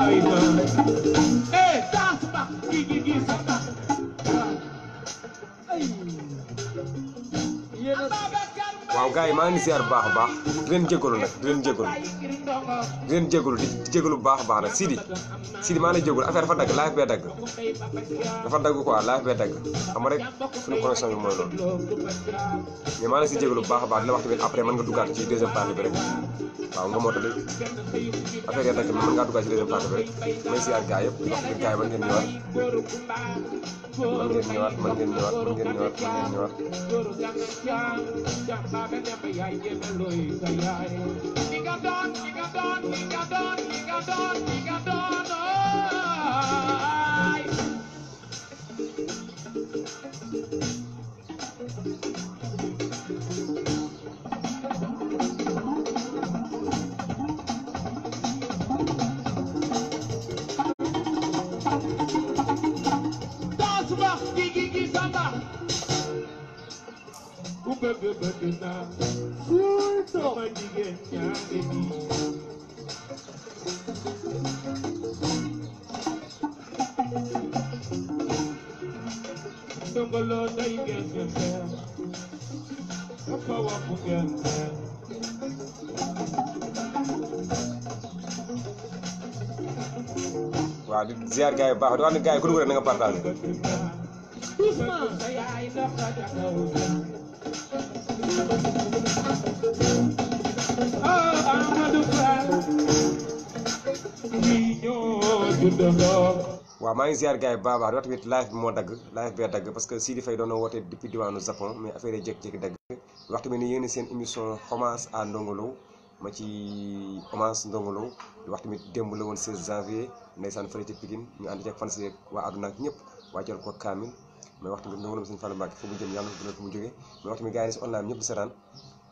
Eita! Aí! E ele... waaw gars yi ngi ziar bu baax di leen bah nag di leen jégalu di leen jégalu di jégalu bu baax a Sidi Sidi maa ngi lay affaire dafa dagg live bee dagg dafa quoi live bee dagg xam rek suñu connexion bi mooy loolu mais maa ngi si jégalu bu baax a baax dina wax tamit après mën nga duggaat ci deuxième partie bi rek waaw nga mottali affaire yi ya dagg mën ngaa duggaat ci deuxième partie bi rek may ziar gars yëpp wax dëgg gars yi mën ngeen ngeen ngeen ngeen me me I give me Louis I Nigga done, nigga done, nigga done, nigga done, nigga done, oh bëgg bëgg naa sama jigéen ñaari bi ndongoloo day ngeen ngeen beer dafa wax bu ngeen beer waaw di ziar gars yi baax di wax ne gars yi ku dugg rek na nga partagé waaw maa ngi ziar gars yi baax live bi moo dagg live bee dagg parce que Sidi Faye doon na woote depuis diwaanu Japon mais affaire yi jékki-jékki dagg waxtu bi ni yéen seen émission hommage à Ndongo Lo ma ci hommage Ndongo Lo wax tamit démb la woon 16 janvier ndeysaan fële ca Pikine ñu ànd ceeg fan si waa àdduna ak ñëpp wàccal ko kaamil mais waxtu bi ndongalam sëñ Fallou Mbacke fu mu jëm yalla na fu mu jógee mais waxtu mi gaay ni ne online ñëpp di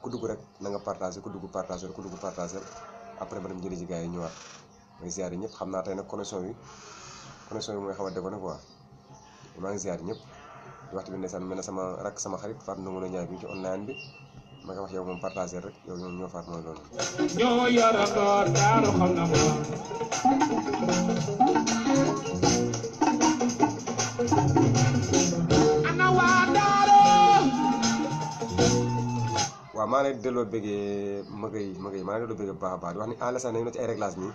ku dugg rek na nga partager ku dugg partager ku dugg partager après ma dem jëli ji gaay ñu ñëwaat may ziaré yi ñëpp xam naa tey connexion yi connexion yi moy xawa a na quoi maa ngi ziar ñëpp waxtu bi ndeysaan mëna sama rak sama xarit Fatou Ndongo ñaar bi ci online bi ma nga wax yow moom partager rek yow ñoo ñoo faat mo loolu. ñoo yoroon door daaru xam na moom. waaw maa ngi delloo bëggee magay magay maa ngi lay delloo bëggee bu a baax di wax ni àlasaan nañu ne ci ay réglage nii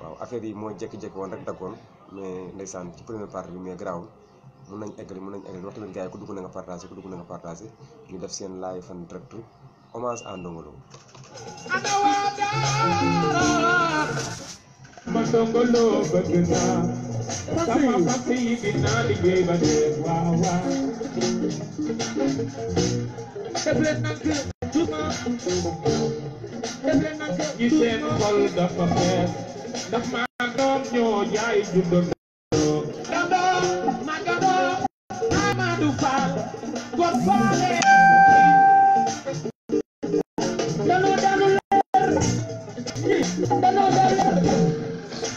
waaw affaire yi mooy jékki-jékki woon rek daggoon mais ndeysaan ci première partie bi mais garaawul mun nañ eggali mun nañ eggali wax tamit gars yi ku dugg na nga partagé ku dugg na nga partagé ñu def seen laay fan direct hommage à Ndongo Lo ma songolo bëgg naa sama fàtte yi ginnaaw liggéey ba dee waaw waaw def leen nag juma def leen nag ñi seen xol dafa fees ndax maa doom ñoo jaay juddoo dandoo magadoo Amadou Fall góor faale danu danu leer danu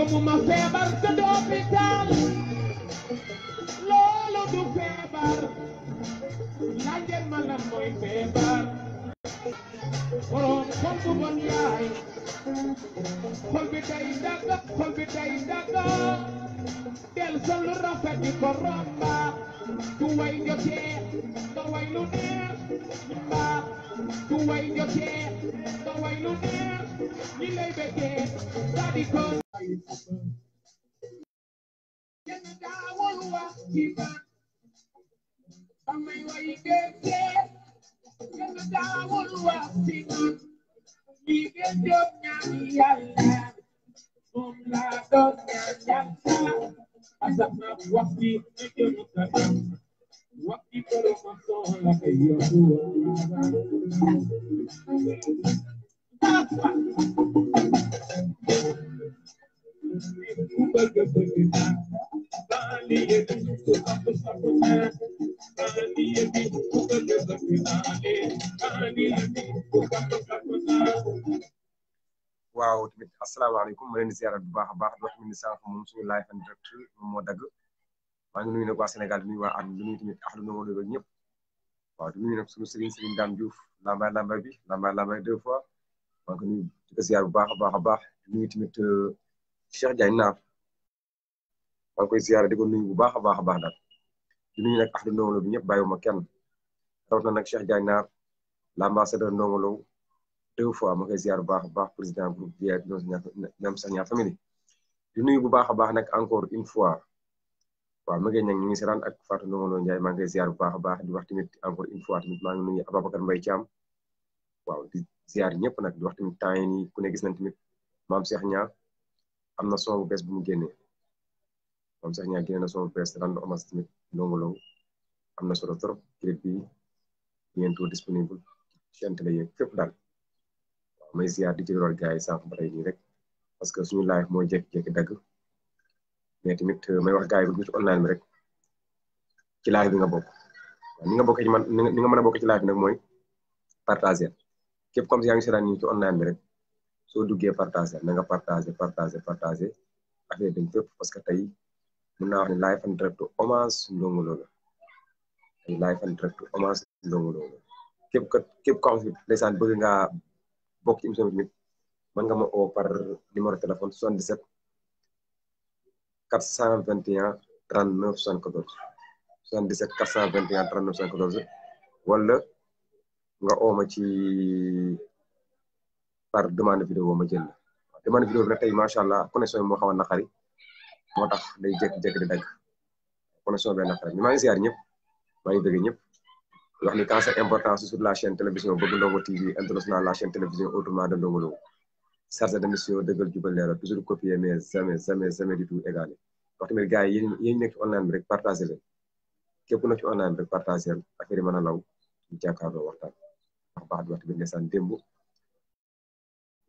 gëmuma feebar te du hôpital loolu du feebar laajal ma lan mooy feebar borom xol bu bon yaay xol bi day dagga xol bi day dagga del sol lu rafet di ko romba du way njotee ba way lu neex ba du way njotee ba way lu neex ñi lay bëggee ìfọ̀gbọ́n. Yẹ́nìdá Awólúwa ìbá ọmọ ìwà ìgbésẹ̀. Yẹ́nìdá Awólúwa ìbá ìgbésẹ̀ ọ̀nyàmìyà ńlá. Ọ̀nàdọ̀ nyànyàmsá. Àzàmà wá sí ẹgbẹ́ olùkàdá. Wá sí bọ́lá kan sọ̀rọ̀ lábẹ́ ìyọ̀kú ọ̀rọ̀ waaw tamit asalaamaaleykum ma leen di ziarat bu baax a baax di wax ni sànq moom suñu live en direct moom moo dagg maa ngi nuyu nag waa Sénégal di I waa àdduna di nuyu tamit àdduna moo dëgg ñëpp waaw di nuyu nag suñu sëriñ sëriñ Dame bi lambaay lambaay deux fois maa ngi the di ko ziar bu baax a baax a Cheikh Diagne naar maa ngi koy ziare di ko nuyu bu baax a baax a baax daal di nuyu nag ahlu Ndongo Lo bi ñëpp bàyyiwuma kenn rawat na nag Cheikh Diagne naar l'ambassadeur Ndongo Lo deux fois ma koy ziare bu baax baax président groupe VIP ñoom sax ñaar famille di nuyu bu baax a baax nag encore une fois waaw ma ngi ñang ñu ngi seetaan ak Fatou Ndongo Lo Ndiaye maa ngi koy ziare bu baax a baax di wax tamit encore une fois tamit maa ngi nuyu Ababacar waaw di ziare ñëpp nag di wax tamit temps yi nii ku ne gis tamit maam Cheikh Niang am na son bu bees bu mu génnee moom sax ñaa génne na son bu bees rendu hommage tamit Ndongo Lo am na solo trop clip bi bientôt disponible chaîne télé yeeg fépp daal waaw may ziar di jëloon gars yi sànq ba tey rek parce que suñu live mooy jékki-jékki dagg mais tamit euh, may wax gars yi bu online bi rek ci live bi nga bokk waaw ni nga bokkee ci man ni nga mën a bokk ci live bi mooy partager képp comme si yaa ngi seetaan nii ci online bi rek. soo duggee partagé na nga partagé partagé partagé affaire dañ fépp parce que tey mun naa wax ne live en direct hommage Ndongo Lo la tey live en direct hommage Ndongo Lo la képp kat képp ko am fi ndeysaan bëgg ngaa bokk ci émission bi tamit mën nga ma oo par numéro téléphone 77 421 39 74 77 421 39 74 wala nga ooma ci par demande vidéo ma jël la demande macha allah connexion bi moo xaw a naqari moo tax day dagg connexion bee naqari ñu maa ngi ziar ñëpp maa ngi bëgg ñëpp wax ni quand c'est important sur la chaîne télévision Bëgg Ndongo TV international la chaîne télévision autrement de Ndongo Lo chargé de mission dëggal jubal leeral toujours copier mais jamais jamais jamais du tout égalé wax tamit gars yi online bi rek partagé leen képp ku nekk ci online bi rek partagé leen affaire yi mën a law ñu jàkkaarloo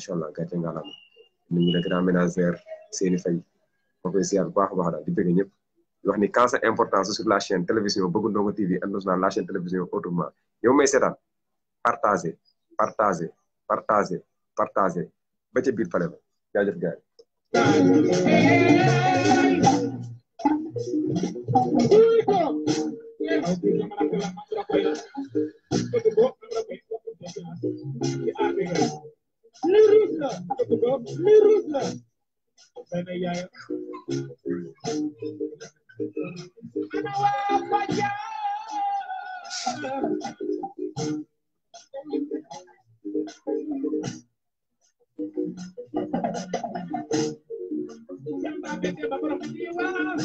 macha allah gàcce ngalaama nuyu le grand ménagère seeni fay ma koy siyaar bu baax a baax daal di ni quand important sur la chaîne télévision Bëgg Ndongo TV international la chaîne télévision autrement yow may seetaan partagé partagé partagé partagé ba ca pale ba jaajëf gars yi miracles, talk about miracles. And I am. And I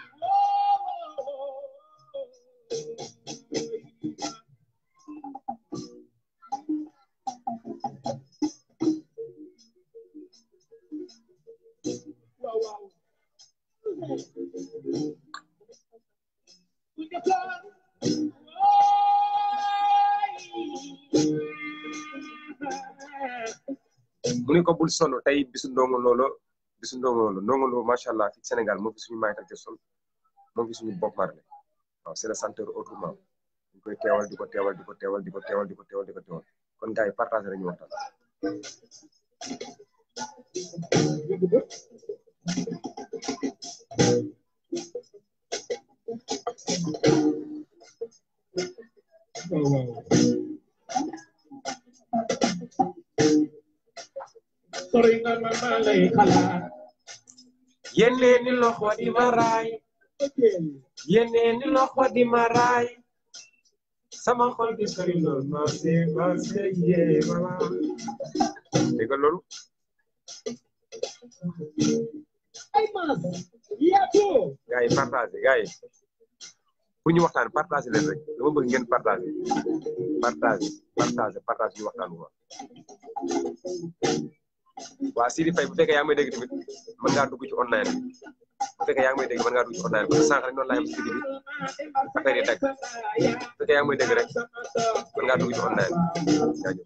mu ne ko bul sonn tey bisu ndongo loola bisu ndongo loola ndongo loo macha allah fi Sénégal moo fi suñu maay tàggat sol fi suñu Bob Marley waaw c'est le centre autrement ñu koy teewal di ko tewal di ko teewal di ko teewal di ko teewal di kon gars yi partagé yeneeni loxo di maraay yeneeni loxo di maraay sama xol bi sori lool marse marse yee mama dégga loolu Ayman mas, gars yi partagé gars yi bu ñu waxtaan partagé leen rek dama bëgg ngeen partagé partagé partagé partagé ñu waxtaan quoi. waa Sidi Faye bu fekkee yaa ngi may dégg tamit mën ngaa dugg ci online bu fekkee yaa may dégg mën ngaa dugg ci online parce que sànq rek noonu laa yem Sidi bi affaire yi teg bu fekkee yaa may dégg rek mën ngaa dugg ci online jaajëf.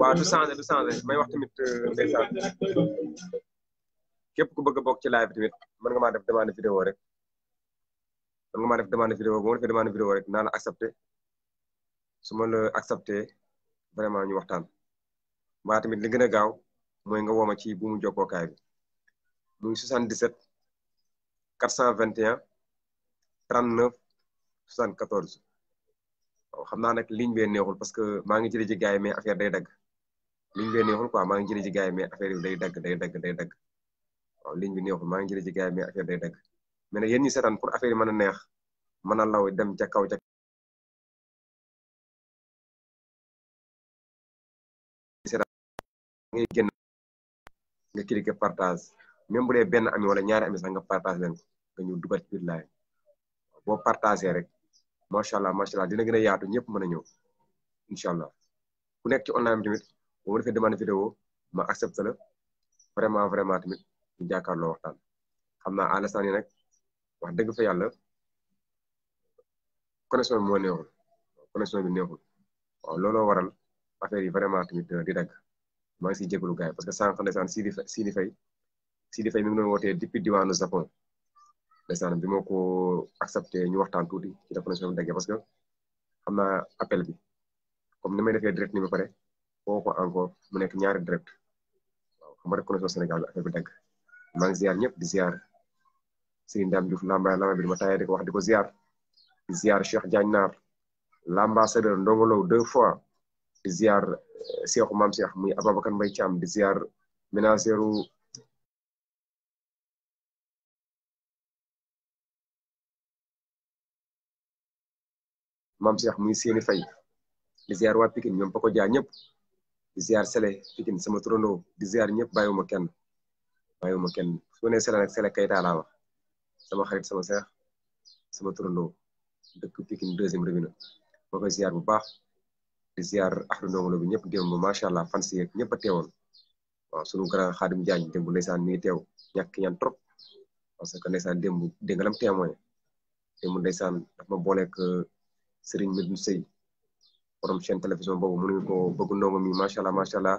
waa du changé du changé may wax tamit euh, ku bëgg bokk ci live bi tamit mën nga maa def demande vidéo rek mën nga maa def demande vidéo bu ma defee demande vidéo rek naa la accepté su ma la accepté vraiment ñu waxtaan waaye tamit li gën a gaaw mooy nga wooma ci buumu jokkookaay bi muy 77 421 39 74 xam naa nag ligne bee neexul parce que maa ngi jëlee ci gars yi day dagg ligne bee neexul quoi maa ngi jëlee ci gars yi mais affaire day dagg day dagg day dagg waaw ligne bi neexul maa ngi jëlee ci gars yi day dagg mais nag yéen ñi seetaan pour a neex mën a law dem ca kaw ca ngay génn nga cliquer partage même bu dee benn ami wala ñaari ami sax nga partage leen nga ñu dugal ci biir laay boo partagé rek macha allah macha allah dina gën a yaatu ñëpp mën a ñëw incha allah ku nekk ci online bi tamit boo ma defee vidéo ma accepté la vraiment vraiment tamit ñu jàkkaarloo waxtaan xam naa àlasaan yi nag wax dëgg fa yàlla connexion bi moo neexul connexion bi neexul waaw looloo waral affaire yi vraiment tamit euh, di dagg maa ngi siy jégalu gars yi parce que sànq ndeysaan Sidi Sidi Faye Sidi Faye mi ngi doon wootee depuis Japon ndeysaan bi ma ko accepté ñu waxtaan tuuti ci la parce que xam naa appel bi comme ni may defee direct ni ba pare foo ko encore mu nekk ñaari direct waaw xam nga rek connexion Sénégal bi appel bi dagg maa ngi ziar ñëpp di ziar Diouf Lamba Lamba bi ma taayee di ko wax di ko ziar di ziar Cheikh Diagne Naar l'ambassadeur Ndongo Lo deux fois di ziar eh, Cheikh Mame Cheikh muy Ababacar Mbaye Thiam di ziar maam Cheikh muy seeni fay di ziar waa Pikine ñoom ba ko jaa ñëpp di ziar Sele Pikine sama turandoo di ziar ñëpp bàyyiwuma kenn ken kenn su ma nee Sele nag Sele Kayta laa sama xarit sama seex sama turandoo dëkk Pikine deuxième robinet ma koy ziar bu baax di ziar ahlu ndongolo bi ñëpp démb macha allah fan si ñëpp a teewoon waaw sunu grand Xaadim Jaañ démb ndeysaan mi ngi teew ñàkk ñaan trop parce que ndeysaan démb dégg nga Serigne Medoune Seye borom chaîne télévision boobu mënuñu ko bëgg ndongo mi macha allah macha allah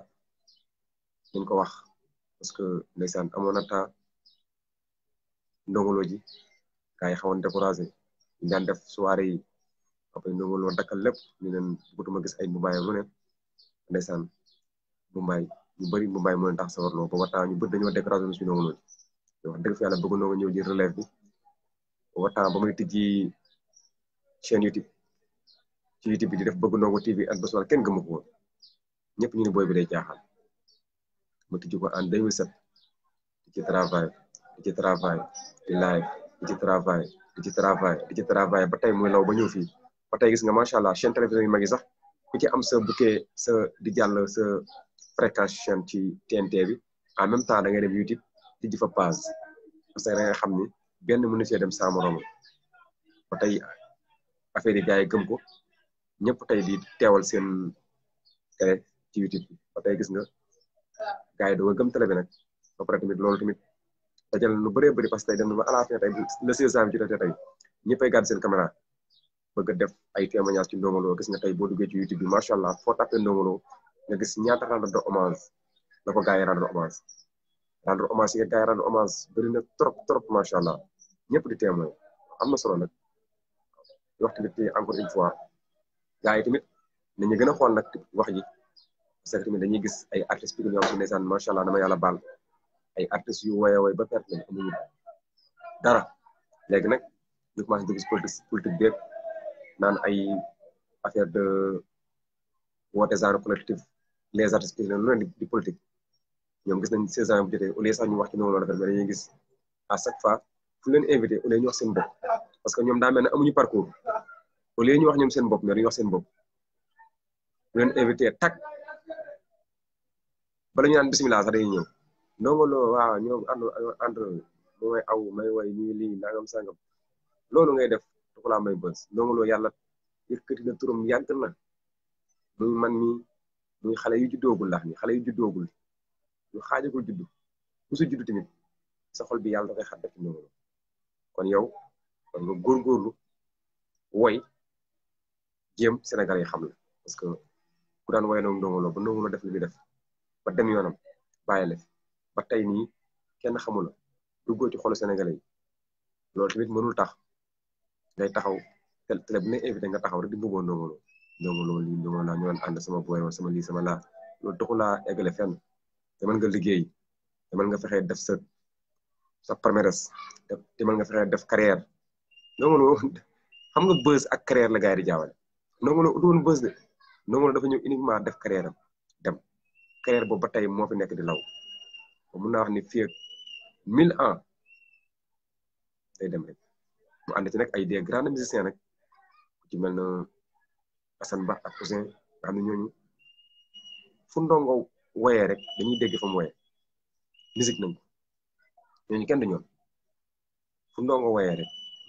ñu ko wax parce que ndeysaan amoon na temps ji gars yi xawoon découragé ñu def soirée yi après ndongolo dakkal lépp ñu ne bëgguma gis ay mbubaay mu ne ndeysaan mbubaay ñu bëri mbubaay mu ne tax sa warloo booba temps ñu bëri dañoo découragé suñu ndongolo ji wax dëgg fa yàlla bëgg ndongo ñëw ji relève bi booba ba muy tijji chaîne YouTube ci YouTube bi di def bëgg ndongo TV ak Bës Wal kenn gëmu ko woon ñëpp ñu ne booy bi day jaaxal ma tijji ko en 2007 di ci travail di ci travail di live ba tey muy law ba ñëw fii ba tey gis nga macha allah chaîne télévision yu mag sax ku ci am sa bouquet sa di jàll sa fréquence ci TNT bi en même temps da ngay i YouTube tijji fa page parce que da xam ni benn mënu see dem saa moroom ba tey yi gëm ko. ñëpp tey di teewal seen télé ci YouTube bi ba tey gis nga gars yi doo gëm télé bi nag ba pare tamit loolu tamit dajal lu bëree bëri parce que tey dem na ba à la fin tey le seize bi jotee tey ñëppay seen caméra bëgg a def ay témoignage ci Ndongo Lo gis nga tey boo duggee ci YouTube bi macha allah foo tapee Ndongo nga gis ñaata rendre de hommage la ko gars yi rendre hommage rendre hommage yi nga gars bëri na trop trop macha allah ñëpp di témoin am na solo nag wax tamit encore gars yi tamit nañu gën a xool nag wax ji parce que dañuy gis ay artistes pikin yoo xam yàlla baal ay artistes yu woyee woy ba perte lañ dara léegi nag ñu commencé dugg si politique politique bi naan ay affaire de woote genre collectif les artistes pikin lu leen di politique ñoom gis nañ seize ans bu jotee au lieu sax ñu wax ci noonu la rafet mais dañuy gis à chaque fois fu leen invité au lieu ñu wax parce que ñoom daa mel ne amuñu parcours au lieu ñu wax ñom seen bop mais dañuy wax seen bop bu leen invité tak ba lañu nane bismillah sax day ñew no loo waaw ñoom andu andu mu may aw may way ñu lii nangam sangam lolu ngay def ko la may beus no loo yalla yëkëti na turum yàgg na muy man mi muy xalé yu juddogul la ni xalé yu juddoogul ñu ko juddu ku su juddu tamit sa xol bi yalla da koy xar def ci kon yow kon nga gorlu way jéem Sénégal yi xam la parce que ku daan woy noonu Ndongo ba Ndongo Lo def muy def ba dem yoonam bàyyi la fi ba tey nii kenn xamul la duggoo ci xolu Sénégalais yi loolu tamit mënul tax ngay taxaw télé bu ne invité nga taxaw rek di bëggoo Ndongo Lo Ndongo Lo lii Ndongo laa ñu sama booy sama lii sama laa loolu taxul laa eggale fenn te mën nga liggéey te mën nga fexee def sa sa palmarès te mën nga fexee def carrière Ndongo Lo xam nga buzz ak carrière la gars yi di jaawale Ndongo Lo utuwoon bës de Ndongo dafa ñëw uniquement def carrière am dem carrière boobu ba tey moo fi nekk di law mun naa wax ni fii ak mille ans day dem rek mu ànd ci nag ay des grands musiciens rek ku ci mel na Assane Ba ak Ouzin nga xam ne ñooñu fu Ndongo woyee rek dañuy dégg fa mu woyee musique nañ ko ñooñu kenn du rek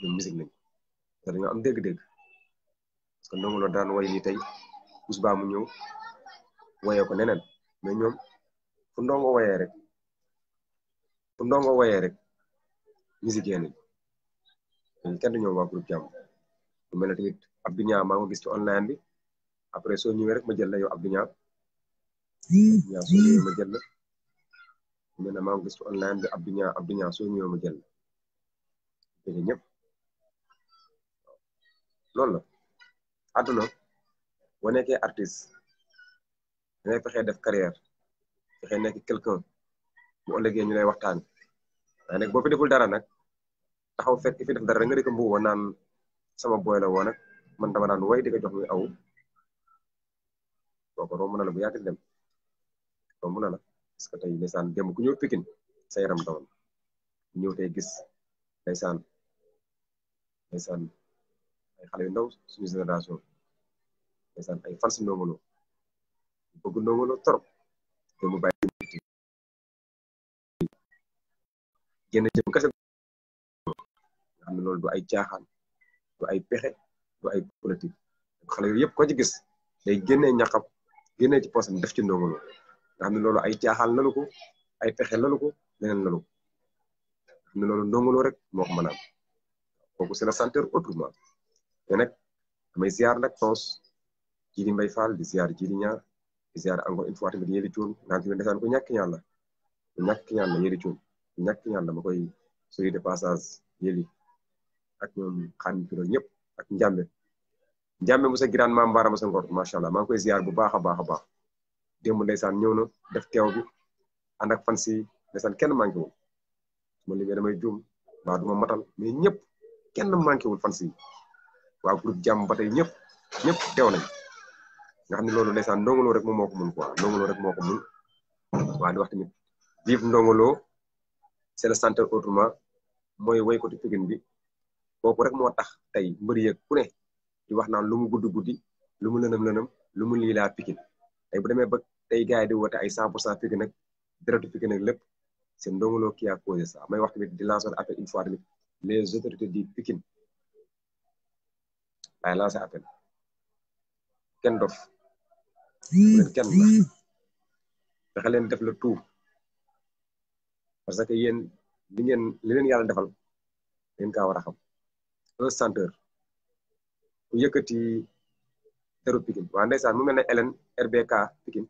ñoom musique nañ am dégg que Ndongo Lo daan way ni tey Ousba mu ñëw wayee ko neneen mais ñoom fu Ndongo wayee rek fu Ndongo wayee rek musique yi dañu kenn ñoom waa groupe jàmm mu mel ne tamit Abdou Niang maa ngi online bi après soo ñëwee rek ma jël la yow Abdou Niang Abdou Niang ne maa ngi ko gis ci online bi Abdou aduna bo nekké artiste da ngay fexé def carrière fexé nekk quelqu'un bu ëllëgé ñu lay waxtaan da nag bo fi deful dara nak taxaw fekk fi def dara nga rek ko mbuuba naan sama boy la woon nak man dama naan way diga jox muy aw boko romu na la bu yàgg di dem romb na la parce que tay lesan dem ku ñëw pikine sa yaram dawoon ñëw tay gis lesan lesan ay xale yu ndaw suñu génération ndeysaan ay fans Ndongo Lo bëgg Ndongo Lo trop te mu bàyyi génn jëm kase nga ay caaxaan du pexe du ay politique xale yooyu yëpp ko ci gis day génnee ñaxam génnee ci poosam def ci Ndongo Lo nga ne loolu ay caaxaan lalu ko ay pexe lalu ko leneen lalu ko nga xam ne rek moo ko mën a am c'est le centre autrement te nag damay ziar nag toos ji di mbay faal di ziar ji di ñaar di ziar encore une fois tamit yëri cuun ku ñàkk ñaan la ku ñàkk ñaan la yëri ma koy sori de passage yëli ak ñoom xam kilo ñëpp ak njàmbe njàmbe mu sa giraan maam mbaarama sa ngor macha allah maa koy ziar bu baax a baax a baax démb ndeysaan ñëw na def teew bi ànd ak fan si ndeysaan kenn manqué wul su ma limee damay juum mbaa du ma matal mais ñëpp kenn manqué wul fan si waaw groupe jàmm ba tey ñëpp ñëpp teew nañ nga xam ne loolu ndeysaan Ndongo Lo moo ko mun quoi Ndongo Lo rek moo ko mun waaw di wax tamit vive Ndongo Lo c'est le centre mooy woykatu Pikine bi kooku rek moo tax tey mbëri yeeg ku ne di wax naan lu mu gudd guddi lu mu lënam lënam lu mu lii laa Pikine tey bu demee ba tey gars yi di woote ay 100 pour cent Pikine nag deretu Pikine nag lépp c'est Ndongo Lo qui a causé ça may wax di lancer appel une fois les autorités du Pikine laay lancé appel kenn dof leen kenn la fexe def le tout parce que yéen li ngeen li leen yàlla defal leen kaa war xam un centeur ku yëkkati teru pikin mu RBK pikin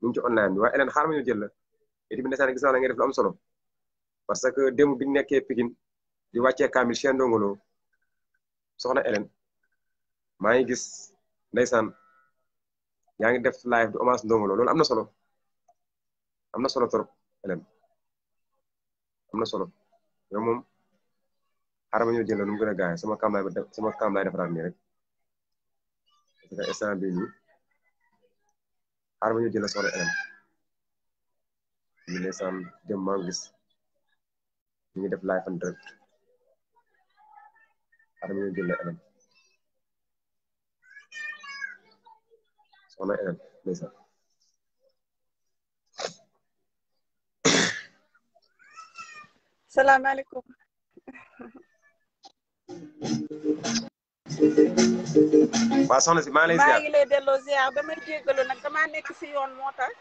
mu ci online bi waa Hélène xaar ma jël la et puis ndeysaan gis naa la ngay def lu am solo parce que démb bi ñu pikin di Cheikh soxna maangi gis ndeysaan yaa ngi def live du hommage Ndongo Lo loolu am na solo am na solo torop elen am na solo yow moom xaaral ma ñëw jël nu mu gën a gaawee sama kaam laay sama kaam laay defaraat nii rek parce que instant bii nii xaaral jël soxla elen ñu ndeysaan dem maa ngi gis ñu ngi def live and direct xaaral ma ñëw jël soxna Elen ndeysaan salaamaaleykum waa soxna si maa ngi lay ziar maa ngi damay jégalu nag damaa nekk si yoon moo tax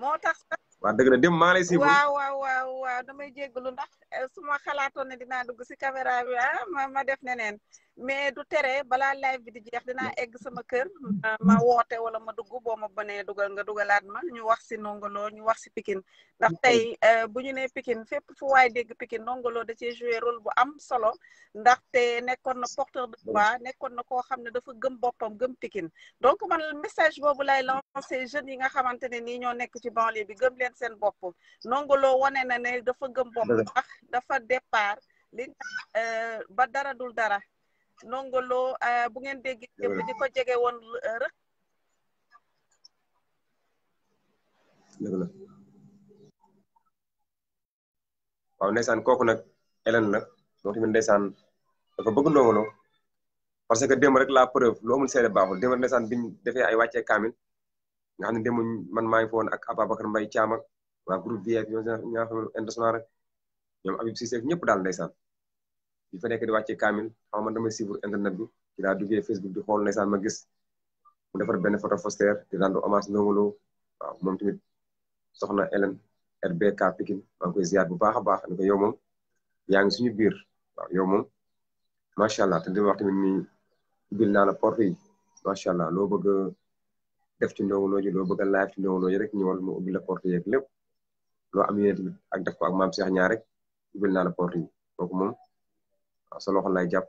moo tax waaw dëgg la démb maa ngi waaw waaw waaw damay jégalu ndax eh, su ma xalaatoon ne dinaa dugg si caméra ah, ma ma def neneen mais du tere balaa live bi di jeex dinaa mm. egg sama kër ma woote wala ma dugg boo ma bënee dugal nga dugalaat ma ñu wax si Ndongo ñu wax si Pikine ndax mm. tey euh, bu ñu nee Pikine fépp fu waay dégg Pikine Ndongo Lo da cee joué bu am solo ndax te nekkoon na porteur de voix mm. nekkoon na koo xam ne dafa gëm boppam gëm pikin donc man message boobu lay lancé jeunes yi nga xamante ne ñoo nekk ci banlieue bi gëm leen seen bopp Ndongo Lo na ne dafa gëm boppam ndax dafa départ li euh, ba dara dara Ndongo Lo eh, bu ngeen dégg démb di ko jege eh, rek dëgg la waaw ndeysaan kooku nag Hélène la moom tamit ndeysaan dafa bëgg Ndongo Lo parce que démb rek la preuve lu amul seede baaxul démb ndeysaan biñ defee ay wàccee kaamil nga xam ne démb man maa ngi fa woon ak Ababacar Mbaye Thiam ak waa groupe VIP ñoo xam ne international rek ñoom Habib Cissé ñëpp daal ndeysaan di fa nekk di wàcce ma xam man damay suivre internet bi ci laa duggee Facebook di xool ndeysaan ma gis mu defar benn photo poster di rendre hommage Ndongo Lo moom tamit soxna Hélène RBK Pikine maa ngi koy bu baax a baax ni ko yow moom yaa ngi suñu biir waaw yow moom macha allah te di wax tamit ni ubbil naa la porte yi macha allah loo bëgg def ci Ndongo Lo ji loo bëgg a live ci Ndongo rek ñëwal ma ubbil la porte yeeg lépp loo am yéen ak def ko ak maam Cheikh ñaar rek ubbil naa la porte yi moom waaw sa loxo lay jàpp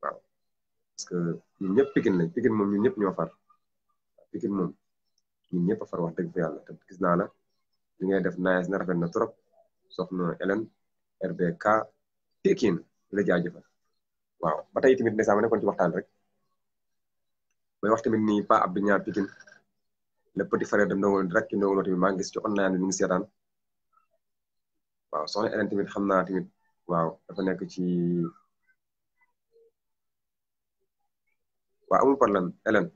parce que ñun ñëpp pikin lañ pikin moom ñun ñëpp ñoo far pikin moom ñun ñëpp a far wax dëgg fa yàlla te gis naa la li ngay def naes na rafet na trop soxna Hélène RBK pikin la jaajëfal waaw ba tey tamit ndeysaan ma nekkoon ci waxtaan rek may wax tamit nii Pa Abdou Niang pikin le petit frère de Ndongo rek ci Ndongo tamit maa ngi gis ci online bi ñu ngi seetaan waaw soxna Hélène tamit xam naa tamit waaw nekk ci wa amul problème elen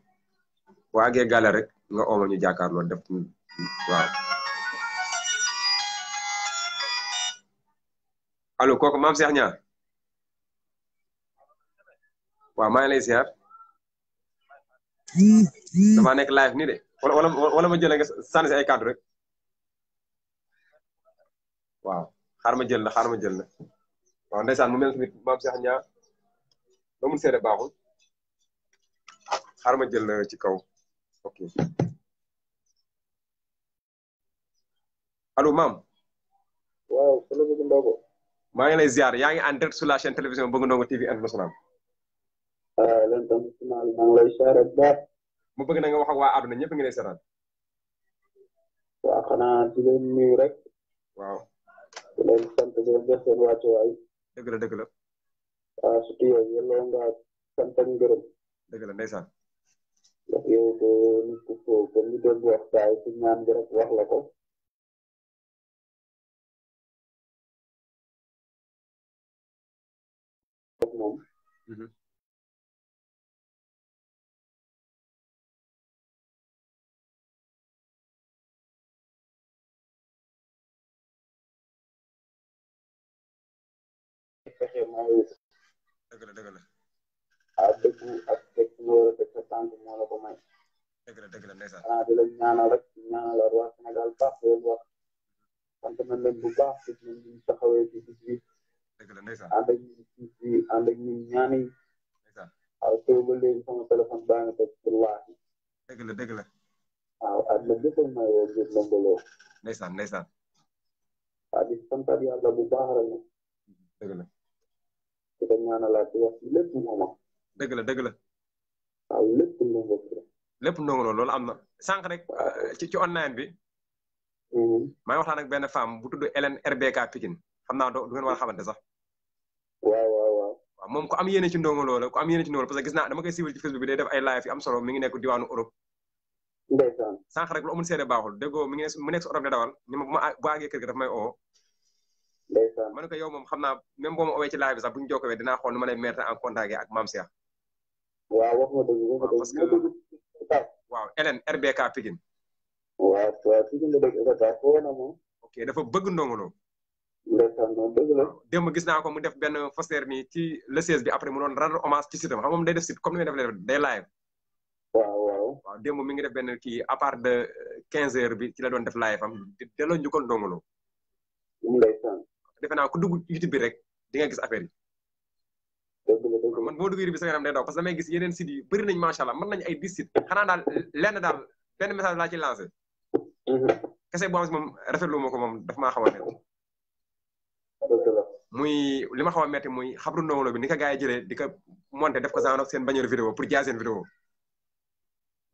boo àggee gàlle rek nga ooma ñu lo def wa allo koko mam Cheikh Niang wa ma lay ziar dama nek live ni de wala wala wala ma jël nga sànni ay cadre rek wa xar ma jël na xar ma jël na wa ndaysan mu mel ni mam Cheikh Niang ba mu seede baaxul xaaral ma jël ci kaw ok allo maam. waaw sëñ Bëgg Ndongo. maa ngi lay ziar yaa ngi en direct sur la chaîne télévision Bëgg Ndongo TV International. waaw lan tamit maa lay ziar ak baax. mu bëgg na nga wax ak waa àdduna ñëpp ngi lay seetaan. waaw xanaa nuyu rek. waaw. di leen sant di leen def seen wàccuwaay. dëgg la dëgg la. waaw ah, surtout yow yelloo nga sant ndax yow ko nit ku foo comme li ñaan bi rek wax la ko moom mm-hmm. fexe maa dëgg ak teg wóor teg sa tànk moo la ko may. dëgg la dëgg la ndeysaan. xanaa di la ñaanal rek ñaanal waa Sénégal baax di leen wax sant nañ leen bu baax gis nañ ñu taxawee ci bis bi. dëgg la ndeysaan ànd ak ñun bis bi ànd ak ñun ñaan tey ba léegi sama téléphone baa nga teg pour waa yi. dëgg la dëgg la. waaw àdduna bépp may woo ngir lëmbaloo. ndeysaan ndeysaan. waa di santaat yàlla bu baax rek. dëgg la. di ko ñaanalaat di wax lépp moom dëgg la dëgg la. lépp ndongo la. loolu am na sànq rek ci ci online bi. Mm-hmm. maa ngi waxtaan ak benn femme bu tudd Hélène RBK Pikine xam naa du ngeen war a xamante sax. waaw waaw waaw. moom ku am yéene ci ndongo loola ku am yéene ci ndongo parce que gis naa dama koy siiwal ci Facebook bi day def ay live yi am solo mi ngi nekk diwaanu Europe. ndeysaan sànq rek lu amul seede baaxul déggoo mi ne mu nekk si Europe di dawal ni ma bu ma bu àggee kër gi daf may oo. ndeysaan ma ne ko yow moom xam naa même boo ma bu ñu jokkoo dinaa xool nu ma lay mettre waaw wax nga dëgg wax nga dëgg. parce waaw Hélène RBK Pikine. waaw waaw Pikine la dëgg RBK dafa bëgg Ndongo Lo. ndeysaan gis naa ko mu def benn poster nii ci le 16 bi après mu doon rendre hommage ci sitam xam moom day def site comme ni muy def lay day live. waaw waaw. mi ngi def benn kii à part de 15 heures bi ci la doon def live am delloo ñu ko Ndongo Lo. naa ku dugg YouTube bi rek di nga gis affaire man boo duggee bi sama yaram day daw parce que damay gis yeneen sites yu bëri allah mën nañ ay dix sites xanaa daal lenn daal benn message laa ci lancé. Mhm. kese boo si moom rafetlu ma ko moom daf ma xaw a metti muy li ma xaw a metti muy xabru ndongolo bi ni ko gars yi jëlee di ko monté def ko genre seen bañeeru vidéo pour jaay seen vidéo.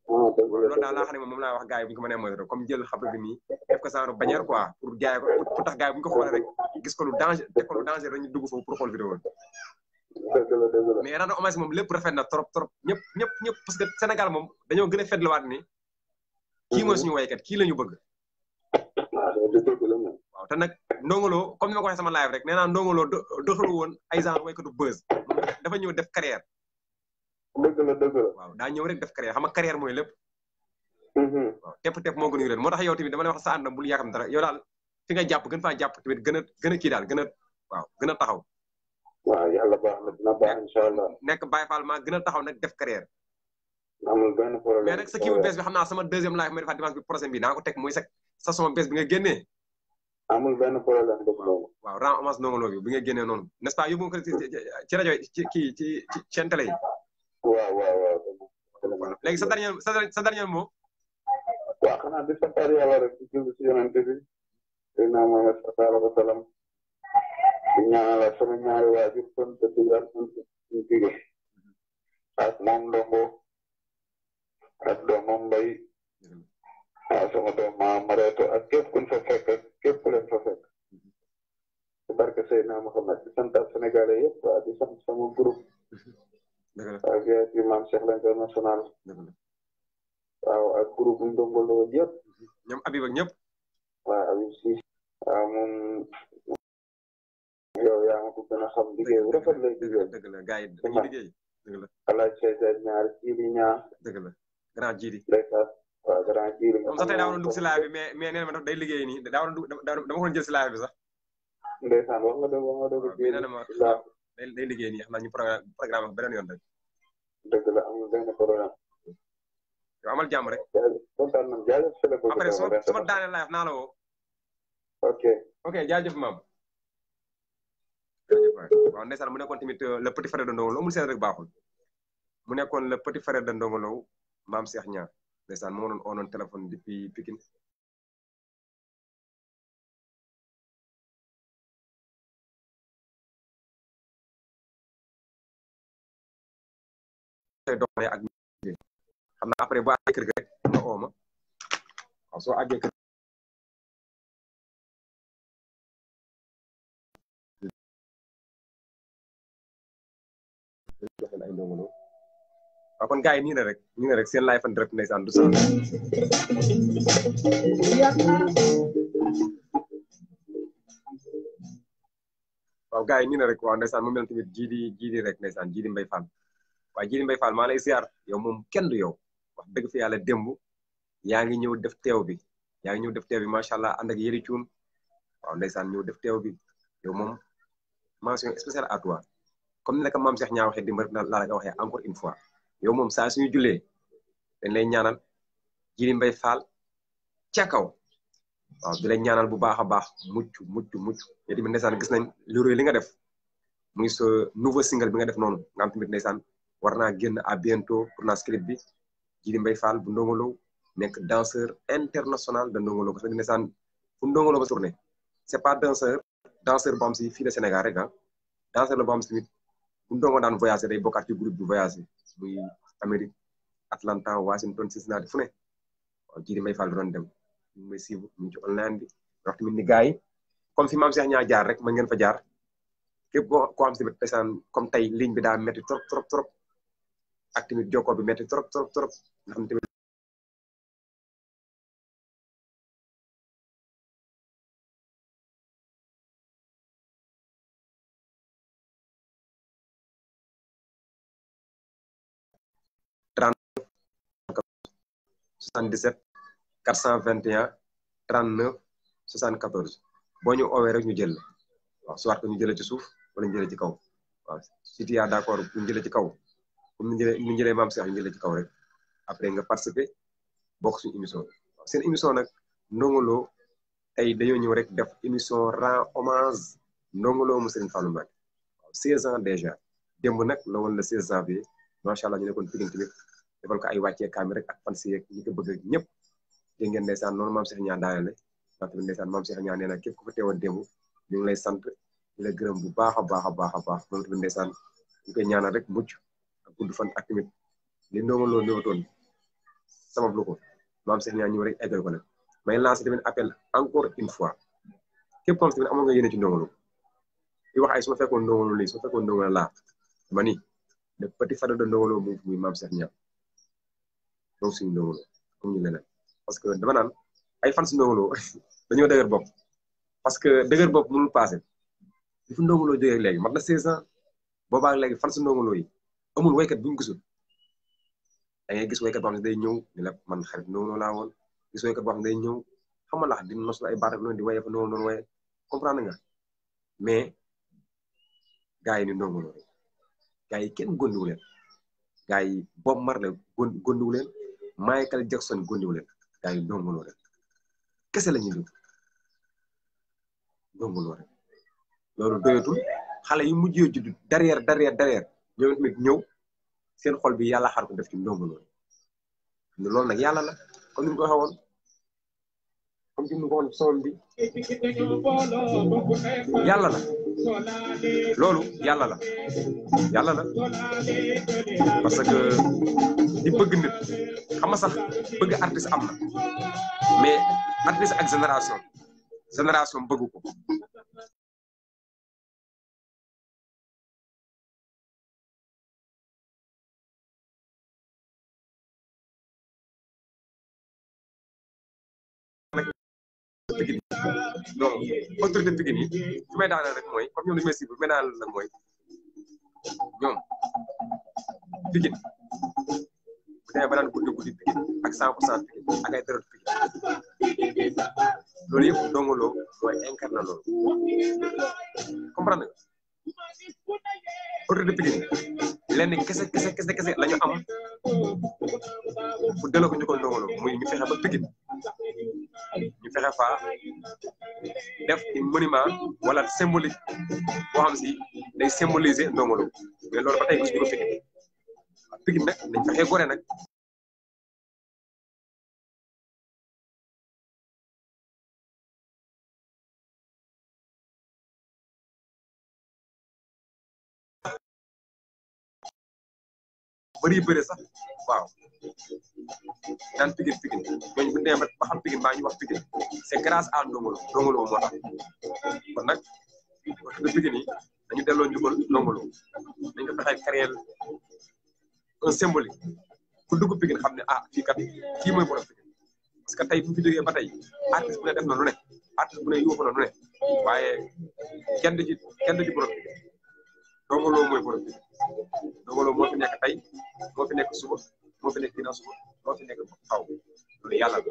Ah, loolu daal laa xam ne moom laa wax gars yi bu ñu ko mënee moytu comme jël xabru bi nii def ko genre bannière quoi pour jaay ko pour ko xoolee rek gis ko lu danger teg ko dugg foofu pour xool vidéo mais Rado Omas mom lepp rafet na trop trop ñep ñep ñep parce que Sénégal mom dañoo gëna fédlu wat ni. ki mo suñu way kat ki lañu bëgg. Ah, waaw té nak ndongolo comme ni ma ko waxee sama live rek néna ndongolo Ndongo Lo doxalu woon ay genre waykatu buzz dafa ñëw def carrière. dëgg la dëgg la waaw da ñëw rek def carrière xama nga carrière mooy lépp. Mm-hmm. waaw tép tép mo gënu a yore moo yow tamit dama lay wax sa andam bu lu yakam dara yow dal fi nga japp gën fa japp tamit gëna gëna ki dal gëna waaw gëna a taxaw waaw yàlla baax na dina baax incha allah. nekk Baye Fall maa gën a taxaw nag def carrière. amul benn problème bees bi xam naa sama deuxième live ma defaat dimanche bi prochain bi naa ko teg muy sa sa son bees bi nga génnee. amul benn problème def loolu. waaw rend hommage Ndongo Lo bi bi nga génnee noonu n'est-ce pas yóbbu ko ci rajo ci kii ci ci chaîne télé yi. waaw waaw waaw. léegi sa dernier sa dernier mot. waaw xanaa di sant rek ñaala sama ñaari waajur kon te di ak ñu dige ak moom ndongo sama doom maa mareeto ak képp kuñ fa fekk ak képp ku leen fa fekk di sant ak sénégalais yëpp di sant sama groupe ak yaa ci maam yow yaa ngi ko gën a xam liggéey bu rafet lay liggéey. dëgg la gaa yi dañuy liggéey dëgg la. alaaj sax tey daa waroon dugg si laaj bi mais mais nee na ma day liggéey nii daa waroon dugg dama ko jël si laaj sax. ndeysaan wax nga dëgg wax ma day day liggéey nii xam naa ñu amal jàmm rek. jaajëf kontaan nañu jaajëf. après su ma ok ok jaajëf maam. waaw ndeysaan mu nekkoon tamit euh, le petit frère de Ndongo Lo amul seen rek baaxul mu nekkoon le petit frère de Ndongo Lo maam Cheikh Niang ndeysaan moo doon oonoon téléphone depuis Pikine doxalee ak xam naa après boo àggee kër ga rek nga ay ndongo noonu ini kon ini yi nii na rek na iya, rek seen live and rep ndeysaan du sax waaw gars yi nii na rek waaw ndeysaan mu mel tamit jii di rek ndeysaan jii di mbay fall waaye jii di mbay fall maa lay siyaar yow ya, moom kenn du yow ya. wax dëgg fi yàlla démb yaa ya, ngi def teew bi yaa def teew bi macha allah ànd ak yëri cuun waaw ndeysaan ñëw def teew bi yow moom mention spéciale à toi comme ni la ko maam Cheikh nyaaw waxee dimbali laa la ko waxee encore une fois yow mom sa suñu julé dañ lay ñaanal jiri mbay fall ci kaw wa di lay ñaanal bu baaxa baax muccu muccu muccu yow mi ndessane gis nañ lu rëy li nga def muy ce nouveau single bi nga def nonu nga am tamit ndessane warna genn à bientôt pour la script bi jiri mbay fall bu Ndongo nek danseur international de Ndongo parce que ndessane fu Ndongo ba tourner c'est pas danseur danseur bu si Sénégal rek ah. danseur la bu si bu dooma daan voyagé day bokkaat ci groupe bi voyagé muy Amérique Atlanta Washington Cincinnati fu ne waaw jii di may fal doon dem ñu ngi may siibu ñu ngi ci online yi comme fi maam Cheikh ñaa jaar rek mën ngeen fa jaar képp koo koo xam tamit pesan comme tey ligne bi daa metti trop trop trop ak tamit jokkoo bi metti trop cent vingt 77 421 39 74 boo ñu oowee rek ñu jël la waaw soit que ñu jëlee ci suuf wala ñu jëlee ci kaw waaw si tu es d'accord ñu jëlee ci kaw comme ñu jëlee ñu jëlee maam Cheikh ñu jëlee ci kaw rek après nga participer bokk suñu émission waaw seen émission nag Ndongo ay tey dañoo ñëw rek def émission rend hommage Ndongo mu Serigne Fallou Mbacké waaw 16 ans déjà demb nag la woon le 16 bi macha allah ñu nekkoon Pikine tamit defal ko ay wacce kam rek ak fan si yeeg ñi ko bëgg ñëpp dégg ngeen ndeysaan noonu maam Cheikh ñaan Niang ne ndax tamit ndeysaan maam Cheikh ñaan neena na képp ku fa teewoon démb ñu ngi lay sant di la gërëm bu baax a baax a baax a baax moom tamit ndeysaan ñu koy ñaanal rek mucc ak gudd fan ak tamit li ndoomal loo néewatoon sabab lu ko maam Cheikh ñaan ñu rek eggal ko nag may lancé tamit appel encore une fois képp koo tamit amoon nga yéene ci ndongalu di wax ay su ma fekkoon ndongalu lii su ma fekkoon ndongalu laa dama ni le petit fada de ndongalu mu muy maam Cheikh ñaan doon suñu Ndongo Lo comme ñu leneen parce que dama naan ay fan si Ndongo Lo dañoo dëgër bopp parce que dëgër bopp mënul passé li fi Ndongo Lo jógee léegi mat na 16 ans boobaa léegi fan si Ndongo Lo yi amul waykat bu ñu gisul da gis waykat day ñëw man xarit Ndongo Lo xam ne la ay baat ak noonu di comprendre nga mais gars yi ni Ndongo Lo rek gars yi kenn Michael Jackson góndiwu leen gaa yi donguloo rek kese la ñu dégg donguloo rek loolu doyatul xale yu mujjee judd derrière derrière derrière ñoom ñëw seen xol bi yàlla xar ko def ci donguloo rek loolu nag yàlla la comme ni mu ko waxee woon comme ni mu loolu yàlla la yàlla parce que di bëgg nit xam nga sax artiste am na mais artiste ak génération génération bëgg ko Pikine non autorité Pikine yi su may daaneel rek mooy comme ñoom dañu may suivre su may daaneel nag mooy ñoom Pikine bu demee ba daan guddi guddi Pikine ak 100 pour cent Pikine ak ay dérët Pikine loolu comprendre autorité Pikine lenn kese kese kese kese la ñu am pour delloo ko ñu ko ndongolo muy ñu fexe ba Pikine ñu fexe faa def un monument wala symbolique boo xam si day symboliser ndongolo mais loolu ba tey gis ñu ko Pikine Pikine nag dañ gore nag bari bëre sax waaw dan pigin pigin bañ bu demee ba xam pigin ba ñu wax pigin c'est grâce à ndongolo ndongolo mo tax kon nak wax dëgg pigin ni dañu delo njubal ndongolo dañ ko fexee créer un symbole ku dugg pigin xam ah fi kat ki moy borom pigin parce que tay bu fi jógee ba tay artiste bu ne def na lu ne artiste bu ne yuuxu na lu ne waaye kenn du ci kenn du ci borom pigin Ndongo Lo mooy borom bi Ndongo fi nekk tey moo fi nekk suba moo fi nekk ginnaaw suba moo fi nekk taw loolu yàlla la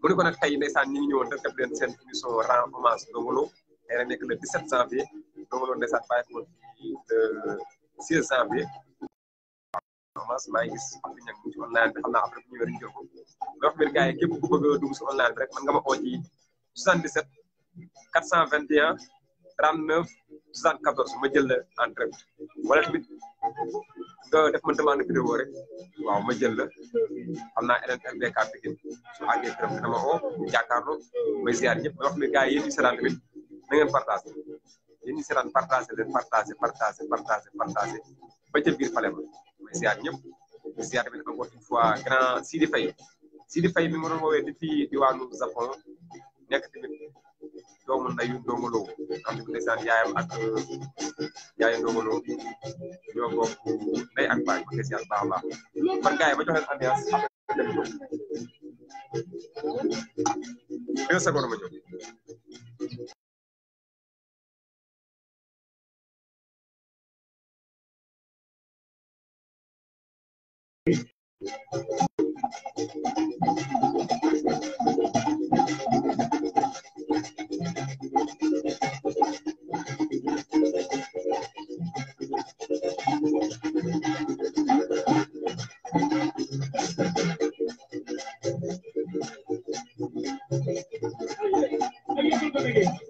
mu ne ko nag tey ndeysaan ñu ngi ñëwoon def def leen seen émission rend hommage Ndongo Lo tey nag nekk le 17 janvier Ndongo Lo ndeysaan bàyyi ko le online bi après bu ñëwee ñu jël ko wax bir gars yi képp ku bëgg a dugg si online bi 39 74 ma jël la en direct wala tamit nga def ma demande vidéo rek waaw ma jël la xam naa LNRBK Pikine su àggee këram dina ma oo jàkkaarloo may ziar ñëpp ma wax ne gars yi yéen ñu seetaan tamit na ngeen partagé yéen ñu seetaan partagé leen partagé partagé partagé partagé ba ca biir fale ma may ziar ñëpp may ziar tamit encore une fois grand Sidi Faye Sidi Faye mi ma doon woowee nekk tamit doomu ndeyu Ndongo Lo xam ne ndeysaan yaayam ak yaayu Ndongo Lo ñoo bokk ndey ak baay ba ndeysaan baax a baax kon gars yi ba jox leen ambiance après dem jóg deux secondes ma jóg Thank you. Thank you.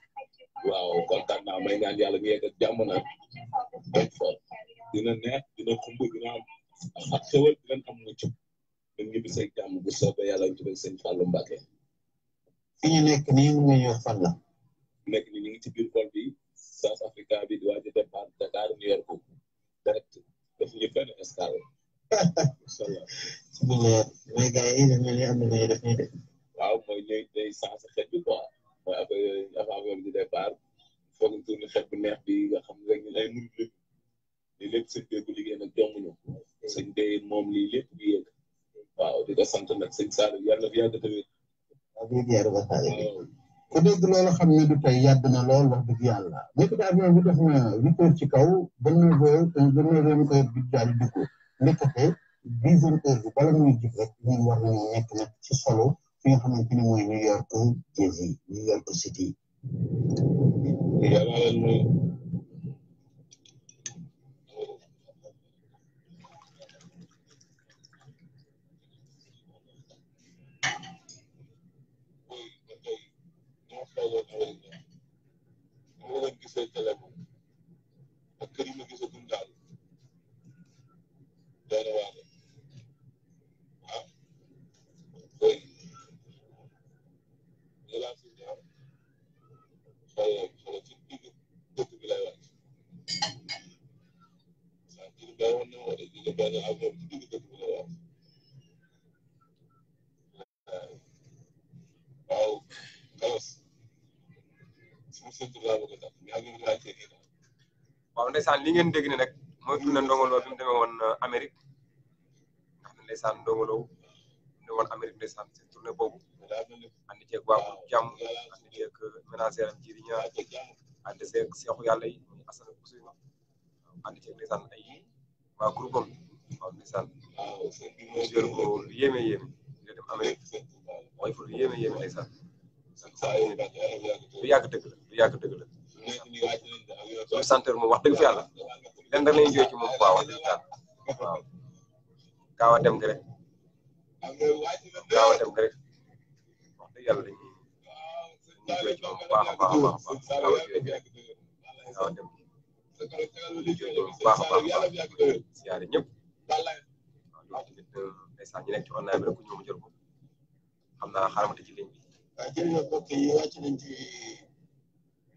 waaw kontaan naa may ñaan yàlla ñu yegg ak jàmm naa dina neex dina xumb dina am ak xewal dinañ am mucc dañ ñu bisee jàmm bu soobee yàlla ñu ci doon sëñ Fallou Mbacké. fi nekk ngi ni ngi ci biir bi South Africa bi di waaj a départ Dakar New York direct daf ñu fenn escale. incha allah. suba mooy gars yi am na def ñuy def. waaw mooy ñooy day sens xet bi mooy affaire yooyu avant foog bi nga xam ne rek ñun bi bu liggéey nag jomb ñu sëñ bi moom di ko sant nag sëñ Saliou yàlla na fi yàgg tamit. amiin yaa rabbal aalamiin ku xam ne du tey yàgg na lool wax dëgg yàlla. nekk daal avion bi def na huit heures ci kaw ba neuf heures ba neuf bi daal di dugg nekkate jub rek ñun war nekk nag ci solo. fi nga xamante ni mooy New York TV New York City yàlla leen muy Thank you. bàyyeeg wala ci digg dëkk bi lay wàcc saa jili bàyyi woon na ma wala jili bàyyi avion bi ci digg dëkk bi lay wàcc waaw kalos suñu sëntu laa bëgg a tax mais avion li ngeen dégg ne nag mooy tur na Ndongo woon euh, Amérique ndax ne ndeysaan Ndongo Lo mu ànd ceeg waamu jàmm ànd ceeg ménagère am jiiri ñaar ànd ceeg seexu yàlla yi muy asan ak Ousseynou ànd ceeg ndeysaan ay waa groupe am waaw ndeysaan jël ko lu yéeme yéeme nga yàgg dëgg la lu yàgg dëgg la suñu centre moom wax dëgg fa yàlla lenn a a dem yàlla yi ñu jël ci moom bu baax a baax a baax aw jooju aw dem ñu jël bu baax a baax a baax siyaare ñëpp waaw ñun tamit ndeysaan ñu nekk ci online bi rek ku ñëw mu jël ko xam naa xaaral ma tëj ci ligne bi. waaw jërëjëf mbokk yi wàcc nañ ci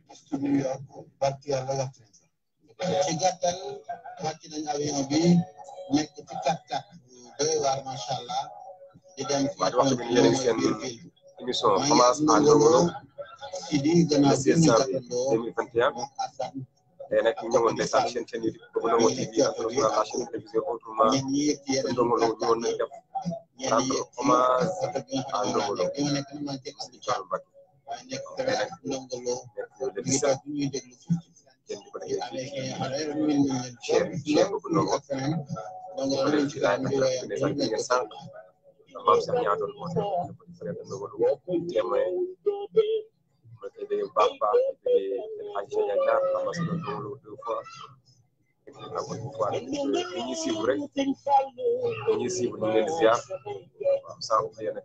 poste New York parti yàlla waxtu ci gàttal wàcc nañ avion bi nekk ci 4-4 doy waar macha allah di dem. waaw waxtu bi ñu yële seen émission commence à Ndiobodo le 16 janvier 2021 tey nag ñu ñëwoon ne sax seen chaîne YouTube Ndongo Lo TV ak la chaîne télévisée autrement Ndongo Lo ñëwoon nañ def rendre hommage à Ndongo Lo Serigne Fallou Mbacké tey nag nekk le 17 kenn di ko defee fii ci chaîne chaîne bu Ndongo Lo. maam sax yaa doon woote frère de Ndogolu témoin ma koy bëgg baax baax bëgg El Hadj Yaya Diar ambassadeur Ndogolu deux fois encore bu fois rek ñu ñuy suivre rek ñu ñuy suivre ñu leen ziar waaw sans oublier nag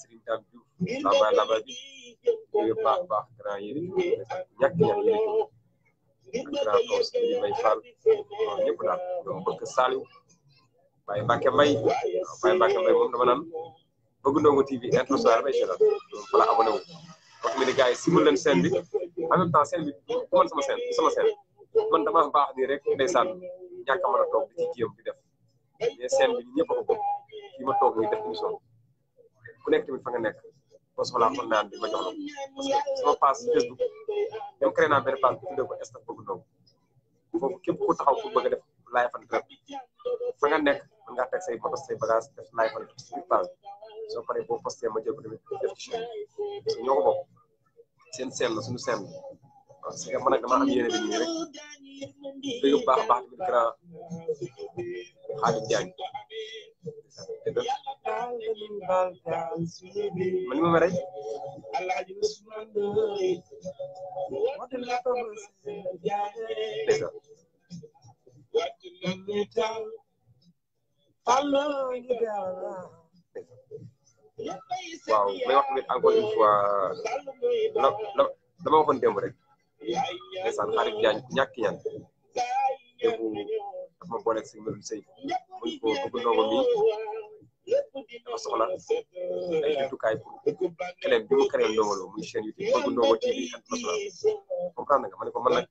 Serigne Dame Diouf laba laba bi bëgg baax baax grand yéen ñàkk ñàkk Baye Mbacke Mbaye waaw Baye Mbacke Mbaye moom dama naan bëgg Ndongo TV international bay seetaan loolu fa la abonné wu wax mi ne gars yi simul leen seen bu man sama seen sama seen man dama baax rek ndeysaan ñàkk a mën a toog di ci jéem di def mais seen bi a ko bokk fi ma toog muy def ku nekk tamit fa nga nekk boo soxlaa kon naan bi ma jox la parce que sama page Facebook ñoom créé naa benn page bu ko Staf Bëgg Ndongo foofu képp ku taxaw ku bëgg a def laay fan rek fa nga nek mën ngaa teg say photos say bagages def live wala soo paree boo posté ma jël ko tamit def ci chaîne parce que ñoo ko bokk seen seen la suñu seen la waaw si nga mën a dama am yéene bi nii rek dëgg bu baax a baax tamit grand Khadim waaw may wax tamit encore une fois la la rek ndeysaan xarit Diagne ñàkki ñaan démb dafa ma booleeg si mbirum sëy buñ ko bëgg ndongo mi dafa soxla ay jumtukaay pour keneen bi mu keneen ndongo loo muy chaîne YouTube bëgg ndongo TV ak comprendre nga ma ko man nag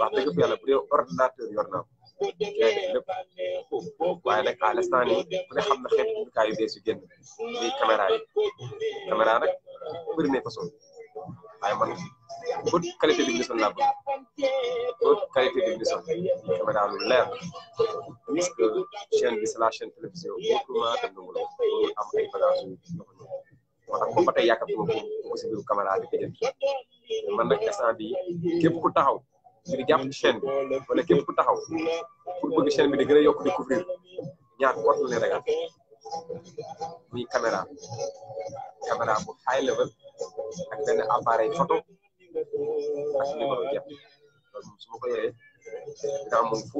wax dëgg fa yàlla bu ordinateur yor naa léeg-léeg lépp waaye nag à l'instant nii ku ne xam na xeetu jumtukaay yu bees yu façon waaye man haute qualité définition laa bëgg haute qualité définition lu leer parce que chaîne bi c'est télévision autrement dem na mu am ay bagages yu loxo ñëw moo tax comme ba tey yaakaar naa ko si biir caméra man nag instant bii képp ku taxaw. di jàpp ci chaîne bi wala képp ku taxaw pour bëgg chaîne bi di gën a yokk di couvrir ñaar war na leen ragal muy caméra bu high level ak benn appareil photo ak numéro jàpp loolu moom su ma ko yoree dinaa moom fu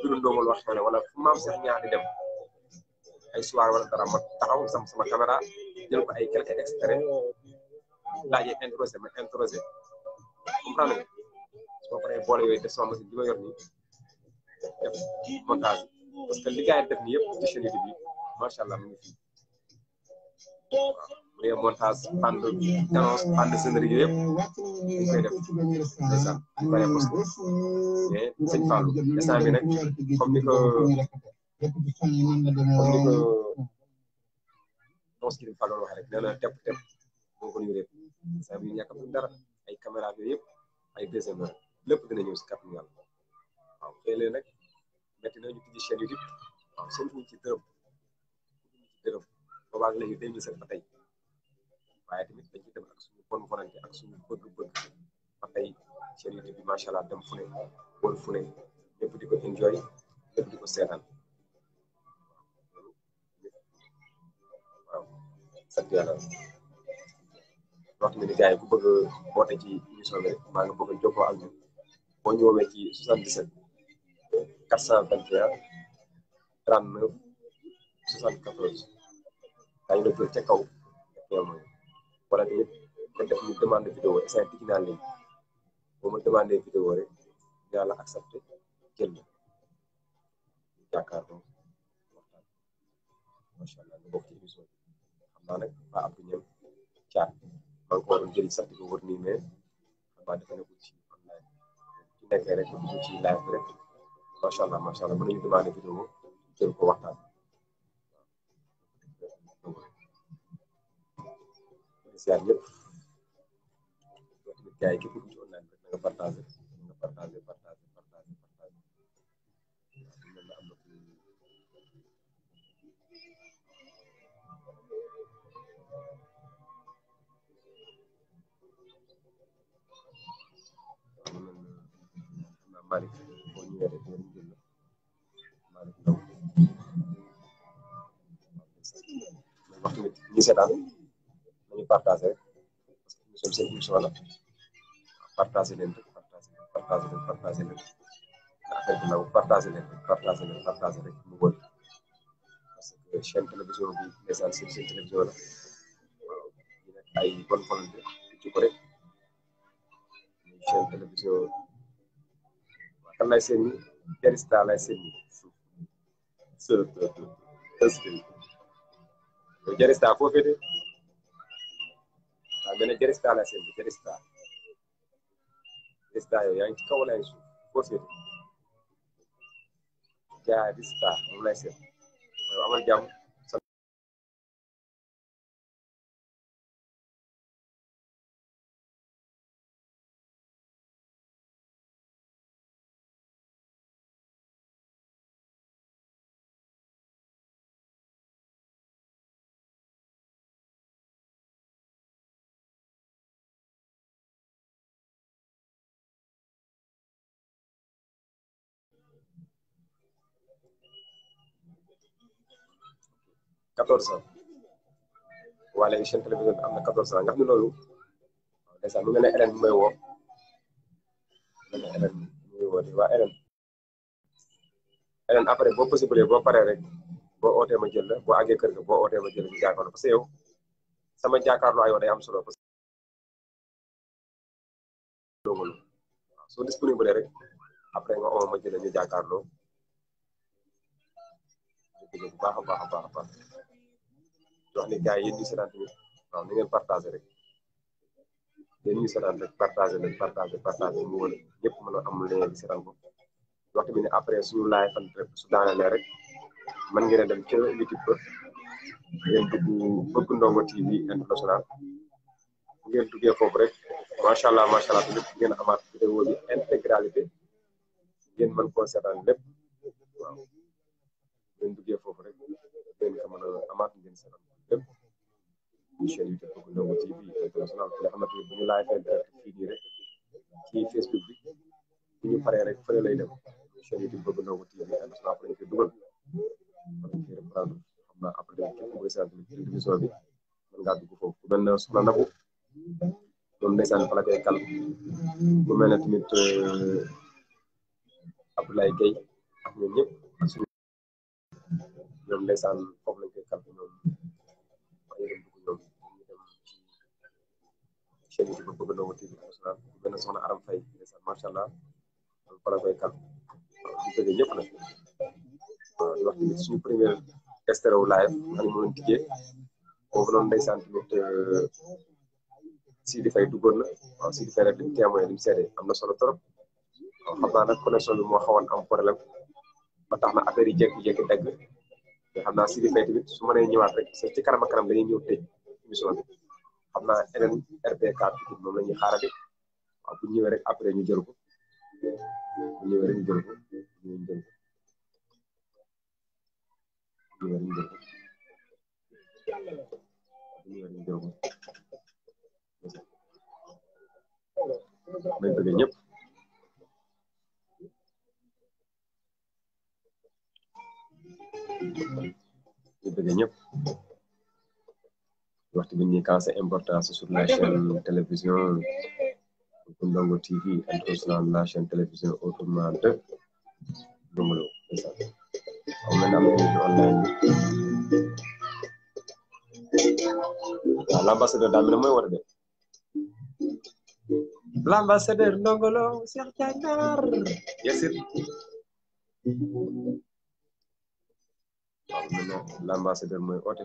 juru ndongal wax xew wala fu maam sax ñaar dem ay soir wala dara ma taxaw sam sama caméra jël ko ay quelques extraits laajee introsé ma introsé comprendre soo paree boole yooyu def sama machine bi ma yor nii montage parce que li gars def nii yëpp ci chaîne YouTube bi macha allah mu fi waaw montage bande annonce bande scénario yooyu yëpp dañ def ndeysaan bare poste mais sëñ Fallou instant bi nag comme ni ko rek nee na tepp tepp moo ko nuyu rek instant bi ñu dara ay caméra yooyu yëpp ay deuxième heure lépp dina ñëw si kàttan yàlla waaw xëy na nag métti na ñu tijji chaîne YouTube waaw seen fuñ ci dërëm fuñ ci dërëm boobaag léegi 2007 ba tey waaye tamit dañ ci dem ak suñu bonne volonté ak suñu bëgg-bëgg ba tey chaîne YouTube bi enjoy ñëpp di ko seetaan waaw sant yàlla wax nga ni gars yi ci émission bi rek boo ñu woowee ci 77 421 39 74 daañu la jël ca kaw ñoom wala tamit nga def demande vidéo rek saa digg naa leen boo ma demandé vidéo rek dinaa la accepté jël la jàkkaarloo waxtaan macha allah ñu bokk ci émission bi xam naa nag ba Abdou Niang caat maa ngi ko waroon tegee rek ñu ci live bi rek macha allah macha allah mën nañu demandé vidéo jël ko waxtaan. siyaar ñëpp. gaa yi Malick boo ñëwee rek ngeen jël Malick Ndaw mais wax tamit ñi seetaan nañu partagé rek parce que émission seen émission la partagé leen rek partagé leen partagé leen partagé leen affaire bi ndaw partagé leen rek partagé leen partagé rek mu wër parce que chaîne télévision bi ndeysaan seen seen télévision la waaw ñu nekk ay bonne volonté ci ko rek chaîne télévision Vallahi seni geristala seni. Sor to to. Tasbih. Yo gerista foo féete. Waaw mene gerista la yaa ngi ci kaw suuf foo féete. Gerista moom lay quatorze ans wala chaîne télévision bi am na quatorze ans nga xam ne loolu dèjà mu mel ne RN bi may woo mel ne RN di wa RN RN après boo possible boo paree rek bo ootee ma jël la boo àggee kër ga boo ootee ma jël yow sama jàkkaarloo ak yow day am solo parce que loolu disponible rek après nga oo ma jël ñu jàkkaarloo bu baax baax baax baax wax ni gars yi ñu seetaan tamit waaw ni ngeen partagé rek yéen ñu seetaan rek partagé leen partagé partagé mu wala ñëpp mën a am lien bi seetaan ko wax tamit ne après suñu laay fan rek su daanalee rek man ngeen dem ca youtube ba ngeen dugg bëgg ndongo tv international ngeen duggee foofu rek macha allah macha allah tamit ngeen amaat vidéo bi intégralité ngeen mën koo seetaan lépp waaw ngeen duggee foofu rek ngeen ko amaat ngeen seetaan yëpp di chaîne YouTube Boubacar Ndongo TV international fi nga xamante ni bu ñu live en direct fii nii rek ci Facebook bi bu ñu paree rek fële lay dem chaîne YouTube Boubacar Ndongo TV international fa lañ koy dugal fa lañ koy reprendre xam naa après dem képp mooy seen télévision bi mën ngaa dugg foofu mel na soxna Nabou chaîne YouTube Bëgg Ndongo TV international di benn soxna Aram Faye ndeysaan macha allah loolu fa la koy kal di bëgg ñëpp nag waaw di wax tamit suñu première stéréo live ak mu leen tijjee foofu noonu ndeysaan tamit euh, Sidi Faye duggoon na waaw Sidi Faye rek di témoin di seede am na solo trop waaw xam naa bi moo xawoon am problème ba tax na affaire yi jékki-jékki dagg te xam naa Sidi Faye tamit su ma nee ñëwaat rek ci kanam a kanam dañuy ñëw tëj émission bi. xam naa beneen RPK tuuti moom la ñuy xaarati waaw bu ñëwee rek après ñu jël ko bu ñëwee rek ñu jël ko waxtu bi ñuy quand c'est important sur la ah, chaîne télévision Ndongo TV and also la chaîne télévision autrement de Ndongo Lo c'est ça on est ah, l'ambassadeur daa mel ne mooy l'ambassadeur Ndongo Lo Cheikh Dakar yesir ah, l'ambassadeur mooy oote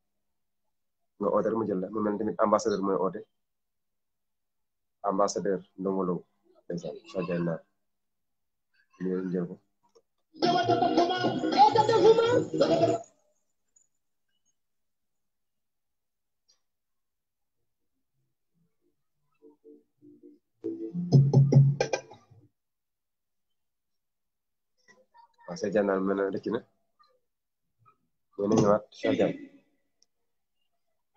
nga oote rek mu jël la mu mel tamit ambassadeur mooy oote ambassadeur ndongo lo ndeysaan sojay naar ñu leen jël ko waaw sojay naar ini. Ini rëcc na ñu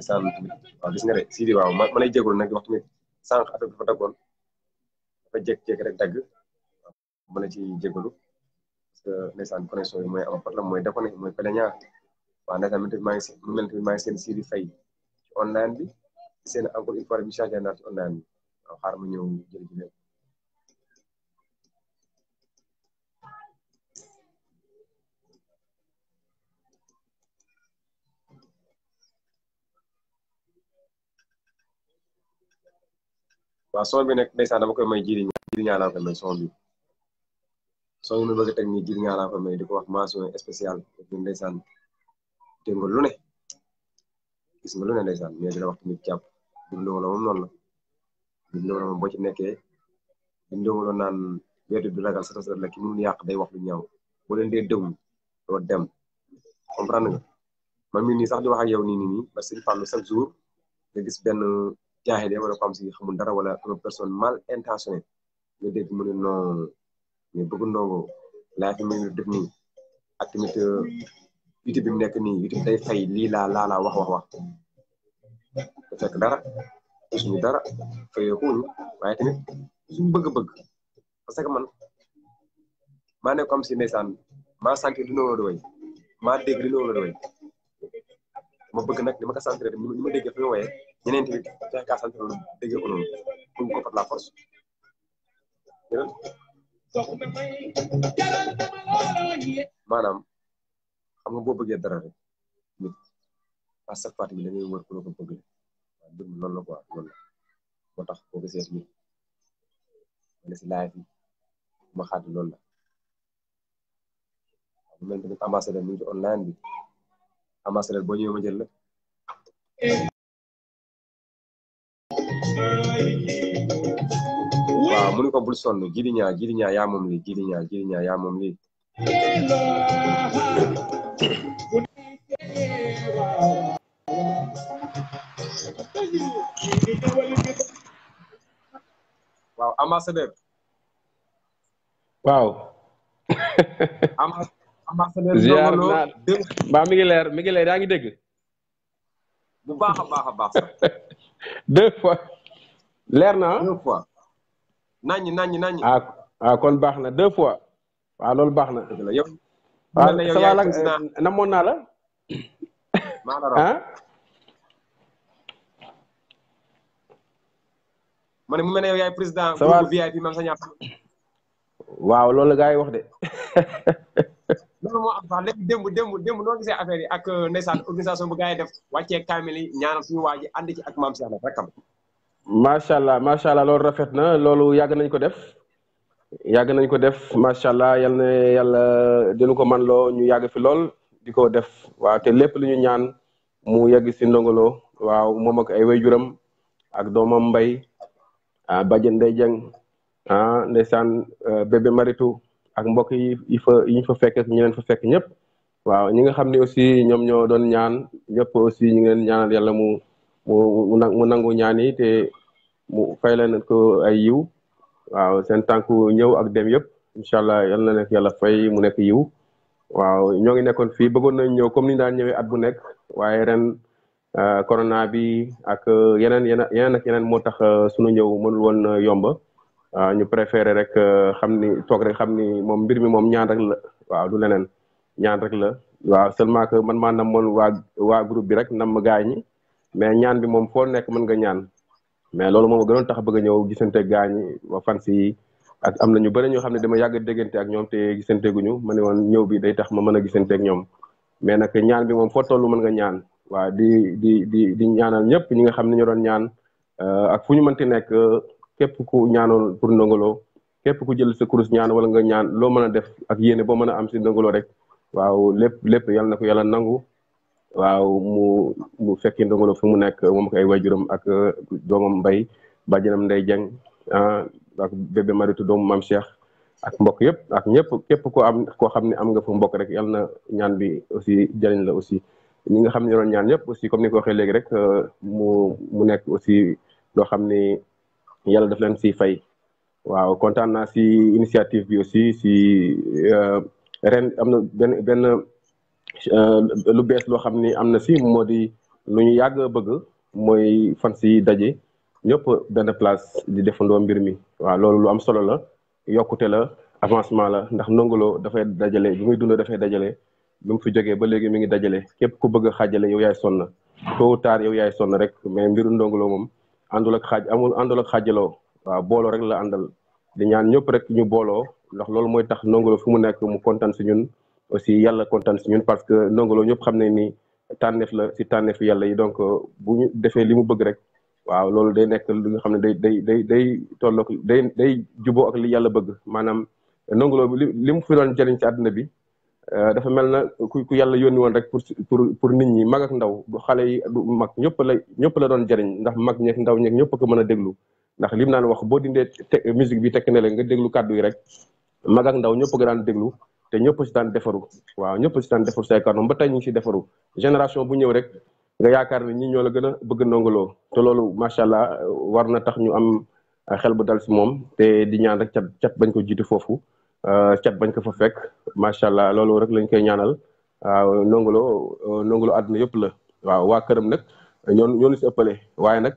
ne sànq waaw gis nga de Sidi waaw man man ay jégalu nag wax tamit sànq affaire bi dafa rek dagg waaw mën na ci jégalu parce que ndeysaan connexion yi mooy am problème mooy dafa ne mooy fële ñaar waaw ndeysaan man tamit maa ngi seen mu maa ngi seen Sidi Faye ci online bi seen encore une fois bi changé naa ci online bi waaw xaaral ma ñëw jërëjëf. waaw son bi nag ndeysaan dama koy may jiri jiriñaa laa koy may son bi ma bëgg teg nii jiriñaa laa koy may di ko wax mention spéciale bi ndeysaan dégg nga lu ne gis nga lu ne ndeysaan mais dina wax tamit jàpp bindoo la moom noonu la bindoo la moom boo ci nekkee bindoo la naan wedd du ragal sa sa la ki mun yàq day wax lu ñaw boo leen dee déglu dem comprendre nga man mii sax di wax ak yow nii parce que Fallou chaque jour nga gis benn jaaxle wala ko am si xamul dara wala une personne mal intentionnée nga dégg mu ne non mais bëgg ndongo laa fi muy def nii ak euh, bi mu nekk nii YouTube day laa laa laa wax dara suñu dara fayeeku ñu waaye bëgg-bëgg parce que man maa nekk comme si ndeysaan maa sentir li noonu la doy maa dégg li noonu la doy ma bëgg nag ni ma ko sentir ni ma déggee fi ñeneen tamit dañ kaa sant loolu déggee la force. maanaam xam nga boo bëggee dara rek nit à chaque fois tamit da ngay wër ku la ko bëgg waaw mbir mi noonu la quoi noonu la moo tax boo gisee tamit ma ne si laaj bi ma xaati online bi ambassadeur boo la. waaw mu ni ko bul sonn jiriñaa jiriñaa yaa moom jiriñaa jiriñaa yaa moom waaw ambassadeur waaw ambassadeur ziar mi ngi leer mi ngi leer yaa ngi dégg bu baax a baax deux fois. leer na ah? deux fois. naññi naññi naññi. Ah, ah kon baax na deux fois. waaw loolu baax na. dëgg la yow. waaw euh, naa la. maa la raw ah. ma ne mu mel ne président. ça va groupe VIP Mame Sagna. waaw loolu la gars yi wax de. loolu moo am sax léegi démb démb démb noo gisee affaire yi ak euh, ndeysaan organisation bu gars def wàccee kaamil yi ñaanal waa ji ànd ci ak maam si àlla macha allah macha allah loolu rafet na loolu yàgg nañ ko def yàgg nañ ko def macha allah yal na yàlla dinu ko man loo ñu yàgg fi lool di ko def waaw te lépp lu ñu ñaan mu yegg si Ndongo Lo waaw moom ak ay wayjuram ak doomam mbay ah Badiane Ndeye Dieng ah ndeysaan euh, bébé Maritou ak mbokk yi fa ñu fa fekk ñu leen fa fekk ñëpp waaw ñi nga xam ne aussi ñoom ñoo doon ñaan ñëpp aussi ñu ngi leen ñaanal yàlla mu mu mu nangu ñaan yi te mu fay leen ko ay yiw waaw seen tànku ñëw ak dem yëpp incha allah yal na leen yàlla fay mu nekk yiw waaw ñoo ngi nekkoon fii bëggoon nañ ñëw comme ni daan ñëwee at bu nekk waaye ren euh, corona bi ak euh, yeneen yeneen yeneen ak yeneen moo tax euh, sunu ñëw mënul woon yomba waaw ñu préféré rek euh, xam ni toog rek xam ni moom mbir mi moom ñaan rek la waaw du leneen ñaan rek la waaw seulement que man ma namoon waa waa groupe bi rek nam gaañ ñi mais ñaan bi moom foo nekk mën nga ñaan mais loolu moom gënoon tax bëgg a ñëw gisante gaañ ñi waa fans yi ak am na ñu bëri ñoo xam ne dama yàgg déggante ak ñoom te gisante guñu ma ne woon ñëw bi day tax ma mën a gisante ak ñoom mais nag ñaan bi moom foo toll mën nga ñaan waaw di di di di ñaanal ñëpp ñi nga xam ne ñu ñaan euh, ak fu ñu mënti nekk. képp ku ñaanoon pour Ndongo Lo képp ku jël sa kurus ñaan wala nga ñaan loo mën a def ak yéene boo mën a am si Ndongo rek waaw lépp lépp yal na ko yàlla nangu waaw mu mu fekki Ndongo Lo fu mu nekk moom ak ay waajuram ak uh, doomam mbay ba bàjjanam nday jeng uh, ak bébé maritu doomu mam Cheikh ak mbok yëpp ak ñëpp képp koo am koo xam ne am nga fa mbokk rek yal na ñaan bi aussi jëriñ la aussi ñi nga xam ne yoroon ñaan yëpp aussi comme ni ko waxee léegi rek uh, mu mu nekk aussi loo xam ni yàlla def leen si fay waaw kontaan naa si initiative bi aussi si euh, ren am na benn benn euh, lu bees loo xam ni am na si moo di lu ñu yàgg bëgg mooy fan si daje ñëpp benn place di defandoo mbir mi waaw loolu lu am solo la yokkute la avancement la ndax Ndongo Lo dafay dajale bi muy dund dafay dajale bi mu fi jógee ba léegi mi ngi dajale képp ku bëgg a xaajale yow yaay sonn tôt ou tard yaay sonn rek mais mbiru Ndongo moom àndul ak xaaj amul àndul ak xaajaloo waaw booloo rek la àndal di ñaan ñëpp rek ñu booloo ndax loolu mooy tax Ndongo Lo fu mu nekk mu kontaan si ñun aussi yàlla kontaan si ñun parce que Ndongo Lo ñëpp xam ne ni tànneef la si tànneefu yàlla yi donc euh, bu ñu defee li mu bëgg rek waaw loolu day nekk li nga xam ne day day day day tolloog day day juboo ak li yàlla bëgg maanaam Ndongo Lo li mu fi doon si àdduna bi Euh, dafa mel na ku ku yàlla yónni woon rek pour pour pour nit ñi mag ndaw du xale yi du mag ñëpp la ñëpp la doon jëriñ ndax mag ñeeg ndaw ñeeg ñëpp ko mën a déglu ndax lim naan wax boo dindee te musique bi tekk ne la nga déglu kàddu yi rek mag ak ndaw ñëpp ka daan déglu te ñëpp si taan defaru waaw ñëpp si daan defaru say kàddu ba tey ñu ngi si defaru génération bu ñëw rek nga yaakaar ne ñi ñoo la gën a bëgg ndongoloo te loolu macha allah war na tax ñu am xel bu dal si moom te di ñaan rek cat cat bañ ko jiitu foofu Euh, cat bañ ko fo fekk macha allah loolu rek lañ koy ñaanal waaw Ndongo Lo euh, Ndongo Lo àdduna yëpp la waaw waa këram nag ñoon ñoo si ëppale waaye nag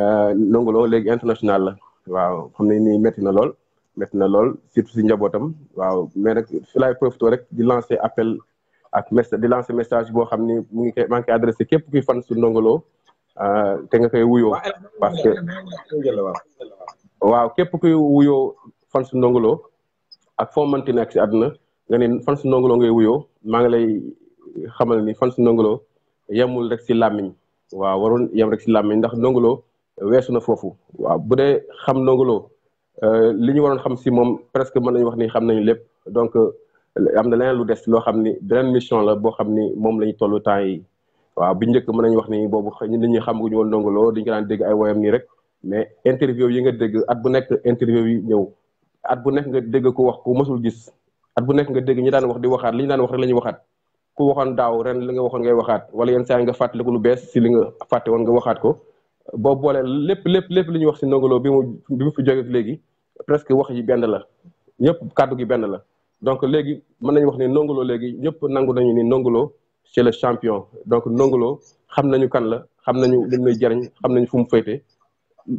euh, Ndongo Lo léegi international la waaw xam ne nii métti na lool métti na lool surtout si njabootam waaw mais nag fi laay rek di lancer appel ak message di lancer message boo xam ni mu ngi koy maa ngi koy adressé képp kuy fan su Ndongo Lo te nga koy parce que waaw képp kuy wuyoo fan su Ndongo ak foo mënti nekk si àdduna nga ne fan si Ndongo Lo ngay wuyoo maa ngi lay xamal ni fan si Ndongo Lo yemul rek si làmmiñ waaw warul yem rek si làmmiñ ndax Ndongo weesu na foofu waaw bu dee xam Ndongo Lo euh, li ñu waroon xam si moom presque mën nañu wax ni xam nañu lépp donc euh, am na leneen lu des loo xam ni beneen mission la boo xam ni moom la ñu toll temps yi waaw bu njëkk mën nañu wax ni boobu nit ñi xamaguñu woon Ndongo Lo dañu ko daan dégg ay woyam nii rek mais interview yi nga dégg at bu nekk interview yi ñëw at bu nekk nga dégg ko wax ko mësul gis at bu nekk nga dégg ñi daan wax di waxaat li daan wax rek la ñuy waxaat ku waxoon daaw ren la nga waxoon ngay waxaat wala yenn saa yi nga fàttaliku lu bees si li nga fàtte woon nga waxaat ko boo boolee lépp lépp lépp li ñuy wax si Ndongo bi mu bi mu fi jógee léegi presque wax yi benn la ñëpp kàddu gi benn la donc léegi mën nañu wax ne Ndongo léegi ñëpp nangu nañu ni Ndongo Lo champion donc Ndongo Lo xam nañu kan la xam nañu li muy jariñ xam nañu fu mu féete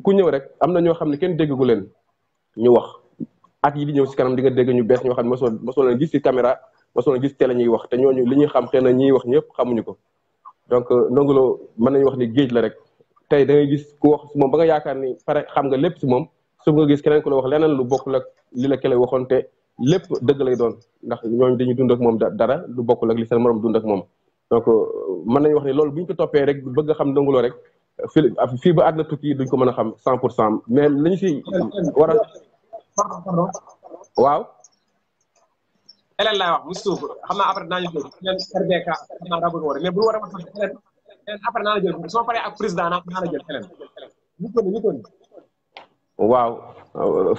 ku ñëw rek am na ñoo xam ne kenn déggagu leen ñu wax at yi di ñëw si kanam di nga dégg ñu bees ñoo xam ne mosoo mosoo leen gis si caméra mosoo leen gis télé ñuy wax te ñooñu li ñuy xam xëy na ñuy wax ñëpp xamuñu ko donc euh, ni géej la rek tey da ngay gis ku wax si moom ba nga yaakaar ni pare xam nga lépp si moom su nga la wax leneen lu bokkul ak la kele waxoon te lépp dëgg lay doon ndax ñooñu dund ak moom dara lu bokkul ak li seen morom dund ak moom donc euh, mën nañu wax ni loolu bu ñu toppee rek bëgg xam Ndongo Lo rek fi fii ba àdduna tukki duñ ko mën a xam cent pour cent mais lañu si war a waaw. a a ma toog leneen naa la ak président naa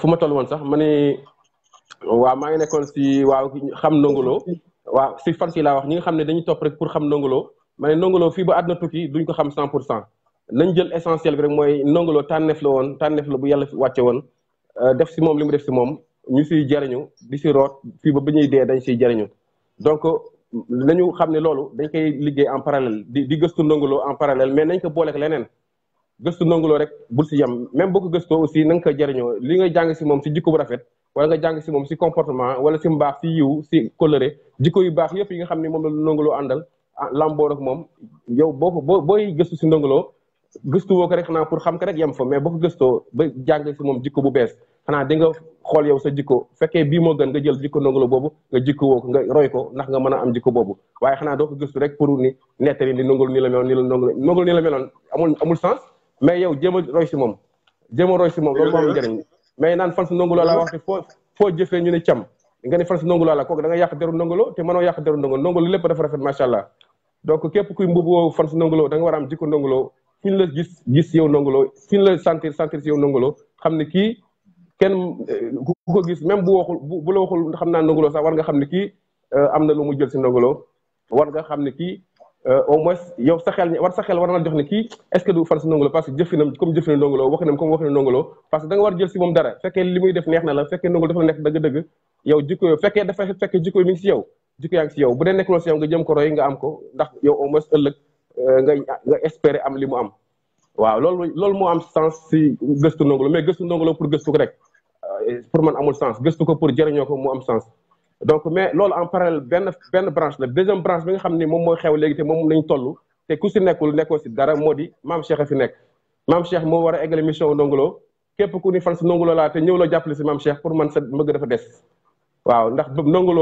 fu ma toll woon sax ma ne waaw maa ngi nekkoon si waaw xam Ndongo Lo waaw si fan si laa wax ñi nga xam ne dañuy topp rek pour xam Ndongo Lo ma ne Ndongo fii ba àdduna tukki duñ ko xam 100 pour cent nañ jël essentiel bi rek mooy Ndongo Lo la woon tànneef la bu yàlla wàcce woon. Euh, def si moom li mu def si moom ñu siy jariñu di si root fii ba ba ñuy dee dañ siy jariñu donc nañu xam ne loolu dañ koy liggéey en parallèle di di gëstu ndongoloo en parallèle mais nañ ko booleek leneen gëstu ndongoloo rek bul si yem même boo ko gëstoo aussi na nga ko jariñoo li nga jàng si moom si jikko bu rafet wala nga jàng si moom si comportement wala si mbaax si yiw si coloré jikko yu baax yëpp yi nga xam ne moom la ndongoloo àndal ah, lamboo ak moom yow boo ko boo booy gëstu si ndongoloo gëstu ko rek naa pour xam ko rek yem fa mais boo ko gëstoo ba jàng si moom jikko bu bees xanaa di nga xool yow sa jikko fekkee bii moo gën nga jël jikko ndongolo boobu nga jikko woo ko nga roy ko ndax nga mën a am jikko boobu waaye xanaa doo ko gëstu rek pour ni nettali ni ndongolo ni la meloon ni la ndongolo ndongolo ni la mais yow jéem a roy si moom jéem a roy si moom loolu moo am njëriñ naan fan si la wax foo foo ñu ne cam nga ne fan si ndongolo la yàq deru ndongolo te mënoo yàq deru ndongolo lépp dafa rafet macha allah donc képp kuy mbubu fan si ndongolo danga nga war a am jikko ndongolo fi ñu la gis gis yow Ndongo Lo fi ñu la sentir sentir si yow Ndongo xam ne kii kenn ku ko gis même bu waxul la waxul xam naa Ndongo sax war nga xam ne kii euh, na lu mu jël si Ndongo Lo war nga xam ne kii euh, au moins yow sa xel war sa xel war na jox ne kii est-ce que du fan si Ndongo parce que jëfinam comme jëfina Ndongo parce que da war jël si moom dara fekkee li muy def neex na la fekkee Ndongo dafa neex dëgg-dëgg yow jikko yow fekkee dafa fekkee jikko mi ngi si yow jikko yaa si yow bu dee nekkuloo si ko roy nga am ko ndax yow nga euh, nga espérer am li mu am waaw loolu loolu moo am sens si gëstu Ndongo Lo mais gëstu Ndongo Lo pour gëstu ko rek euh, pour man amul sens gëstu ko pour jëriñoo ko mu am sens donc mais loolu en parallèle benn benn branche la deuxième branche bi nga xam ni moom mooy xew léegi te moom lañ toll te ku si nekkul nekkoo si dara moo di maam Cheikh fi nekk maam Cheikh moo war a eggale mission Ndongo Lo képp ku ni fan si Ndongo Lo laa te ñëw loo jàppale si maam Cheikh pour man sa mbëgg dafa des waaw ndax Ndongo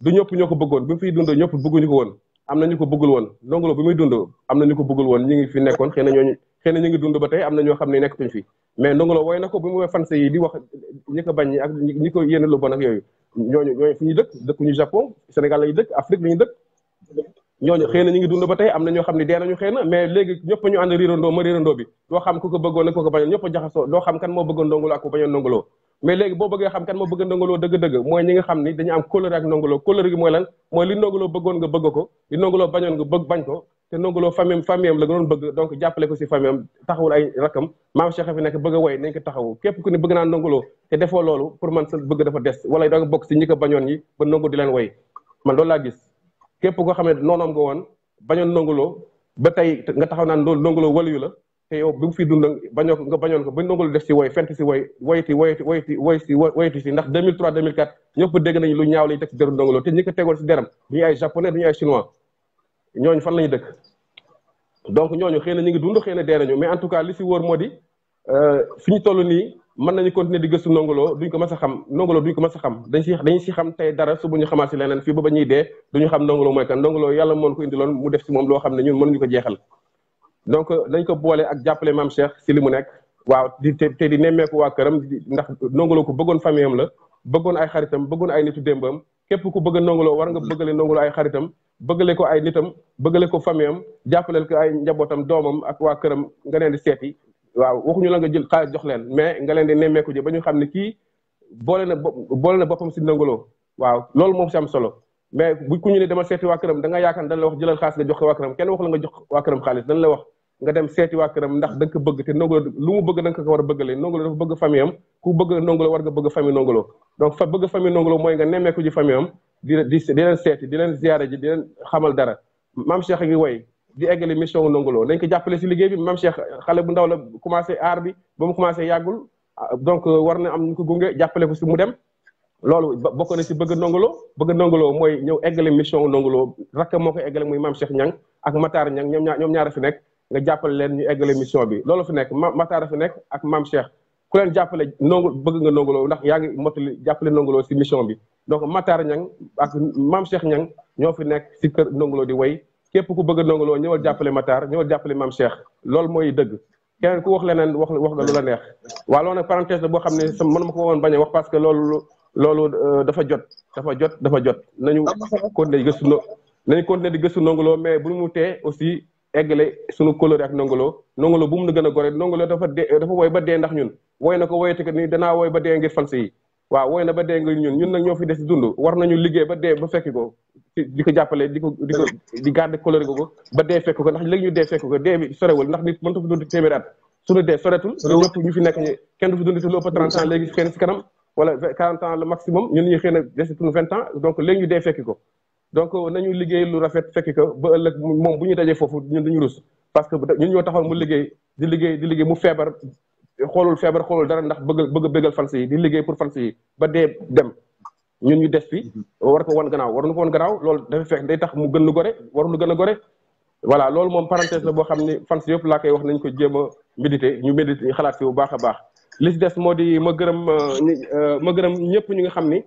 du ñëpp ñoo ko bëggoon bi mu fiy dund ñëpp bëgguñu ko woon am na ñu ko bëggul woon Ndongo Lo bi muy dund am na ñu ko bëggul woon ñi ngi fi nekkoon xëy na ñooñu na ñu ngi dund ba tey am na ñoo xam ne nekkatuñ fi mais Ndongo Lo wooy na ko bi mu fanse yi di yooyu ñooñu ñooñu fu ñu dëkk dëkkuñu Japon Sénégal lañu dëkk Afrique lañu dëkk ñooñu xëy na ñu ngi dund ba tey am na ñoo xam ne dee nañu xëy na mais léegi ñëpp ñu ànd réerandoo ma réerandoo bi doo xam ko bëggoon ko bañoon ñëpp a jaxasoo doo xam kan moo bëggoon Ndongo Lo ak ku bañoon mais léegi boo bëggee xam kan moo bëgg Ndongo Lo dëgg-dëgg mooy ñi nga xam ni dañu am kóllëre ak Ndongo Lo kóllëre gi mooy lan mooy li Ndongo bëggoon nga bëgg ko li Ndongo Lo bañoon nga bëgg ko te Ndongo Lo famille famille am la nga doon bëgg donc jàppale ko si famille am a woy nañ ko ku ne bëgg naa Ndongo Lo te defoo loolu man sa dafa des wala da nga bokk si ñi ko bañoon ba leen woy man loolu laa gis képp koo xam ne noonu am nga woon bañoon Ndongo Lo ba tey nga taxaw naan loolu Ndongo Lo waliyu la te yow oh, bi mu fi dund bañoo nga bañoon ko ba nangul def ci way fent ci way woyti woyti woyti woy si woyti si ndax 2003 2004 ñëpp dégg nañ lu ñaaw lay tek ci deru ndongoloo te ñi ko tegoon si deram ñi ay japonais duñu ay chinois ñooñu fan lañu dëkk donc ñooñu xëy na ñu ngi dund xëy na dee nañu mais en tout cas li si wóor moo di euh, fi ñu toll nii mën nañu continuer di gëstu ndongoloo duñ ko mas a xam ndongoloo duñ ko mas a xam dañ si dañ si xam tey dara su bu ñu xamaat si leneen fii ba ba ñuy dee duñu xam ndongoloo mooy kan ndongoloo yàlla moon ko indi indiloon mu def si moom loo xam ne ñun mënuñu ko jeexal donc euh, dañ ko boole ak jàppale maam Cheikh si li mu nekk waaw di te di nemmeeku waa këram ndax nongolo ku bëggoon famille am la bëggoon ay xaritam bëggoon ay nitu démbam képp ku bëgg a war nga bëggale nongolo ay xaritam bëggale ko ay nitam bëggale ko famille am jàppaleel ko ay njabootam doomam ak waa këram nga leen di seeti waaw ñu la nga jël xaalis jox leen mais nga leen di nemmeeku ji ba ñu xam ne kii boole na boole na boppam si nongolo waaw loolu moom si am solo mais bu ku ñu ne dama seeti waa këram da yaakaar dañ la wax jëlal xaalis nga jox nga dem seeti waa këram ndax da bëgg te Ndongo lu mu bëgg da nga ko war a bëgg am ku bëgg Ndongo Lo war nga bëgg famille Ndongo Lo donc fa bëgg famille Ndongo Lo mooy nga nemmeeku ji famille am di di di leen seeti di leen ziyaare ji di leen xamal dara maam di eggale mission wu Ndongo Lo dañ jàppale si liggéey bi maam Cheikh xale bu ndaw la commencé aar bi ba mu commencé yàggul donc war na am ñu ko gunge jàppale ko si mu dem loolu bokk na si bëgg Ndongo bëgg Ndongo Lo ñëw eggale mission wu Ndongo Lo rakk moo ko eggale muy maam Cheikh Ñang ak Matar Ñang ñoom ñaar ñoom ñaar fi nekk nga jàppale leen ñu eggale mission bi loolu fi nekk ma Matara fi nekk ak maam Cheikh ku leen jàppale nongu bëgg nga nonguloo ndax yaa ngi motali jàppale nonguloo si mission bi donc Matara ñang ak maam Cheikh ñang ñoo fi nekk si kër nonguloo di way képp ku bëgg a nonguloo ñëwal jàppale Matar ñëwal jàppale maam Cheikh loolu mooy dëgg keneen ku wax leneen wax wax nga lu neex waaw loolu nag parenthèse boo xam ne sa mën ma ko woon bañ a wax parce que loolu loolu euh, dafa jot dafa jot dafa jot nañu continuer di gëstu nañu continuer di gëstu nonguloo mais eggale sunu kóllëre ak nongolo nongolo bu mu na gën a gore nongolo dafa dee dafa woy ba dee ndax ñun woy na ko woyete ko ni danaa woy ba dee ngir fans yi waaw woy na ba dee ngir ñun ñun nag ñoo fi des dund war nañu liggéey ba dee ba fekk ko di ko jàppale di ko di ko di garder ko ba dee fekk ko ndax léegi ñu dee fekk ko dee bi sorewul ndax nit mënta fa dund téeméeri at sunu dee soretul ñu fi nekk ñu kenn fi dund si lu ëpp 30 léegi xëy na si kanam wala 40 ans le maximum ñun ñu xëy na des tuñu 20 ans donc dee fekki ko donc euh, nañu liggéey lu rafet fekk ko ba ëllëg moom bu ñu dajee foofu ñun dañu rus parce que ñun ñoo taxoon mu liggéey di liggéey di liggéey mu feebar xoolul feebar xoolul dara ndax bëgg bëgg bëggal fans yi di liggéey pour fans yi ba dee dem ñun ñu des fi war ko wan gannaaw waruñu ko wan gannaaw loolu dafa fekk day tax mu gën lu gore lu gën a gore voilà loolu moom parenthèse la boo xam ni fans yëpp laa koy wax nañ ko jéem a méditer ñu méditer xalaat fi bu baax a baax li ci des moo di ma gërëm euh, euh, ma gërëm ñëpp ñi nga xam ni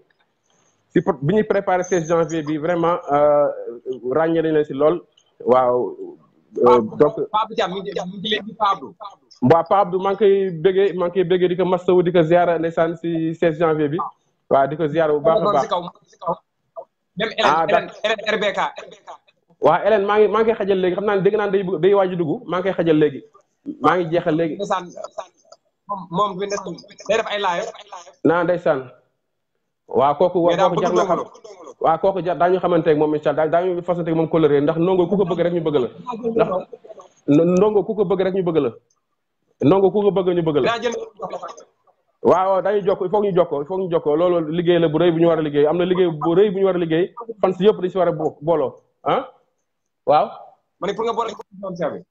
si bi préparez le 16 janvier vraiment euh ragné ci waaw. Euh, donc Pablo, mi leen di koy que 16 janvier bi waaw diko ziaré bu baax ah, même Hélène Hélène RBK. wa Hélène manque ngi xajal légui xamna dégg day day xajal live. waaw kooku wa kooku jar na xam waaw kooku jar daañu xamante ak moom incha allah daañu fasante ak moom coloré ndax ndongo ku ko bëgg rek ñu bëgg la ndax ndongo ku ko bëgg ñu bëgg la ndongo ku ko bëgg ñu bëgg la waaw dañuy jokk il faut ñu jokkoo il faut ñu jokkoo loolu liggéey la bu rëy bu ñu war a am na liggéey bu rëy bu ñu yëpp dañu si war a ah? ma ne nga boole maam Cheikh bi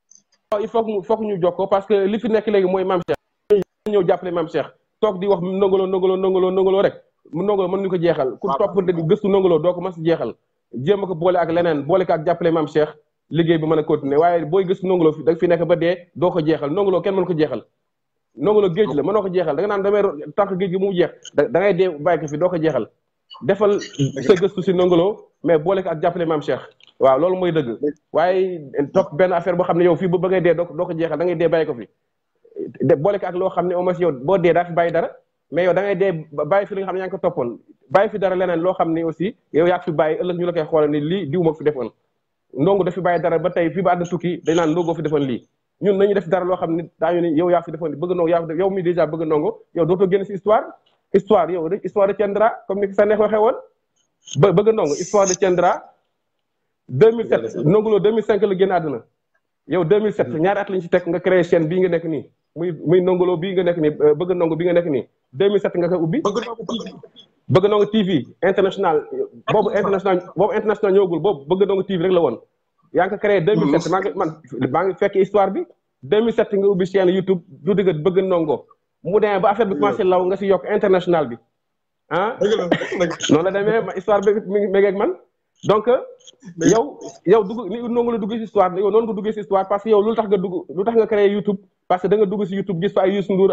waaw il faut que parce que li fi nekk léegi mooy maam Cheikh ñëw jàppale maam Cheikh toog di wax loo ndongoloo loo ndongoloo ndongoloo rek mu ndongoloo mën ñu ko jeexal ku topp dëgg gëstu ndongoloo doo ko mas jeexal jéem a boole ak leneen boole ko ak jàppale maam Cheikh liggéey bi mën a continuer waaye booy gëstu ndongoloo fi da fi nekk ba dee doo ko jeexal ndongoloo kenn mën ko jeexal ndongoloo géej la mënoo ko jeexal da nga naan damay tànk géej gi mu jeex da ngay dee ko fi doo defal sa gëstu si ndongoloo mais boole ko ak jàppale maam waaw loolu mooy dëgg waaye topp benn affaire boo xam ne yow fii ba ba ngay dee doo doo ko jeexal da ngay dee bàyyi ko fi boole ko ak loo xam ne au moins yow boo dee daa fi bàyyi dara mais yow da ngay dee bàyyi fi li nga xam ne yaa ngi ko toppoon bàyyi fi dara leneen loo xam ne aussi yow yaa fi bàyyi ëllëg ñu la koy xoole ni lii diw moo fi defoon ndongo daf bàyyi dara ba tey fii ba àdduna sukki dañ naan ndongoo fi defoon lii ñun nañu def dara loo xam ne daañu ne yow yaa fi defoon bëgg ndongo yaa fi yow mi dèjà bëgg ndongo yow dootoo génn si histoire histoire yow rek histoire retiendra comme ni sa neex waxee woon ba at lañu ci teg nga créé chaîne bi nga nekk nii muy muy Ndongo Lo nga nekk nii bëgg ndongo bi nga nekk nii 2007 nga koy ubbi. bëgg ndongo TV international. boobu international boobu boobu bëgg ndongo TV rek la woon. yaa ngi ko créé 2007 mm-hmm. maa ngi man maa ngi fekk histoire bi. 2007 nga ubbi chaîne YouTube du dëgg bëgg ndongo mu demee ba affaire bi mm-hmm. commencé law nga si yokk international bi. Ah? noonu la demee histoire bi mi man. donc yow yow dugg ni ndongo la si histoire yow noonu nga si histoire parce que yow lu tax nga dugg lu tax nga créé YouTube. parce que da si YouTube gis ay Youssou Ndour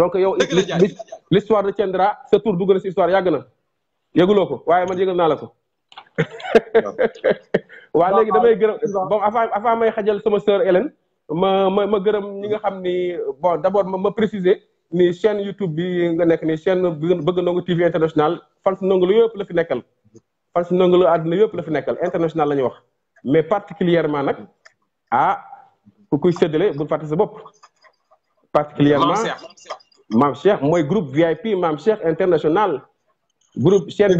donc yow l'histoire retiendra sa tour dugg na si histoire yàgg na yëguloo ko waaye ma yëgal naa la ko waaw léegi damay gërëm bon avant avant may xajal sama sœur Hélène ma ma ma gërëm ñi nga xam ni bon d'abord ma ma préciser ni chaîne YouTube bi nga nekk ni chaîne bëgg ndongo TV international fans ndongo lu yëpp la fi nekkal fans ndongo lu àdduna yëpp la fi nekkal international la ñuy wax mais particulièrement nag ah ku kuy séddale bul fàtte sa bopp particulièrement Mame Cheikh moi, groupe VIP Mame Cheikh international groupe chaîne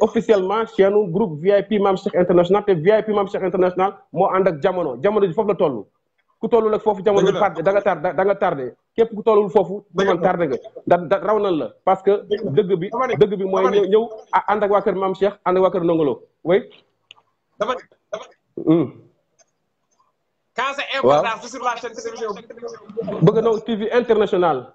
officiellement chaîne groupe VIP Mame Cheikh international Et VIP Mame Cheikh international mo jamono jamono ji la ku fofu jamono ji da nga tardé da nga tardé képp ku tollul tardé nga parce que deug bi deug bi moy ñew ah, ak Cheikh ak international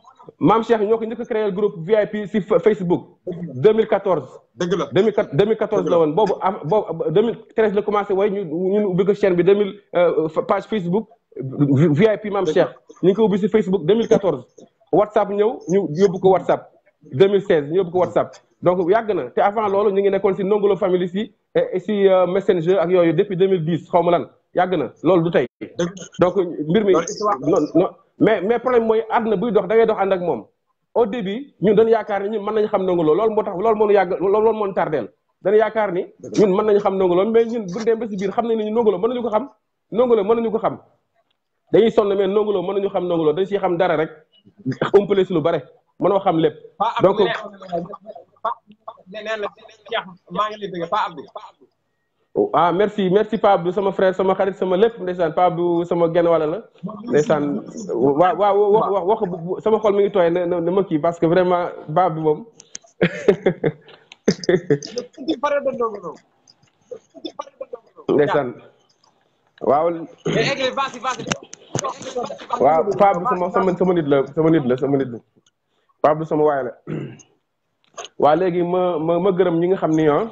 maam Cheikh ñoo ko njëkk a créé groupe VIP si Facebook. 2014. dëgg la 2014 la woon boobu am boobu 2013 la commencé way ñu ubbi ko chaîne bi 2000 euh, page Facebook VIP maam Cheikh. ñu ngi ko ubbi si Facebook 2014. WhatsApp ñëw ñu yóbbu ko WhatsApp. 2016 ñu yóbbu ko WhatsApp. donc yàgg na te avant loolu ñu ngi nekkoon si Nongolo Family si eh, si euh, Messenger ak yooyu depuis 2010 xaw ma lan yàgg na loolu du tey. donc mbir mi mais mais problème mooy àdduna buy dox da ngay dox ànd ak moom au début ñun dañu yaakaar ni ñun mën nañu xam nangu lool moo tax loolu moo ñu yàgg loolu moo ñu tardeel dañu yaakaar ni ñun mën nañu xam nangu lool mais ñun bu dem ba si biir xam nañ ni nangu lool mën nañu ko xam nangu lool mën xam dara rek umpale si lu bare mënoo xam lépp maa ngi lay dégg Oh, ah merci merci Pa Abdou sama frère sama xarit sama lépp ndeysaan Pa Abdou sama genn wala la ndeysaan waaw waaw wax wax mi ngi tooy na na ma kii que vraiment Pa Abdou moom ndeysaan waaw waaw sama sama sama nit la sama nit la sama nit la Pa sama waay la waa léegi ma ma ma gërëm ñi nga xam ni ah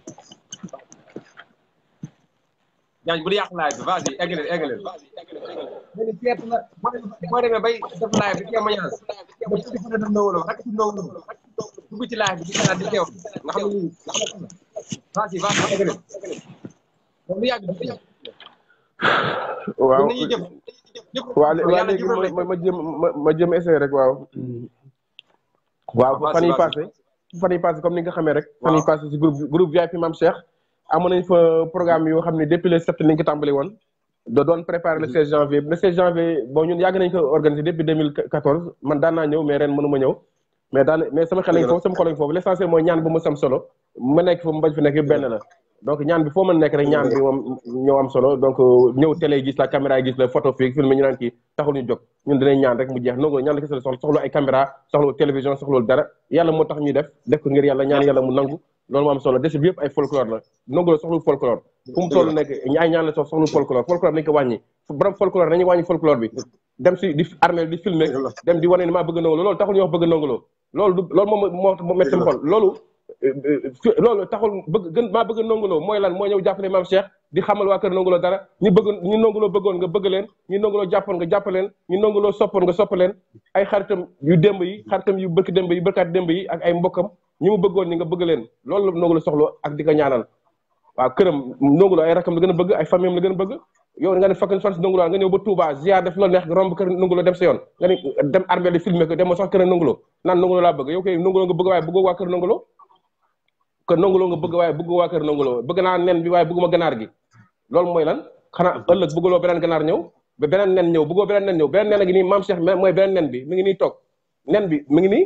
yaa ngi bu dee yàq live bi vas-y eggaleel eggaleel. ci def na ndawolo rek ci ndawolo dugg ci live waaw waaw léegi ma ma jëm ma ma jëm essayé rek waaw. waaw fan yii passé fan yii passé comme ni xamee rek. fan yii passé groupe VIP Mame Cheikh. amoon nañ fa programme yo xamné depuis le sept lañ ko tàmbali won do doon préparer le 16 janvier le 16 janvier bon ñun yag nañ ko organiser depuis 2014 man da na ñew mais ren mënuma ñew mais daan mais sama xalé lañ sama collègue lañ l'essentiel moy ñaan bu mu sam solo ma nek fa mu bañ fi nek ben la donc ñaan bi fo ma nek rek ñaan bi moom ñoo am solo donc euh, ñew télé gis la caméra gis la photo fi film ñu naan ki taxul ñu jog ñun dinañ ñaan rek mu jeex nogo ñaan la kese la soxla ay caméra soxlo télévision soxlo dara yalla mo tax ñu def def ko ngir yalla ñaan yalla mu nangu loolu moo am solo dese bi yëpp ay folklore la ndongo la soxlu folklore fu mu toll nekk ñaay ñaan la sox soxlu folklore folklore nañu ko wàññi borom folklore nañu bi dem si di armée di filmer dem di wane ni maa bëgg a ndongolo loolu taxul ñu wax bëgg a ndongolo loolu du loolu moom moo moo métti xol loolu euh, loolu taxul bëgg bëgg a ndongolo mooy lan mooy ñëw jàppale maam Cheikh di xamal waa kër ndongolo dara ñu bëgg ñu ndongolo bëggoon nga bëgg leen ñu ndongolo jàppoon nga jàppaleen leen ñu ndongolo soppoon nga sopp leen ay xaritam yu demb yi xaritam yu bëgg demb yi bëkkaat démb yi ak ay mbokkam ñi mu bëggoon ni nga bëgg leen loolu la la soxlo ak di ko ñaanal waaw këram nongu la ay rakam la gën a bëgg ay famille la gën a bëgg yow nga ne fakk fan nongu la nga ñëw ba Touba ziar def loolu neex romb kër nongu la dem sa yoon nga ne dem armée di filmé ko dem ma sax kër nongu la naan nongu la bëgg yow kay nongu la nga bëgg waaye bëggoo waa kër nongu la ko nongu la nga bëgg waaye bëggoo waa kër nongu la bëgg naa nen bi waaye bëgguma ganaar gi loolu mooy lan xanaa ëllëg loo beneen ganaar ñëw ba beneen nen ñëw bëggoo beneen nen ñëw beneen nen a ngi nii maam Cheikh mooy beneen nen bi mi ngi nii toog nen bi mi ngi nii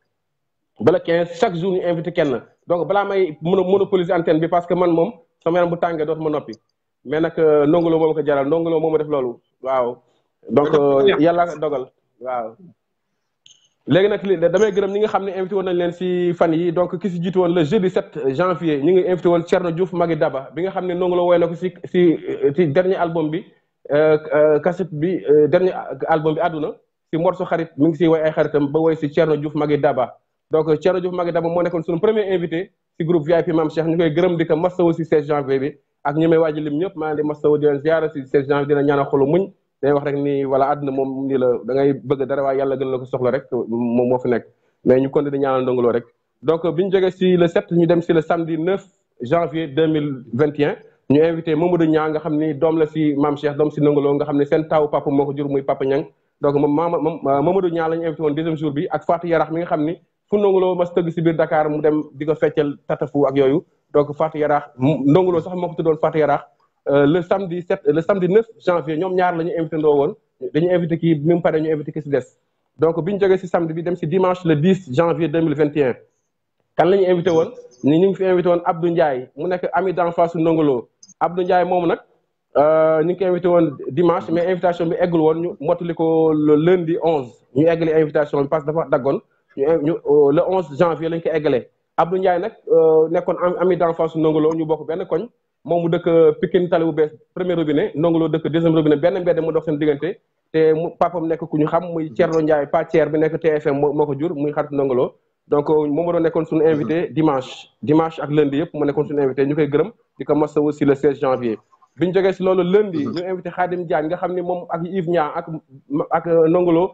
bala 15 chaque jour ñu invité kenn donc balaa may mën a monopoliser antenne bi parce que man moom sama yaram bu tàngee dootuma noppi mais nag euh, ndongolo moo ma ko jaral ndongolo moo ma def loolu waaw. donc euh, yàlla dogal waaw. léegi nag li damay gërëm ñi nga xam ne invité woon nañ leen si fan yi donc ki si jiitu woon le jeudi 7 janvier ñu ngi invité woon Thierno Diouf Magui Daba bi nga xam ne ndongolo woy na ko si si si dernier album bi euh, cassette bi dernier album bi àdduna si morceau xarit mi ngi siy woy xaritam ba woy si Thierno Diouf Magui Daba. donc euh, Thierno Diouf Magui Daba mo nekkoon suñu premier invité ci groupe VIP Mam Cheikh ñu koy gërëm di ko masawu si 16 janvier bi ak ñi may waaj lim ñëpp maa ngi di masawu di leen ziara ci 16 janvier dina ñaanal xolu muñ day wax rek ni wala aduna mom ni la da ngay bëgg dara waaye yalla gën la ko soxla rek mom mo fi nekk mais ñu continué ñaanal Ndongo rek donc euh, biñu ñu ci le 7 ñu dem ci le samedi 9 janvier 2021 ñu invité Mamadou Niang nga xamni dom la ci Mam Cheikh dom ci Ndongo nga xamni sen taw papa moko jur muy papa ñang donc moom Mamadou Niang lañu ñu invité woon deuxième jour bi ak Fatou Yarax mi nga xamni fu ndongoloo mas ci bir Dakar mu dem diko ko feccal tatafu ak yoyu donc Fatou Yaraax ndongoloo sax mako tudon tuddoon Fatou euh, le samedi 7 le samedi 9 janvier ñom ñaar lañu invité ndoo won dañu invité ki même mu pare ñu invité ki si des donc biñu ñu ci samedi bi dem ci dimanche le 10 janvier 2021 kan lañu invité won ni ñu fi invité won Abdou ndjay mu nek ami d'enfance su ndongoloo Abdou mom nak euh ñu ngi invité won dimanche mais invitation bi eggul won ñu mottali ko le lundi 11 ñu eggali invitation bi parce dafa dagon ñu euh, le 11 janvier lañ ko eggalee Abdou Ndiaye nag euh, nekkoon ami d'enfance nongolo ñu bokk ben koñ momu dëkk Pikine tali bu bees premier robinet nongolo Lo dëkk deuxième robinet ben mbéd mu dox sen diggante té mu papam nekk ku ñu xam muy Thierno Ndiaye pa Thier bi nekk TFM moo jur muy xarit nongolo donc euh, moom do doon suñu invité dimanche dimanche ak lundi yëpp mu nekkoon suñu invité ñukay koy gërëm di ko massa aussi le 16 janvier bi ñu ci lolu lundi ñu invité Khadim Diagne nga xamni mom ak Yves Niang ak ak nongolo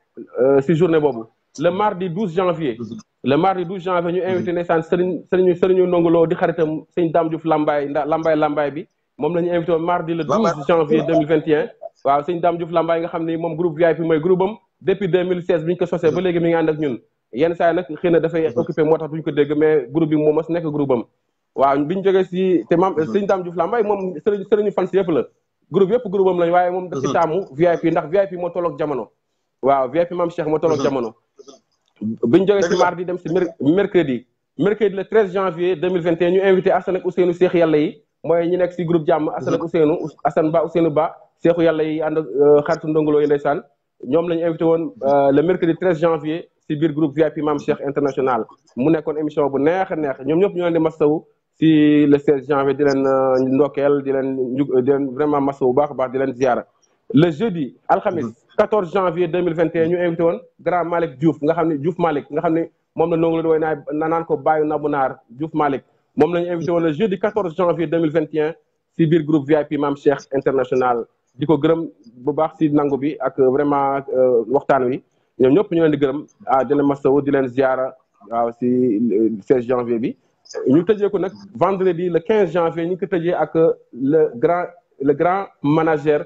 Euh, si journée bobu le mardi 12 janvier le mardi 12 janvier ñu invité ndeysaan sëriñ sëriñu sëriñu ndongoloo di xaritam sëñ Dame Diouf lambay lambay Lambaay bi mom lañu invité mardi le 12 janvier 2021 waaw sëñ Dame Diouf Lambaay nga xam mom groupe VIP moy groupe am depuis 2016 bi ko sosee ba légui mi ngi and ak ñun yenn saa nak nag xëy na dafay occupé moo tax ko dégg mais groupe bi moo mas nekk groupe am waaw bi ñu jógee si te maam mm-hmm. sëñ Dame Diouf Lambaay moom sëriñ sëriñu fans yépp la groupe yépp groupe am lañ waaye mom daf ci mm-hmm. tamu VIP ndax VIP mo tolok jamono waaw VIP maam Cheikh moo tolloog jamono. biñ jógee si mardi dem si mercredi. mercredi le 13 janvier 2021 ñu invité Assane ak Ousseynou Cheikh yàlla yi mooy ñu nekk si groupe jàmm Assane ak Ousseynou Assane Ba Ousseynou Ba Cheikhu yàlla yi ànd ak euh, xaritu ndongolo yi ndeysaan ñoom la invité woon euh, le mercredi 13 janvier si biir groupe VIP maam Cheikh international mu nekkoon émission bu neex a neex ñoom ñëpp ñu leen di masawu si le 16 janvier di leen euh, ndokkeel di leen di leen vraiment masawu bu baax a baax di leen ziara le jeudi alxamis 14 janvier 2021 ñu invité grand Malik Diouf nga avons Diouf Malik, nga avons mom la nongi lu naa na naan ko bayu nabunar Diouf malik mom lañu invité le jeudi 14 janvier 2021 ci bir groupe VIP mam Cheikh International diko ko bu baax ci nangu bi ak vraiment euh, waxtaan wi ñom ñop ñu leen di gërëm a ah, di leen masawu di leen ziara waaw ci 16 euh, janvier bi ñu tëjee ko vendredi le 15 janvier ñu ko que ak le grand le grand manager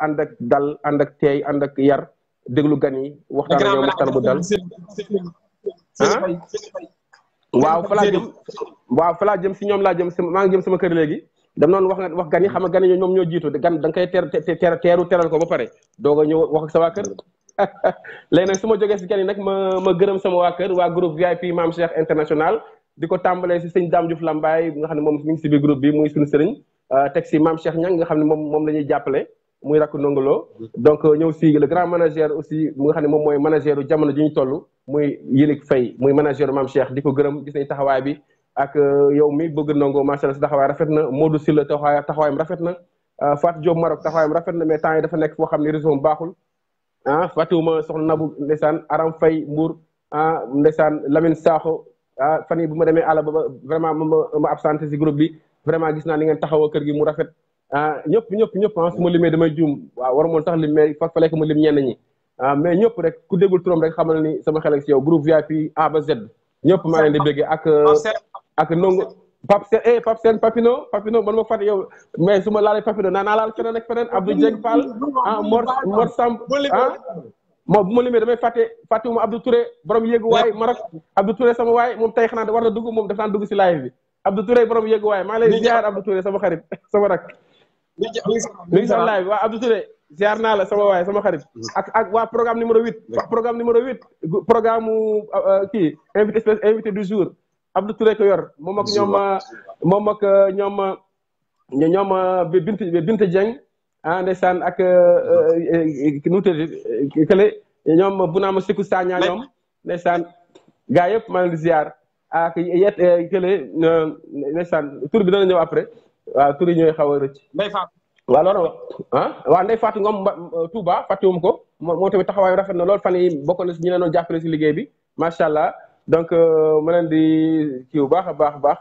Andak ak dal andak ak andak ànd ak yar deglu gani waxtan waxtaan ak ñoom waxtaan bu dal waaw fala jëm waaw fala jëm si ñom la jëm si maa ngi jëm sama kër legi dam non wax wax gani yi xam nga gan ñoo jitu gan dang kay ter ter teru teral ko ba pare doga ñu wax ak kër lay nak suma joge ci gani nak ma ma gëreem sama wa kër wa groupe VIP mam Cheikh International diko tambalé ci si sëñ Dame Diouf Lambaye nga xamni mom moom mi ngi si biir groupe bi muy suñu sëriñ euh ah, taxi mam Cheikh ñang nga xamni mom mom lañuy jappalé muy rakk ndongolo donc euh, ñëw si le grand manager aussi mu nga xam ne moom mooy manager jamono ji ñu toll muy Yilick Faye muy manager maam Cheikh di ko gërëm gis nañ taxawaay bi ak euh, yow mi bëgg ndongo macha si taxawaay rafet na Modou Sylla taxawaayam rafet na euh, Fatou Diop Maroc taxawaayam rafet na mais temps yi dafa nekk foo xam ne réseau baaxul ah Fatouma soxna Nabou ndesaan Aram Faye Mbour ah ndeysaan lamin Sakho ah fan yi bu ma demee àll ba vraiment ma ma absenté si groupe bi vraiment gis naa ni ngeen taxawoo kër gi mu rafet. ah ñëpp ñëpp ñëpp a ah, su ma limee damay juum waaw war moon tax lim mais fa lekk que ma lim ñenn ah, mais ñëpp rek ku déggul turam rek xamal ni sama xel ak si yow groupe VIP A Z ñëpp maa leen di béggee ak ak ndongo Pape Sène eh Pape Sène Papino Papino ma fàtte yow mais su ma laalee Papino naa naa laal feneen ak feneen Abdou Dieng Fall ah Mor Mor Samb ah moom bu ma limee damay fàtte fàttewuma Abdou Touré borom yéegu waay Maroc Abdou Touré sama waay moom tey xanaa dugg moom daf naan dugg si laay bi Abdou Touré borom yéegu waay maa ngi lay ziar Abdou Touré sama xarit sama rak mi ngi sama live waa Abdou Touré ziar naa la sama waaye sama xarit ak ak waa programme numéro huit programme numéro huit programme euh, euh, kii invité invité du jour Abdou Touré ko yor moom ak ñoom euh, moom ak ñoom ñoom bint bint Dieng ah ndeysaan ak nu mu tëddee kële bu naama siku saña ñoom ndeysaan gaa yëpp maa ngi ziar ak yet kële ndeysaan tur bi dana ñëw après waaw ah, tur yi ñooy xaw a rëcc. Ndeye Fatou. waaw loolu ah waaw Ndeye Fatou Ngom Touba fàttewum ko moom tamit taxawaay rafet na lool fan yi bokk na si ñu leen doon jàppale si liggéey bi macha allah donc euh, ma leen di kii bu baax a baax baax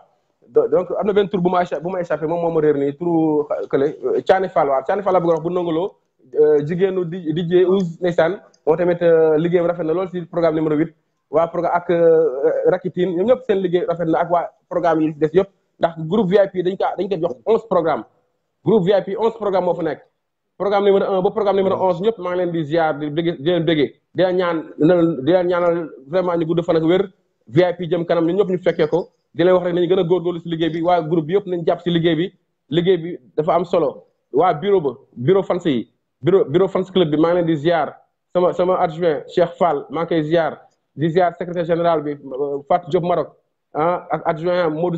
donc am na benn tur bu ma bu ma échappé moom moo ma réer nii turu kële Thiané Fall waaw Thiané Fall bëgg wax bu nangaloo euh, jigéenu di DJ Ouz ndeysaan moom tamit euh, liggéeyam rafet na lool si programme numéro 8 waa programme ak Rakitin ñoom ñëpp seen liggéey rafet na ak waa programme yi des yëpp le groupe VIP dañ dañ onze programme groupe VIP onze programme moo programme numéro un ba programme numéro onze ngi di vraiment ñu gudd VIP jëm kanam ñun ñu di wax rek groupe nañ solo bureau bureau fans bureau bureau fans club bi maa ngi leen adjoint Cheikh Fall maa ngi secrétaire général bi Fatou Maroc ah, ak adjoint Modou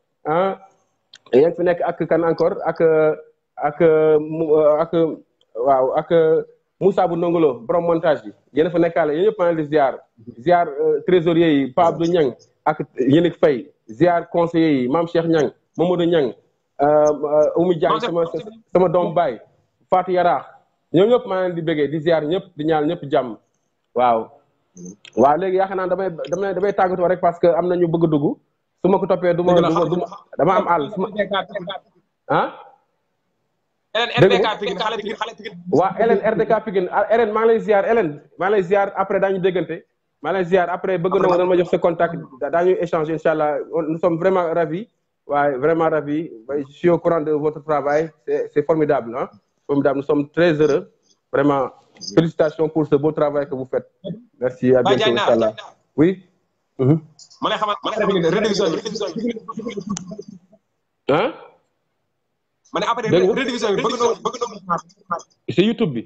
ah fi nekk ak kan encore ak ak ak waaw ak Moussa bu Ndongolo borom montage bi yéen fa nekkaale yéen ñëpp maa ngi ziar ziar euh, trésorier yi Pape Abdou Niang ak Yénik Faye ziar conseiller yi Mame Cheikh Niang Mamadou Niang euh, Oumy Diagne sama sama doom baay faat Yaraax ñoom ñëpp maa ngi di bëggee di ziar ñëpp di ñaal ñëpp jàmm mm-hmm. waaw léegi yaakaar naa damay damay damay tàggatoo rek parce que am na ñu bëgg a dugg su ma ko toppee du ma dama am àll su ma ah. RDK Pikine xale Pikine xale Pikine. waa Hélène RDK Pikine Hélène ah, maa ngi lay ziar Hélène maa ngi lay ziar après daañu déggante maa ngi lay ziar après bëgg na ma ma jox sa contact daañu échanger incha allah nous sommes vraiment ravis waaye vraiment ravis je suis au courant de votre travail c'est c'est formidable ah formidable nous sommes très heureux vraiment félicitations pour ce beau travail que vous faites merci à bah, bientôt incha allah oui. Mm-hmm. ma lay xamal ma lay xamal rédivision bi rédivision bi. ma ne après rédivision bi bëgg na bëgg na si YouTube bi.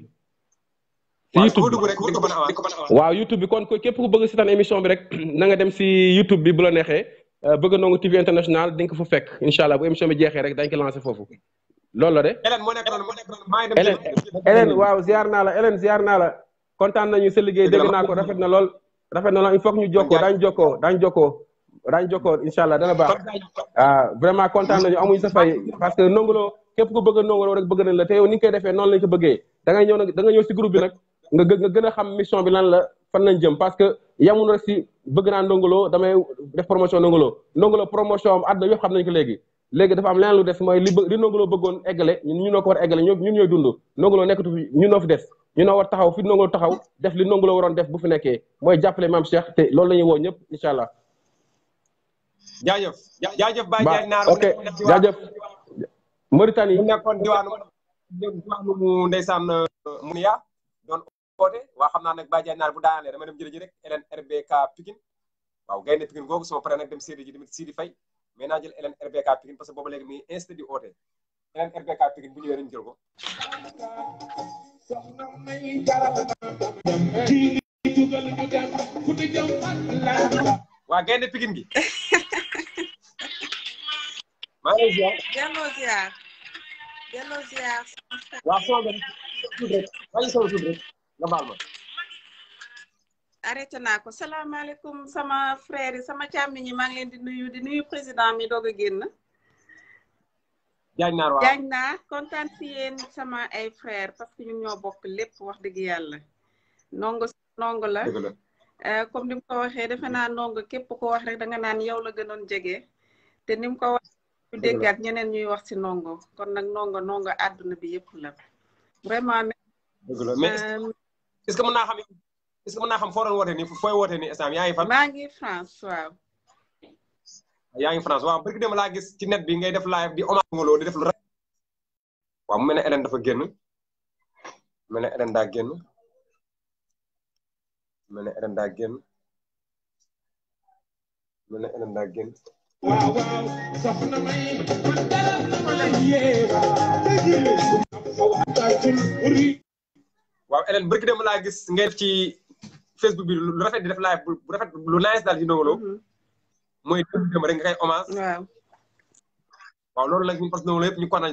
si YouTube bi waaw YouTube bi kon képp ku bëgg a seetaan émission bi rek na nga dem si YouTube bi bu la neexee euh, bëgg a nangu TV international di nga ko fa fekk incha allah bu émission bi jeexee rek dañ ko lancé foofu. loolu la de. Hélène moo nekk noonu moo maa ngi dem. waaw ziar naa la Hélène ziar naa la kontaan nañu sa liggéey de naa ko rafet na lool. rafet na loolu il faut que ñu jokkoo daañu jokkoo daañu jokkoo daañu jokkoo incha allah dana baax ah vraiment kontaan nañu amuñu sa fay parce que Ndongo Lo képp ku bëgg a Ndongo Lo rek bëgg nañ la te yow ni nga koy defee noonu lañ ko bëggee da ngay ñëw nag da nga ñëw si groupe bi nag nga nga gën a xam mission bi lan la fan lañ jëm parce que yamun rek si bëgg naa Ndongo Lo damay def promotion Ndongo Lo Ndongo Lo promotion am àdduna yëpp xam nañ ko léegi léegi dafa am leneen lu des mooy li bë li Ndongo Lo bëggoon eggale ñun ñu ko war a eggale ñun ñooy dund Ndongo Lo nekkatu fi ñun ñoo fi des ñu noo taxaw fi Ndongo taxaw def li Ndongo Lo waroon def bu fi nekkee mooy jàppale maam Cheikh te lool la ñuy woo ñëpp incha allah. jaajëf jaajëf Baye Diagne Naar ok jaajëf Mauritanie. mu nekkoon diwaanu diwaanu ndeysaan Mounia doon oote waa xam naa nag Baye Diagne Naar bu daanee dama dem jërëjëf rek LNRBK Pikine waaw gaynde Pikine googu soo pare nag dem Sidi ji tamit Sidi Faye mais naa jël Hélène RBK Pikine parce que booba léegi muy incité di oote Hélène RBK Pikine bu ñëwee nañ waa gaynde Pikine gi maa ngi ziar delloo waa soxna rek rek nga baal ma arrêté na ko salam alaykum sama frère sama càmmi ñi maa ngi leen di nuyu di nuyu président mi dogu genn génn. jaañ naar waaw jaañ naa kontaan si sama ay frère parce que ñun ñoo bokk lepp wax deug yalla nongo nongo la euh comme nim ko waxee defe na nongo képp ko wax rek da nga nan yow la gënon jege. té nim ko wax ñu déggaat ñeneen ñuy wax ci nongo kon nak nongo nongo aduna bi yépp la vraiment. Euh, est-ce que mon naa xam est ce que mën naa xam foo doon woote nii fooy woote nii instant yaa ngi fan. maa ngi France waaw. yaa ngi France waaw barki laa gis ci net bi ngay def live di hommage Modou Lo di dafa génn mu mel laa gis ngay def ci. Facebook bi lu rafet di def live bu rafet lu nice daal di Ndongo Lo mm-hmm. mooy dem rek nga koy hommage waaw loolu nag ñun parce que Ndongo Lo yëpp ñu kontaan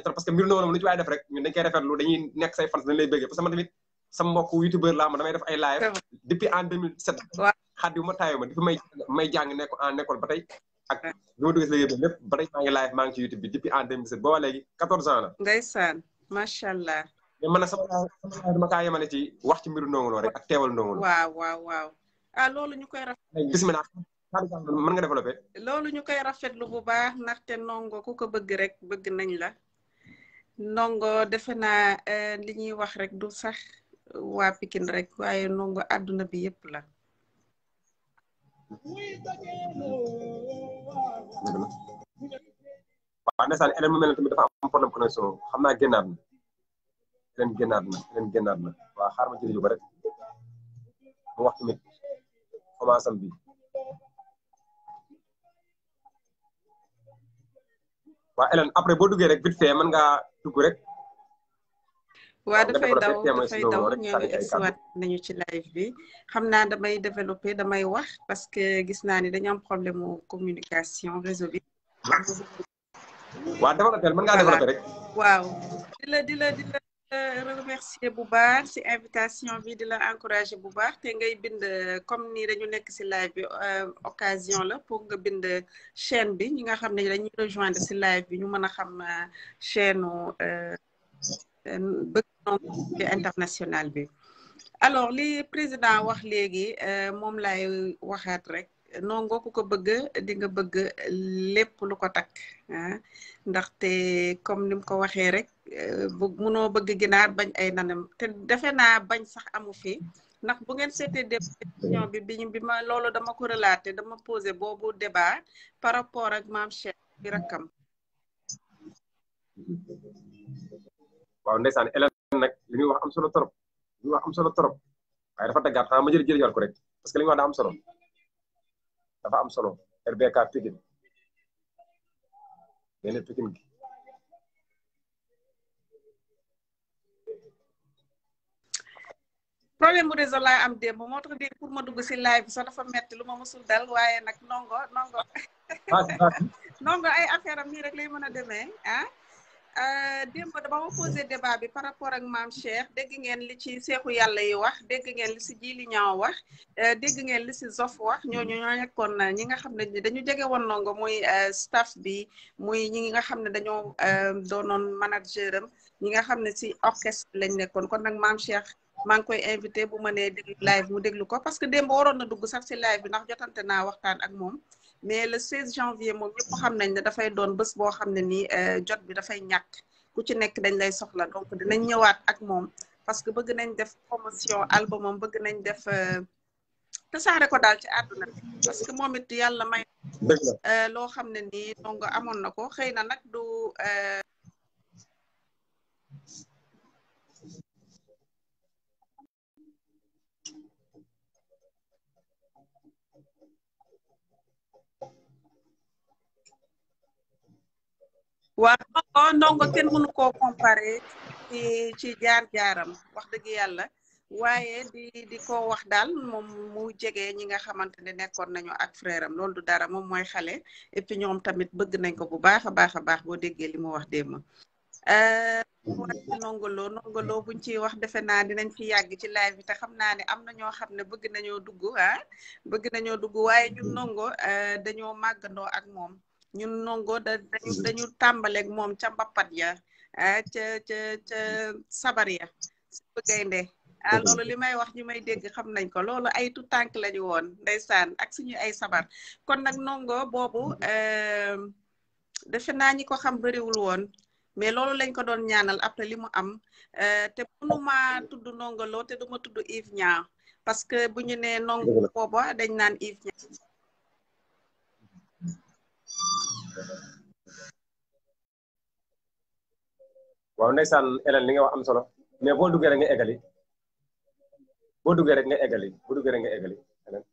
lu ci waay def rek ñun dañ koy rafetlu nekk say fans dañ lay bëggee parce que man may may jàng ba tey ak bi ma duggee ba tey maa ngi live maa ngi ci youtube bi depuis en 2007 booba léegi 14 ans la ndeysaan macha allah mais man nag sama xaar dama ci wax ci mbiru Ndongo Lo rek a teewal Ndongo Lo. waaw waaw waaw ah, loolu ñu koy rafetlu. bisimilah mën nga développé. loolu ñu koy rafetlu bu baax ndaxte Ndongo ku ko bëgg rek bëgg nañ la Ndongo defe naa eh, li ñuy wax rek du sax waa Pikine rek waaye Ndongo àdduna bi yëpp la. waaw ndeysaan mu mel ne leen génnaat na leen génnaat na waaw xaar ma jëli ko rek mu wax tamit commencé am bi waaw après boo duggee rek vite fait mën ngaa dugg rek. waaw dafay daw dafay daw ñoo ngi egsiwaat nañu ci live bi xam naa damay développé damay wax parce que gis naa ni dañu am problème mu communication réseau bi. waaw développé mën ngaa développé rek. waaw di la di la di la Euh, remercier bu baax ci invitation bi de la encourager bu baax te ngay bind comme ni dañu nek ci live bi euh, occasion la pour nga bind chaîne bi ñi nga xam ne dañuy rejoindre ci live bi ñu mëna xam euh, chaîne bëgg bi international bi alors li président wax euh, mom lay waxat rek nongo ku ko bëgg di nga bëgg lépp lu ko takk ah ndaxte comme ni mu ko waxee rek euh, bu munoo bëgg ginaar bañ ay nanam te defe naa bañ sax amu fi ndax bu ngeen seetee décision bi bi ma loolu dama ko relaté dama posé boobu débat par rapport ak maam Cheikh bi rakkam waaw ndeysaan Hélène nag li muy wax am solo trop li wax am solo trop waaye dafa daggaat xanaa ma jël jël ko rek parce que li wax daa am solo dafa am solo RBK Pikine benn Pikine gi problème bu réseau laa am démb moo tax dégg pour ma dugg si live sax dafa metti lu ma mësul dal waaye nag nongo nongo nongo ay affaire am nii rek lay mën a demee ah Euh, démb dama ma posé débat bi par rapport ak maam Cheikh dégg ngeen li ci seexu yàlla wax dégg ngeen li si Jili Ñaaw wax euh, dégg ngeen li si Zof wax ñooñu ñoo nekkoon euh, ñi nga xam ne dañu jege woon ndongo muy staff bi muy ñi nga xam ne dañoo doonoon manager am ñi nga xam ne si orchestre lañ nekkoon kon nag maam Cheikh. maa ngi koy invité bu ma nee déglu live mu déglu ko parce que démb waroon na dugg sax si live bi ndax jotante naa waxtaan ak moom mais le 16 janvier moom ñëpp xam nañ ne dafay doon bés boo xam ne nii euh, jot bi dafay ñàkk ku ci nekk dañ lay soxla donc dinañ ñëwaat ak moom parce que bëgg nañ def promotion albumam bëgg nañ def euh, tasaare ko daal ci àdduna bi parce que moom it yàlla may euh, loo xam ne nii donc amoon na ko xëy na nag du waa ndongo ndongo kenn mënu koo comparer ci ci jaar-jaaram wax dëgg yàlla waaye di ko wax daal moom mu jege ñi nga xamante ne nekkoon nañu ak frère am du dara moom mooy xale et puis ñoom tamit bëgg nañ ko bu baax a baax a baax boo déggee li mu wax démb. Euh, nongolo nongolo buñ ci wax defe naa dinañ fi yàgg ci live bi te xam naa ne am na ñoo xam ne bëgg nañoo dugg ah bëgg nañoo dugg waaye ñun nongo euh, dañoo màggandoo ak moom. ñun nongo da mm-hmm. dañu ak mom ca mbapat ya ca ca ca sabar ya gaynde ndé mm-hmm. loolu li may wax ñu may dégg xam nañ ko lolu ay tout tank lañu won ak suñu ay sabar kon nak nongo boobu mm-hmm. defe naa ñi ko xam wul won mais lolu lañ ko doon ñaanal après am e, te mënuma tuddu nongo loo te duma tuddu Yves Niang parce que buñu né nongo bobu dañ Yves waaw ndeysaan Hélène li nga wax am solo mais boo duggee rek nga eggali boo duggee rek nga eggali boo duggee rek nga eggali Hélène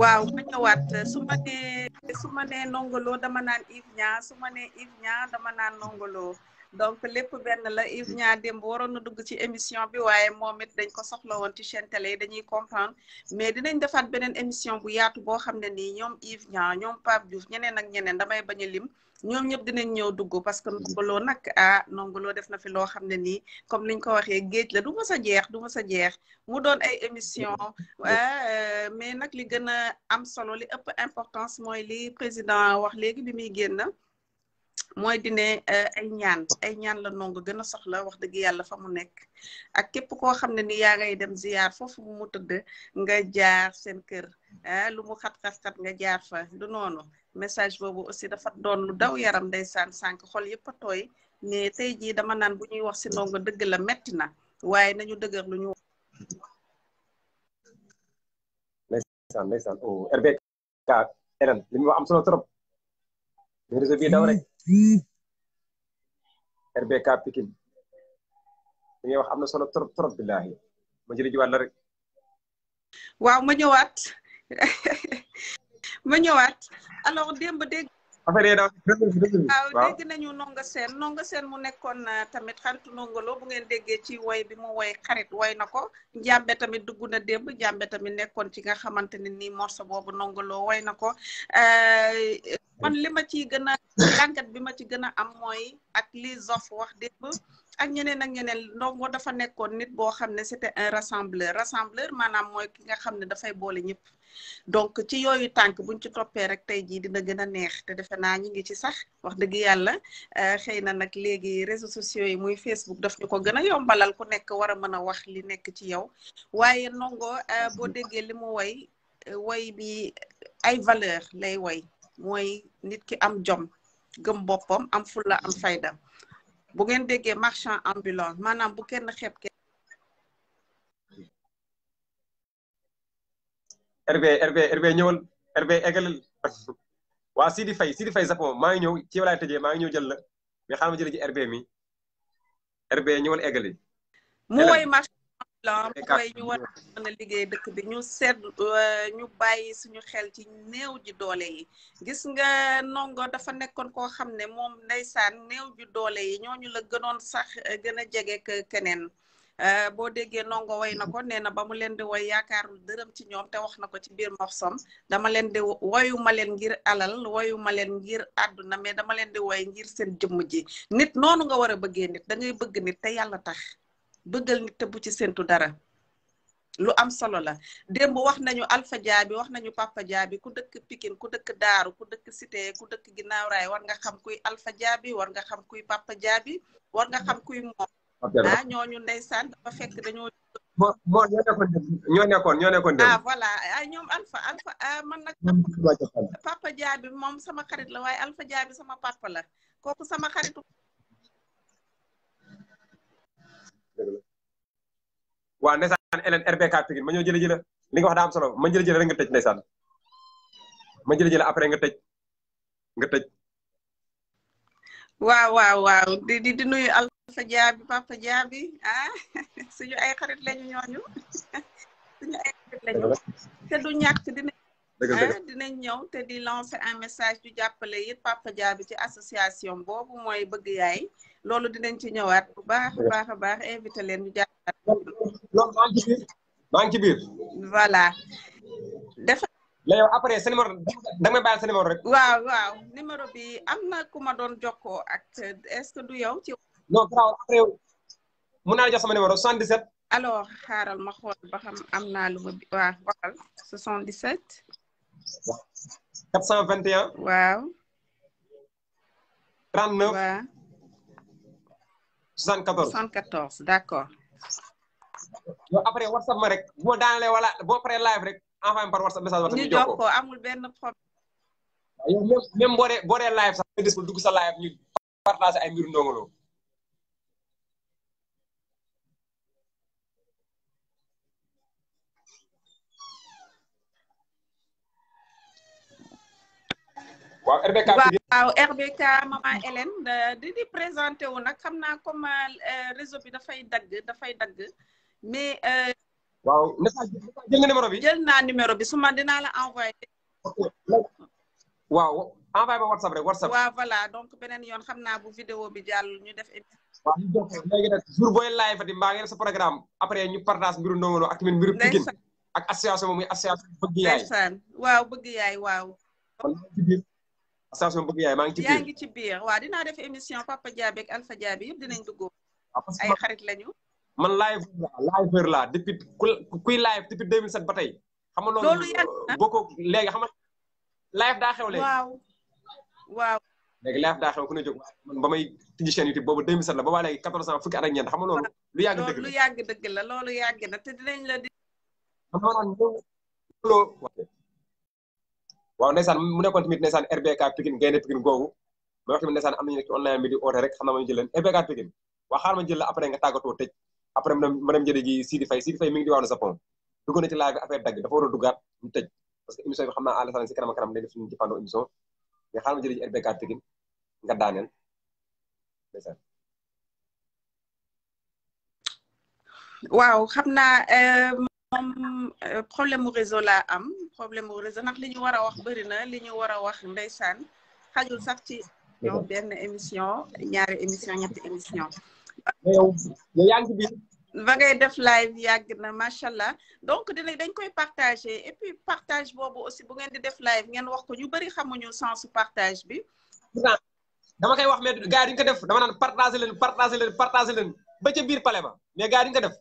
waaw ma ñëwaat su ma nee su ma nee nongolo dama naan Yves Niang su ma nee Yves dama naan nongolo donc lépp benn la Yves Niang démb waroon na dugg ci émission bi waaye moom it dañ ko soxla woon ci chaîne télé dañuy comprendre mais dinañ defaat beneen émission bu yaatu boo xam ne nii ñoom Yves Niang ñoom Pape Diouf ñeneen ak ñeneen damay bañ a lim ñoom ñëpp dinañ ñëw dugg parce que Ndongo Lo nag ah Ndongo Lo def na fi loo xam ne nii comme niñ ko waxee géej la du ma sa jeex du ma sa jeex mu doon ay émission mm-hmm. ah, euh, mais nag li gën a am solo li ëpp importance mooy li président wax léegi bi muy génn mooy di ne eh, ay ñaan ay ñaan la ndongo gën a soxla wax dëgg yàlla fa mu nekk ak képp koo xam ne ni yaa ngay dem ziyaar foofu mu tëdd nga jaar seen kër eh, lu mu xat-xat-xat nga jaar fa du noonu message boobu aussi dafa doon lu daw yaram day saan sànq xol yëpp a tooy mais tey jii dama naan bu ñuy wax si ndongo dëgg la metti na waaye nañu dëgër lu ñu oh, am solo trop réseau bii daw rek RBK Pikine li ngay na solo trop trop ma jëli ma ñëwaat ma démb dégg a yi daal waaw dégg nañu nonga seen nonga seen mu nekkoon tamit xaritu nongolo bu déggee ci way bi mu way xarit woy na ko njàmbe tamit dugg na démb njàmbe tamit nekkoon ci nga xamante ne nii morceau boobu nongolo way na ko man li ma ci gën a jàngat bi ma ci gën a am mooy ak li Zof wax démb ak ñeneen ak ñeneen ndongo dafa nekkoon nit boo xam ne c'était un rassembleur rassembleur maanaam mooy ki nga xam ne dafay boole ñëpp donc ci yooyu tànk buñ ci toppee rek tey jii dina gën a neex te defe naa ñu ngi ci sax wax dëgg yàlla euh, xëy na nag léegi réseaux sociaux yi muy Facebook daf ñu ko gën a yombalal ku nekk war a mën a wax li nekk ci yow waaye ndongo euh, boo déggee li mu woy woy bi ay valeur lay woy mooy nit ki am jom gëm boppam am fulla am fayda bu ngeen déggee marchand ambulant maanaam bu kenn xeeb kenn rb rb rb ñëwal rb eggalil waa Sidi Faye Sidi Faye Japon maa ngi ñëw ci walaay tëjee maa ngi ñëw jël la mais xaaral ma jëlee rb mi rb ñëwal eggali mu woy marchand lan mooy ñu war a liggéey dëkk bi ñu seet euh, ñu bàyyi suñu xel ci néew ji doole yi gis nga nongo dafa nekkoon koo xam ne moom saan néew ji doole yi ñooñu la gënoon sax gën a jege keneen euh, boo déggee nongo way na ko nee na ba mu leen di woy yaakaarul dërëm ci ñoom te wax na ko ci biir moxsom dama leen di woyu ma leen ngir alal woyu ma leen ngir àdduna mee dama leen di woy ngir seen jëmm ji nit noonu nga war a bëggee nit da bëgg nit te yàlla tax bëggal nit te bu ci séntu dara lu am solo la démb wax nañu Alpha Diaby wax nañu Papa Diaby ku dëkk Pikine ku dëkk Daaru ku dëkk site ku dëkk Ginnaaw Raay war nga xam kuy Alpha Diaby war nga xam kuy Papa Diaby war nga xam kuy moom ah ñooñu saan dafa fekk dañoo bon bon ñoo nekkoon ñoo nekkoon ñoo nekkoon ah voilà ay ah, ñoom Alpha Alpha ah, man nag Papa Diaby moom sama xarit la waaye Alpha Diaby sama papa la kooku sama xaritu waa ndeysaan Hélène RBK Pikine ma ñëw jële jële li nga wax daa am solo ma jële jële rek nga tëj ndeysaan ma jële jëla après nga tëj nga tëj waaw waaw waaw di di nuy nuyu Alpha Diaby Papa Diaby ah suñu ay xarit lañu ñooñu suñu ay xarit lañu te du ñàkk dina dinañ ñëw te di lancer un message du jàppale it Papa Dia bi ci association boobu mooy bëgg yaay loolu dinañ ci ñëwaat bu baax a baax a baax invité leen ñu jàppale. non maa ngi biir maa ngi ci biir. voilà. dafa la yow rek. waaw waaw numéro bi am na ku ma doon jokkoo ak est-ce que du yow ci. non garaaw après mun naa la jox sama numéro 77. alors xaaral ma xool ba am naa lu ma bi waaw waxal 77. 421. waaw. 39. waaw. 74 74 d'accord. yow après WhatsApp ma rek boo daanalee wala boo paree live rek envoyé par WhatsApp message. WhatsApp ñu amul benn problème. yow même même boo dee boo dee live sax nga dug dugg sa live ñu partagé ay mbiru Lo. waaw RBK waaw RBK di di présenté wu nag xam naa comme euh, réseau bi dafay dagg dafay dagg mais. Euh, waaw jël nga numéro bi. jël naa numéro bi su ma dinaa la envoyé. waaw envoyé ba WhatsApp rek WhatsApp. waaw voilà donc beneen yoon xam naa bu vidéo bi jàll ñu def émission. waaw ñu jox léegi di mbaa ngeen sa programme après ñu partage mbiru Ndongo Lo ak mbiru Pikine ak association moom muy association bëgg yaay. waaw bëgg yaay waaw. association bëgg yaay maa ngi ci biir yaa ngi ci biir waaw dinaa def émission Papa Diaby ak Alpha Diaby yëpp dinañ dugg ah, ay xarit lañu man live laa liveur depuis kuy live depuis ba tey xam loolu boo ko léegi xew léegi waaw waaw live daa xew ku ne jóg ba may tijji chaîne YouTube boobu 2007 la ba waa léegi 14 ans fukki at ak ñeent xam nga lu yàgg dëgg la loolu yàgg na te dinañ la di waaw ndeysaan mu nekkoon tamit ndeysaan RBK Pikine gaynde Pikine googu ma wax tamit ndeysaan am nañu nekk ci online bi di oote rek xam naa ma ñu jël leen RBK Pikine waa xaar ma jël la après nga affaire dagg dafa war a duggaat parce que émission bi xam naa si kanam a kanam lay def suñu jëfandoo émission mais xaar ma jële ji RBK nga daaneel ndeysaan xam naa euh, moom euh, problème au réseau là am problème au réseau nak li ñu war wax bari na li ñu war wax ndeysaan xajul sax ci ñoom ben émission ñaari émission ñetti émission yàgg bi ba ngay def live yag na machallah donc dina dañ koy partager et puis partage bobu aussi bu ngeen di def live ngeen wax ko ñu bëri xamuñu sensu partage bi dama koy wax mais gars yi duñ ko def dama naan partager len partager len partager len ba ca biir pale ba mais gars yi duñ ko def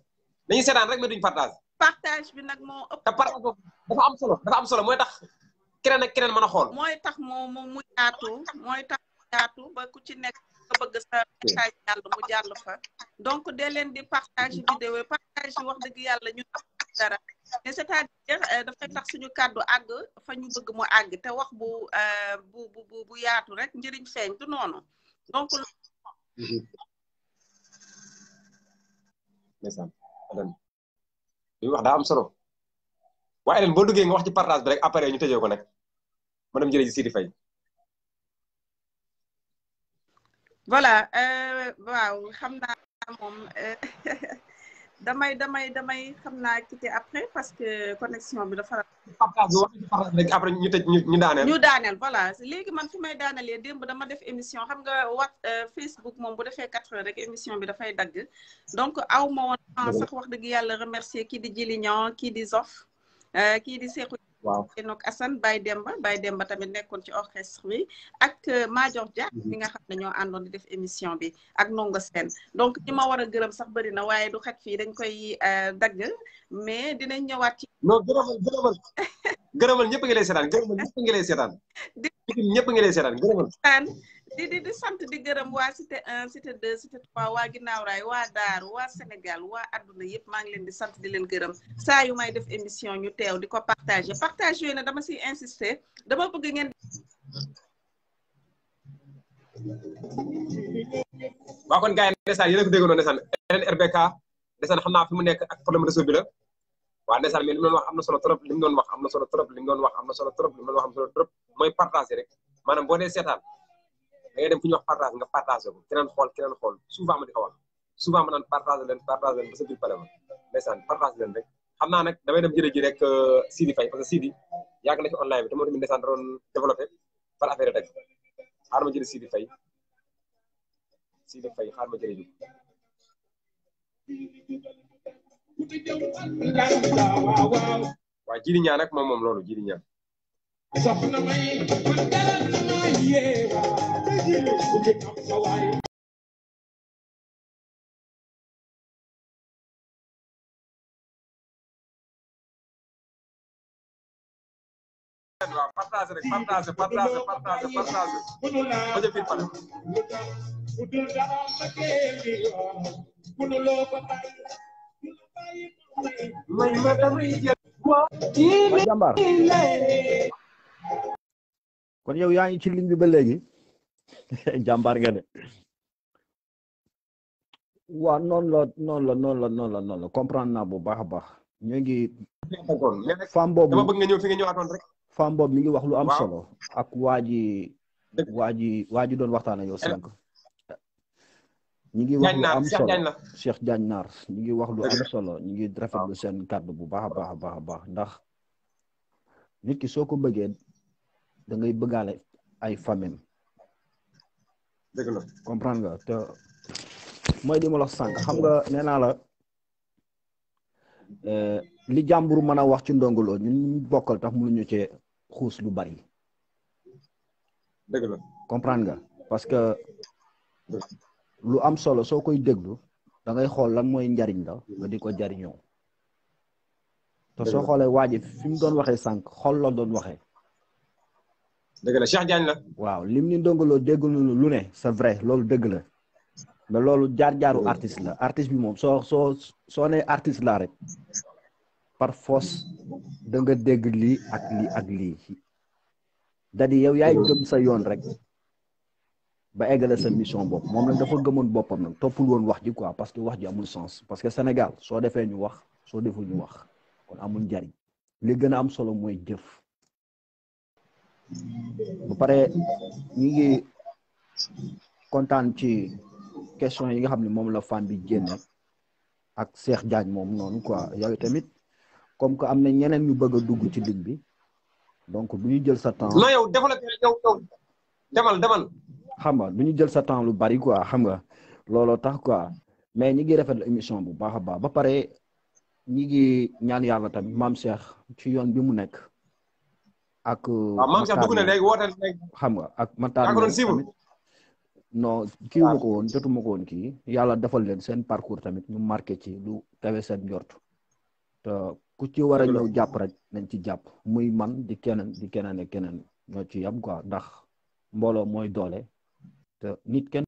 dañuy seetaan rek mais duñ partager partage bi nag moo ëpp. dafa am solo dafa am solo mooy tax keneen ak keneen mën a xool. mooy tax moo mu mu yaatu mooy tax mu yaatu ba ku ci nekk nga bëgg sa message jàll mu jàll fa. donc de leen di partage vidéo yi partage yi wax dëgg yàlla ñu dara mais c'est-à-dire euh, dafay tax suñu kàddu àgg fa ñu bëgg mu àgg te wax bu euh, bu bu yaatu rek njëriñ feeñ du noonu donc. Mhm. ndeysaan. li wax daa am solo waaye leen boo duggee nga wax ci partage bi rek après ñu tëjee ko nag ma dem jëlee ci Sidi Faye. voilà euh, waaw xam naa moom. Euh, damay damay damay xam après parce que connexion bi dafa. après ñu ñu ñu voilà man dama émission xam euh, Facebook bu heures rek émission bi donc aw ma sax wax remercier qui di Djiliñan kii di Zof kii di euh, waaw Enoch Assane Baye Demba Baye Demba tamit nekkoon ci orchestre wi ak euh, Madior Dia mi mhm. nga xam ne ñoo àndoon di def émission bi ak Nongo Sène donc ñi ma war a gërëm sax bëri na waaye du xaj fii dañ koy euh, dagg mais dinañ ñëwaat ci non gërëmal gërëmal gërëmal ñëpp ngi lay seetaan gërëmal ñëpp ngi lay seetaan ñëpp ngi lay seetaan gërëmal di di di sant di gërëm waa cité 1 cité 2 cité 3 waa ginnaaw raay waa daaru waa Sénégal waa àdduna yëpp maa ngi leen di sant di leen gërëm saa yu may def émission ñu teew di ko partager partage yooyu ne dama si insister dama bëgg ngeen waa kon gars yi ndeysaan yéen a ko déggandoo ndeysaan nekk ak problème réseau bi la waa ndeysaan mais wax am na solo trop li mu doon wax am na solo trop li wax am na solo trop li mu mooy partager rek maanaam boo dee seetaan da ngay dem fu ñuy wax partage nga partagé ko keneen xool keneen xool souvent ma di ko wax souvent ma naan partagé leen partagé leen ba sa biir pale ma ndeysaan partagé leen rek xam naa nag damay dem jële ji rek euh, Sidi Faye parce que Sidi yàgg na ci online bi te moom tamit ndeysaan da doon développé par affaire rek xaar ma jële Sidi Faye Sidi Faye xaar ma jële ji waa jiri ñaa nag moom moom loolu jiri ñaa soxna may man dara na may yeewa dëgg ku ci am sa waay waaw partage rek partage partage partage partage baje fi pare budul dara ma keeli kunu lo ko tay may ma tamay jël ko jàmbaar kon yow yaa ngi ci ligne bi ba léegi jàmbaar nga de waaw noonu la noonu la noonu la noonu la noonu la comprendre naa bu baax a baax ñu ngi femme boobu dama mi ngi wax lu am solo ak waa ji waa ji waa ji doon waxtaan ak yow sànq ñi ngi wax lu am solo Cheikh Diagne Naar ñi ngi wax lu am solo ñi ngi rafetlu seen kàddu bu baax a baax a baax a baax ndax nit ki soo ko bëggee da ngay bëggale ay famem dëgg la comprendre nga te moy di mo la sank xam nga nee la euh li jambour mëna wax ci Ndongo Lo ñun ñu bokkal tax ñu ci xoos lu bari. dëgg la comprendre nga parce que lu am solo so koy déglu da ngay xol lan moy njariñ da nga diko ko to so xolé waji fim doon sank xol la doon deug la Cheikh Diagne la. waaw lim ni ndongolo dégg nañu lu ne c'est vrai loolu deug la mais loolu jaar-jaaru artiste la artiste bi mom so so so nee artiste la rek par force da nga dégg li ak li ak li dadi yow yaay gëm sa yoon rek ba égalé sa mission bop mom nag dafa gëmone bopam nak topul won wax ji quoi parce que wax ji amul sens parce que Sénégal so défé ñu wax so défu ñu wax kon amul njariñ li gëna am solo moy jëf. bu paree ñu ngi kontaan ci question yi nga xam ne moom la fan bi génne ak seex jaaj moom noonu quoi yow tamit comme que am na ñeneen ñu bëgg a dugg ci ligne bi donc du ñu jël sa temps. non yow demal demal. xam nga du ñu jël sa temps lu bari quoi xam nga looloo tax quoi mais ñi ngi rafetlu émission bu baax a baax ba pare ñi ngi ñaan yàlla tamit maam Cheikh ci yoon bi mu nekk. ak. waaw maam sax dugg xam nga ak Matar Mbengue non woon jotu ma ko woon kii yàlla defal leen seen parcours tamit ñu marqué ci lu kawe seen njort te ku ci war a ñëw jàpp rek nañ ci jàpp muy man di keneen di keneen keneen ñoo ci yam quoi ndax mbooloo mooy doole te nit kenn.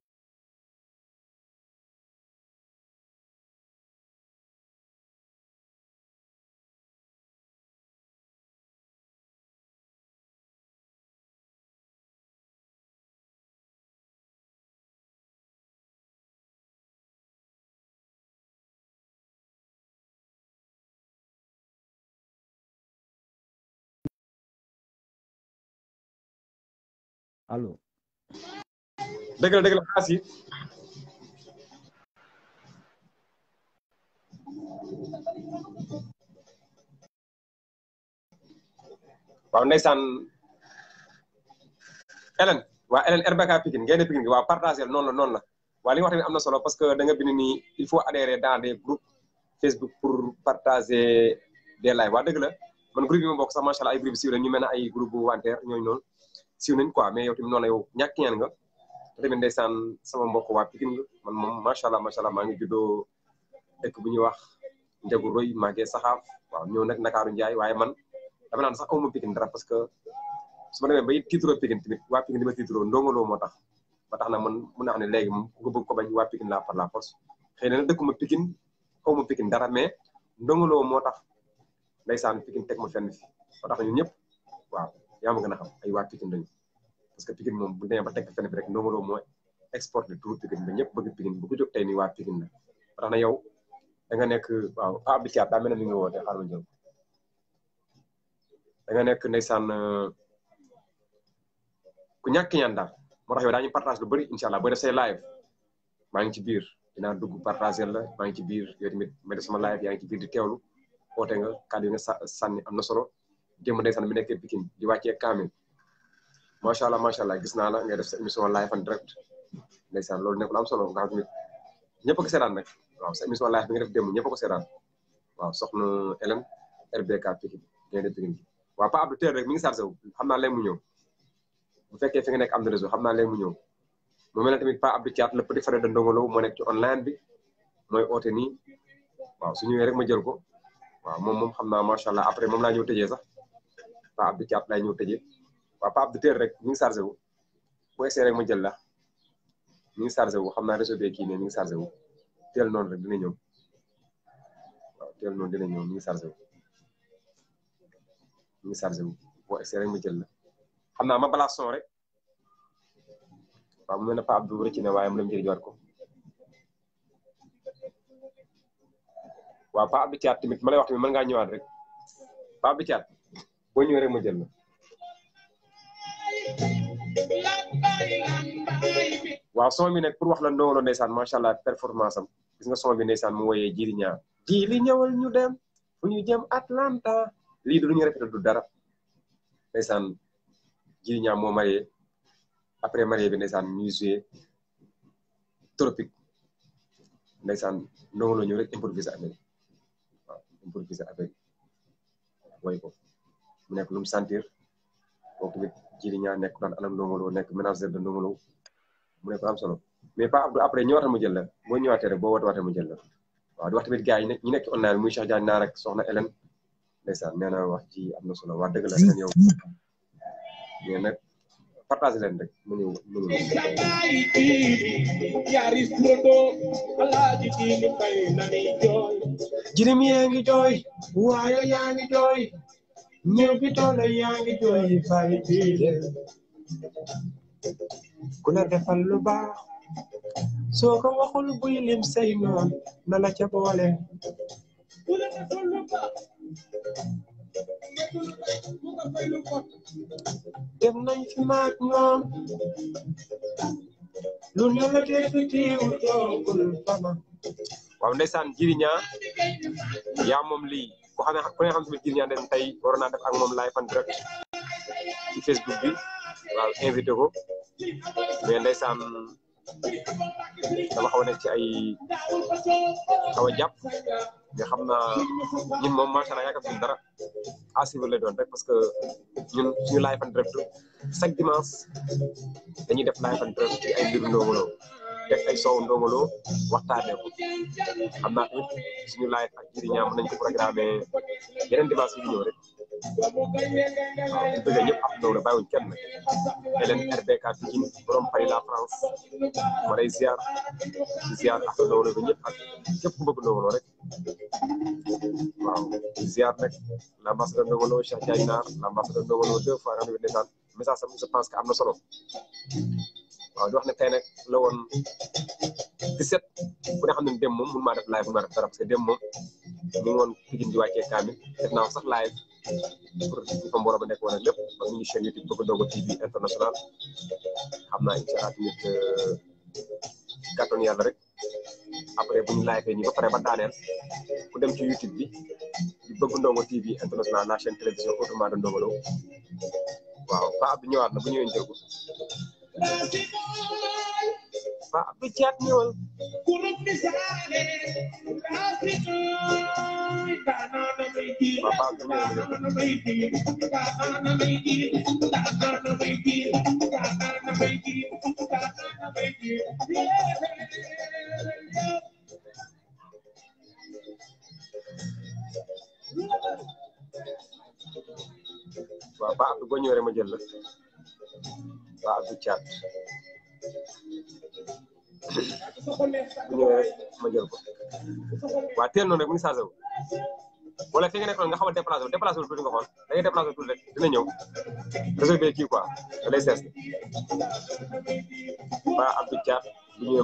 Halo. dëgg la dëgg la xaasi waaw ndeysaan Hélène waa Hélène RBK pikin, ngeen ne Pikine gi waaw la non la Wa li wax tamit amna solo parce que da nga bind ni il faut adhérer dans des groupes Facebook pour partager des lives. Wa deug la man groupe bi mo bok sax machallah ay groupe ci la ñu mel ay groupe wanter ñoy ñooñu siiw nañ quoi mais yow tamit noonu la yow ñàkk ñaan na te tamit sama mbokk waa Pikine nga man moom macha allah macha allah maa ngi juddoo dëkk bu ñuy wax Ndiago Roy màggee saxaaf waaw ñëw nag Ndakaaru Njaay waaye man dama naan sax aw ma Pikine dara parce que su ma demee bay tiituroo Pikine tamit waa Pikine di ma tiituroo moo tax ba na man mun naa ne léegi moom ku ko bëgg ko bañ waa Pikine la par la force xëy na dëkkuma Pikine aw ma Pikine dara mais ndongoloo moo tax ndeysaan Pikine teg ma fenn fi moo tax ñun ñëpp waaw yaa ma gën a xam ay waa Pikine lañu parce que Pikine moom bu ñu ba teg fenn bi rek ndóomoloo mooy export de tout Pikine ba ñëpp bëgg Pikine bu ko jóg tey nii waa Pikine la tax na yow da nga nekk waaw ah Abdou Thiat daa mel ne mi ngi woote da nga nekk ndeysaan ku ñàkk ñaan daal moo tax yow daañu partage lu bëri incha allah def say live maa ngi ci biir dinaa dugg partager la maa ngi ci biir yow tamit ma def sama live yaa ngi ci biir di teewlu oote nga kàddu nga sànni am solo démb ndeysaan mi nekkee Pikine di wàccee kaamil macha allah macha allah gis naa la ngay def sa émission live en direct loolu nekk lu am solo nga xam nit ñëpp a ko seetaan nag waaw sa émission live bi nga def démb ñëpp a ko seetaan waaw soxna Hélène RBK Pikine ngay def Pikine Pa Abdou Terre rek mi ngi chargé wu xam naa léegi mu ñëw bu fekkee fi nga nekk am na réseau xam na léegi mu ñëw mu mel ne tamit Pa Abdou Thiat le petit frère de Ndongo Lo moo nekk ci online bi mooy oote nii waaw su ñëwee rek ma jël ko waaw moom moom xam naa macha allah moom laa ñëw tëjee sax Pape Abdou Thiam lay ñëw tëjee waaw Pape Abdou teel rek ñu ngi chargé wu bu essayé rek ma jël la ñu ngi chargé wu xam naa réseau bi kii ne ñu ngi chargé wu teel noon rek dina ñëw waaw teel noonu dina ñëw ñu ngi chargé wu ñu ngi chargé wu ma jël la xam naa ma balaa rek waaw mu mel ne Pape Abdou rëcc na waaye mu dem jëriñoot ko. waaw Pape Abdou Thiam tamit ma lay wax tamit mën ngaa ñëwaat rek Pape Abdou Thiam boo ñëwee rek ma jël waaw son bi nag pour wax la ndongolo ndeysaan macha allah performance am gis nga son bi ndeysaan mu wooyee jiiri ñaar jiili ñëwal ñu dem fu ñu jëm Atlanta lii du lu ñu répété du dara ndeysaan jiiri ñaar moo marié après marié bi ndeysaan ñuy joué tropique ndeysaan ndongolo ñu rek improvisé avec waaw ko mu nekk lu mu sentir moom tamit jiri ñaa nekk naan anam Ndongo nekk manager de Ndongo Lo mu nekk am solo mais pas Abdou après ñëwaatee mu jël la boo ñëwaatee rek boo wootewaatee mu jël la waaw di wax tamit gars yi ñu nekk online muy Cheikh Diagne naa rek soxna Hélène ndeysaan nee na wax ji am na solo wax dëgg la seen yow mais nag partage jirim yaa jooy waaye yaa jooy ñëw bi doole yaa ngi jooy fay tiile ku la defal lu baax soo ko waxul buy lim say noon na la ca boole dem nañ fi maag lu na la defi tiiw toogul fama waaw ndeysaan jiriña yaa moom lii ku xam ne xam si Jill Niandene tey waroon naa def ak moom live en direct ci Facebook bi waaw invité ko mais ndeysaan dama xaw a ci ay xaw jàpp nga xam na ñun moom macha allah yaakaar nañu dara à doon rek parce que ñun suñu live en direct chaque dimanche dañuy def live en direct ci ay mbiru Ndongo def ay soow Ndongo Lo waxtaanee ko xam naa tamit suñu live ak jëriñam nañ ko programme yeneen dimanche yi ñëw rek waaw ñu bëgg ñëpp ab ndaw la bàyyiwuñ kenn Hélène RBK Pikine borom Paris la France ma lay ziar di ziar ak ndaw la ba ñëpp ak képp ku bëgg Ndongo Lo rek waaw di ziar rek l'ambassadeur Ndongo Lo Cheikh Diagne Naar l'ambassadeur Ndongo Lo deux fois rendu ndeysaan message am je pense que am na solo waaw di wax ne tey nag la woon 17 bu nga xam ne dem moom mun maa def live mun maa def dara parce que dem moom mu woon Pikine ji wàccee kaamil def naa sax live pour ñu fa mbooloo ba nekk woon ak lépp ak ñu chaîne YouTube Togo Dogo TV international xam naa incha allah tamit gàttoon euh, yàlla rek après bu ñu live ñu ba pare ba daaneel ku dem ci YouTube bi di bëgg Ndongo TV international la chaîne télévision autrement de Ndongo Lo waaw Pape bi ñëwaat na bu ñëwee njëriñu. ba Abdou Thiat ñëwal waaw ba Abdou boo ñëwee rek ma jël la waaw du caat bu ñëwee ma jël ko waaw wala fi nga nekkoon nga xamal déplacé wu déplacé wu tuuti nga xool da ngay déplacé wu tuuti rek dina ñëw réseau bi kii quoi da bu ñëwee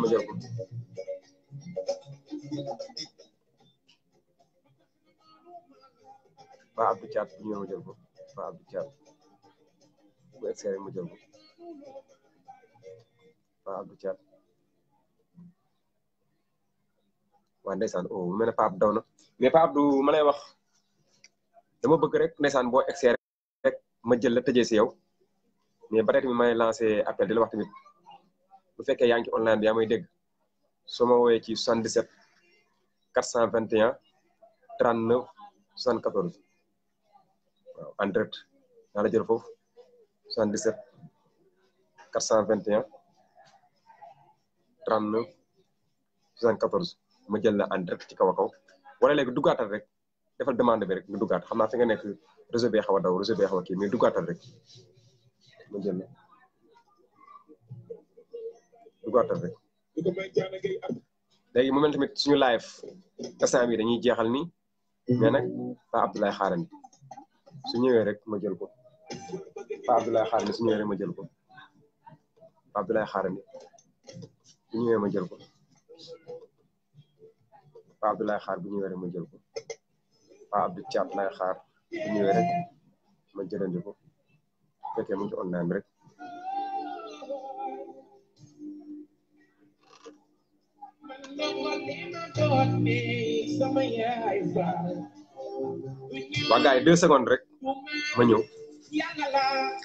ma jël bu egsee rek ma jël ko Paa Abdou Thiat waa ndeysaan o oh, mu mel Paa Abdou daw na mais Paa Abdou ma lay wax dama bëgg rek ndeysaan boo egsee rek ma jël la tëjee si yow mais ba tey tamit may lancé appel di la wax tamit bu fekkee yaa ngi ci online bi yaa may dégg soo ma woowee ci 77 421 39 74 waaw en direct naa la jël foofu cent 77 421 39 74 ma jël la en direct ci kaw a kaw wala léegi duggaatal rek defal demande bi rek nga duggaat xam naa fi nga nekk réseau bi xaw daw réseau bi xaw a kii mais duggaatal rek ma jël la duggaatal rek léegi mu mel tamit suñu live instant bi dañuy jeexal ni mais nag ba Abdoulaye xaarandi su ñëwee rek ma jël ko Paa Abdoulaye Xaar mi su ñëwee ma jël ko Paa Abdoulaye Xaar mi bu ma jël ko Paa Abdoulaye Xaar bu ñëwee ma jël ko Abdou lay xaar bu rek ma ko mu online rek rek ma ñëw 呀啦啦。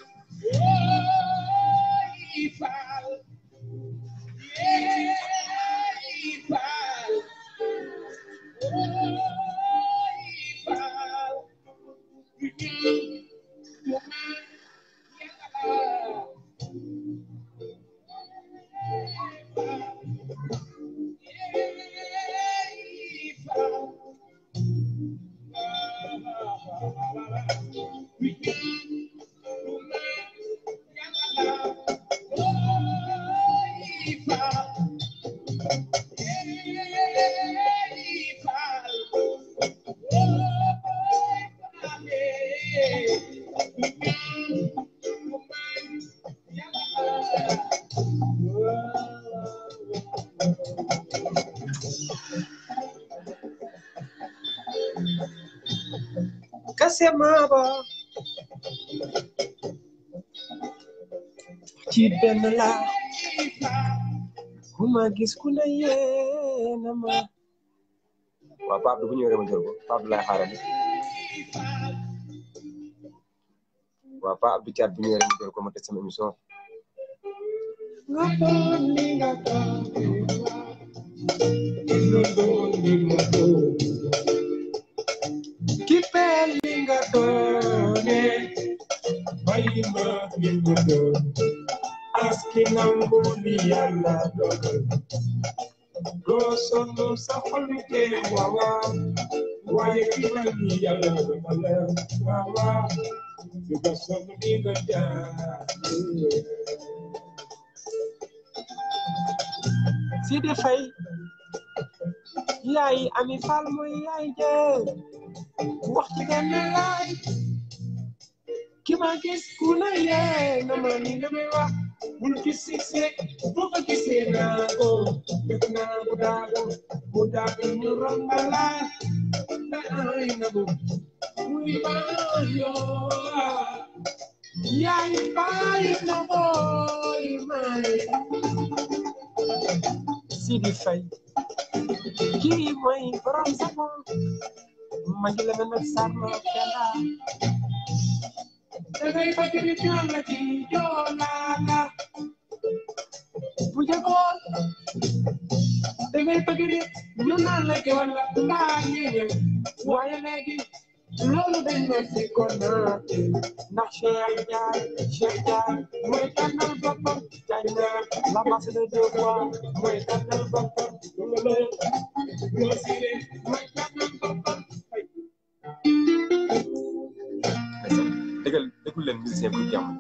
lalala kuma gis ku la yéena ma du bu ñëwee ma jël ko Pape du laay xaaral waaw Pape Abdou bu ñëwee ma jël ko ma tëj sama émission nga holy and lovable. i am in love ya. Sidi fay, yai ami falmu yai je, wakti lai, ki ma gis ku na na ma nga may wax bul gis gisee bu ko gisee naa ko def naa bu daago bu na ay na bu muy na booy may Sidi Faye kii mooy borom sa ma ngi la mel nag sàr ma kenn Deve immaginazione di Giovanna. Puja gol. Deve immaginazione Giovanna che va la taglia. Vuoi neghi? Lolo del Messico nati. Nasce ai gnai, scelta. Mueta nel bambam, taglia. La massa del Giovanna. Mueta nel bambam. Lolo. Lolo sire. Mueta nel bambam. Thank you. déggal déglu leen musicien bu jàmm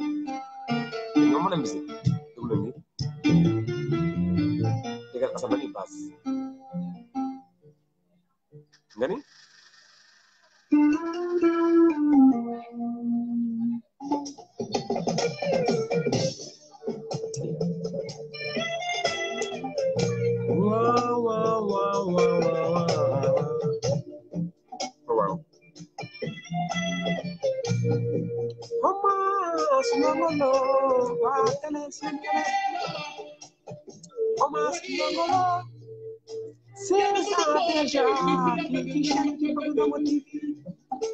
Thank you. Omas, no, no, no, guátele, siéntele. Omas, no, no, no. Senta-te já, que chega que eu não motive.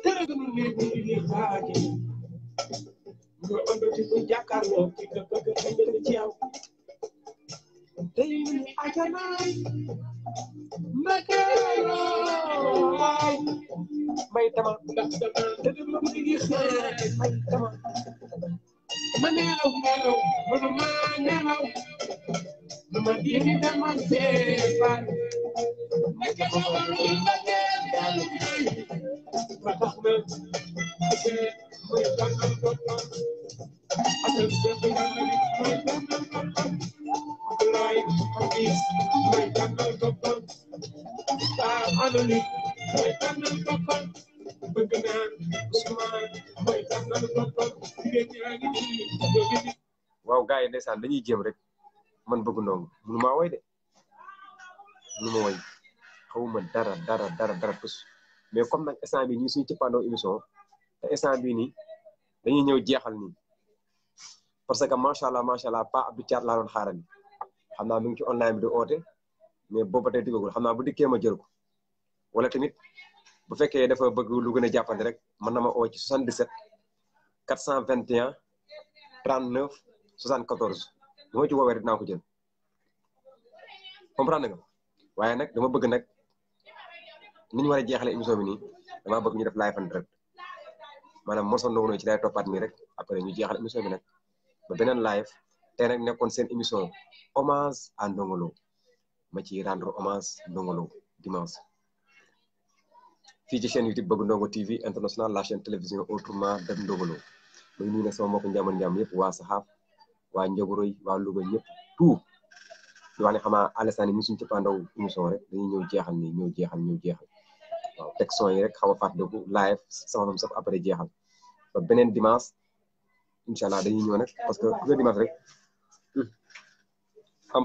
Traga minha dignidade. Meu ando de cuidar, Carlos, que eu tô cantando de tchau. Dei-me maytama te déglu ma ngi xalaate mooy tànnal boppam bëgg waaw gars yi ndeysaan dañuy jéem rek man bëgg ndongo mënu woy de mënu ma woy xawma dara dara dara dara tus mais comme nag instant bi ñu ngi suñu cëppaandoo émission te instant bii nii dañuy ñëw jeexal nii parce que macha allah allah Pa Abdou Thiat laa doon xaaral xam naa mi ngi ci online bi di oote mais boobu ba tey duggagul xam naa bu dikkee ma jël ko wala tamit bu fekkee dafa bëgg lu gën a jàppandi rek mën na ma oo ci 77 421 39 74 bu ma ci woowee rek dinaa ko jël comprendre nga waaye nag dama bëgg nag ni ñu war a jeexalee émission bi nii damaa bëgg ñu def live en direct maanaam morso Ndongo Lo ci lay toppaat nii rek après ñu jeexal émission bi nag ba beneen live tey nag nekkoon seen émission hommage à ma ciy rendre hommage Ndongo Lo fii ci chaîne YouTube Bëgg Ndongo TV international la chaîne télévision autrement dem Ndongo Lo muy nuyu nag sama mbokku njaamoon njaam yëpp waa Saxaaf waa Njogoroy waa Louga ñëpp tout di wax ne xamaa Alassane mi suñu cëppaandaw émission rek dañuy ñëw jeexal nii ñëw jeexal ñëw rek xaw a fàttaliku live saxanam sax après jeexal ba beneen dimanche incha allah dañuy ñëw parce que dimanche rek hmm, am.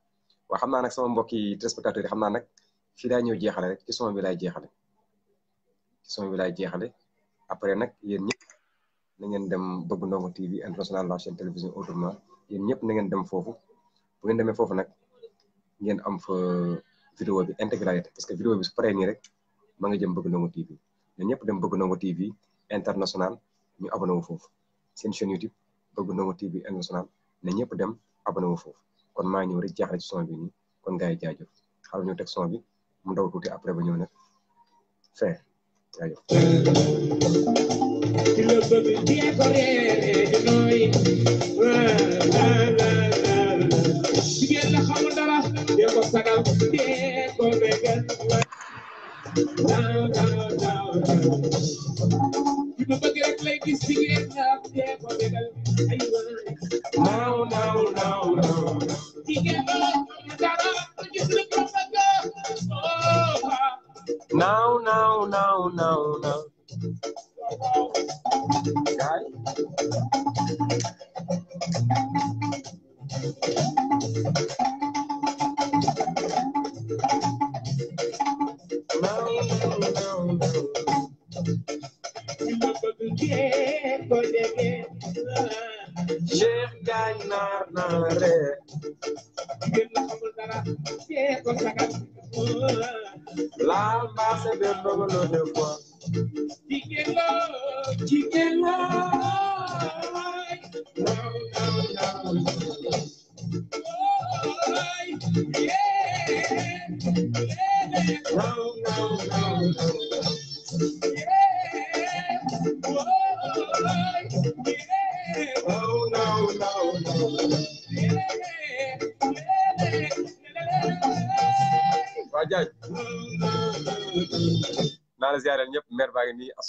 waaw xam naa nag sama mbokk yi téléspectateurs yi xam naa nag fii laay ñëw jeexale rek ci son bi laay jeexale ci son bi laay jeexale après nag yéen ñëpp na ngeen dem bëgg Ndongo TV international la chaîne télévision autrement yéen ñëpp na ngeen dem foofu bu ngeen demee foofu nag ngeen am fa vidéo bi intégralité parce que vidéo bi su paree nii rek ma nga jëm bëgg Ndongo TV na ñëpp dem bëgg Ndongo TV international ñu na wu foofu seen chaîne YouTube bëgg Ndongo TV international na ñëpp dem na wu foofu kon maa ñëw rek jaaxle ci son bi nii kon gars yi jaajëf xaaral ñu teg son bi mu daw tuuti après ba ñëw nag Mama get ladies singing up there for the girl. No, no, no, no. He get up, got up, you see the girl. Oh, no, no, no, no, no. Right? no, no.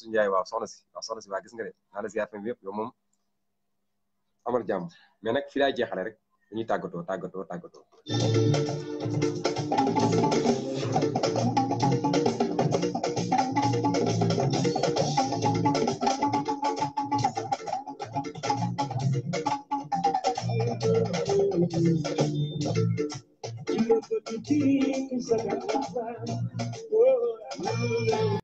suñu yaay iya, waaw soxna si waaw soxna si waa gis nga de naa la ziar fi yëpp yow moom amal jàmm mais nag fi jeexale rek dañuy tàggatoo tàggatoo tàggatoo Thank you. King of the kings, I got my plan. Oh, I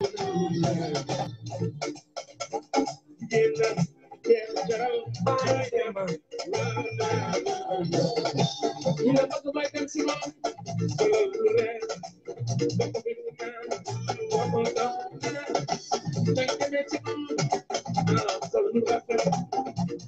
Thank you.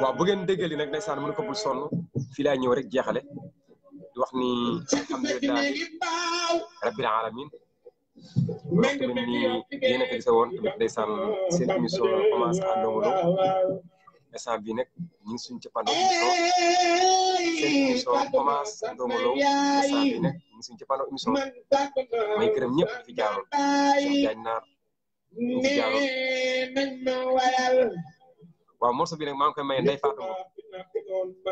waaw bu ngeen déggal nag ndeysaan mën ko bul son fii laay ñëw rek jeexale di wax ni alhamdulilah rabbil alamin wax tamit ni yéen a gise woon tamit ndeysaan seen émission commence à Ndongo Lo instant bii nag ñu ngi suñu cappaandaw émission seen émission commence à Ndongo fi jaaroon soxna Diagne waaw morceau bi nag maa ngi koy maye Ndeye Fatou Ngom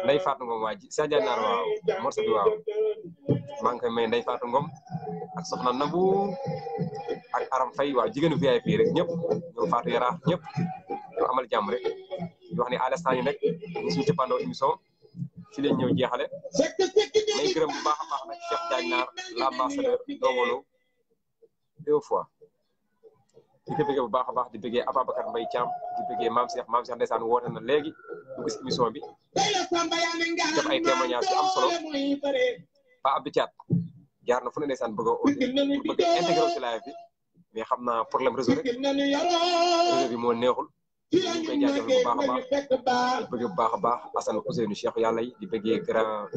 Ndeye Fatou Ngom waa ji Cheikh Ndiaye Naar waaw morceau koy maye Ndeye Fatou Ngom ak Soxna Nabu ak Aram Faye waaw jigéenu VIP rek ñëpp ñoom Fatou Yara ñëpp ñu amal jàmm rek di wax ne à l'instant yi nag ñu suñu cëppandoo émission ci leen ñëw jeexale may gërëm baax a baax nag Cheikh Ndiaye Naar l'ambassadeur doomolo deux fois di ko bëggee bu baax a baax di bëggee Ababacar Mbaye Thiam di bëggee Mame Cheikh Mame Cheikh ndeysaan woote na léegi dugg si émission bi def ay témoignage yu am solo Pa Abdou Thiat jaar na fu ne ndeysaan bëgg a pour bëgg a intégré si live bi mais xam naa problème réseau rek réseau bi moo neexul ñu koy jaajëfal bu baax a baax di bëggee bu baax a baax Assane Ousseynou Cheikh yàlla yi di bëggee grand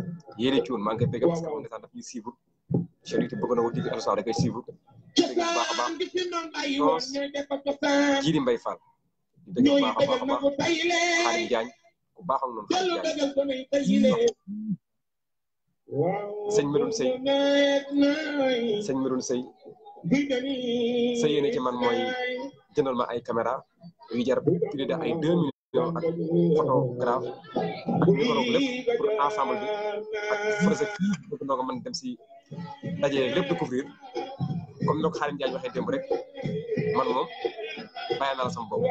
Yéli Thioune maa ngi koy bëggee parce que moom daf ñuy suivre Chérif bëgg na ci dëgg bay baax a baax noos jiiri mbay Fall. dëgg bu baax a baax a baax xarit Diagne bu baax ak noonu xarit Diagne. sëñ ci man mooy jëndal ma ay caméra yu jar plus de ay deux millions ak photographe ak numéro bu lépp pour ensemble bi ak projet comme ni ko Xaadim Diagne waxee démb rek man moom bàyyi naa la sama bopp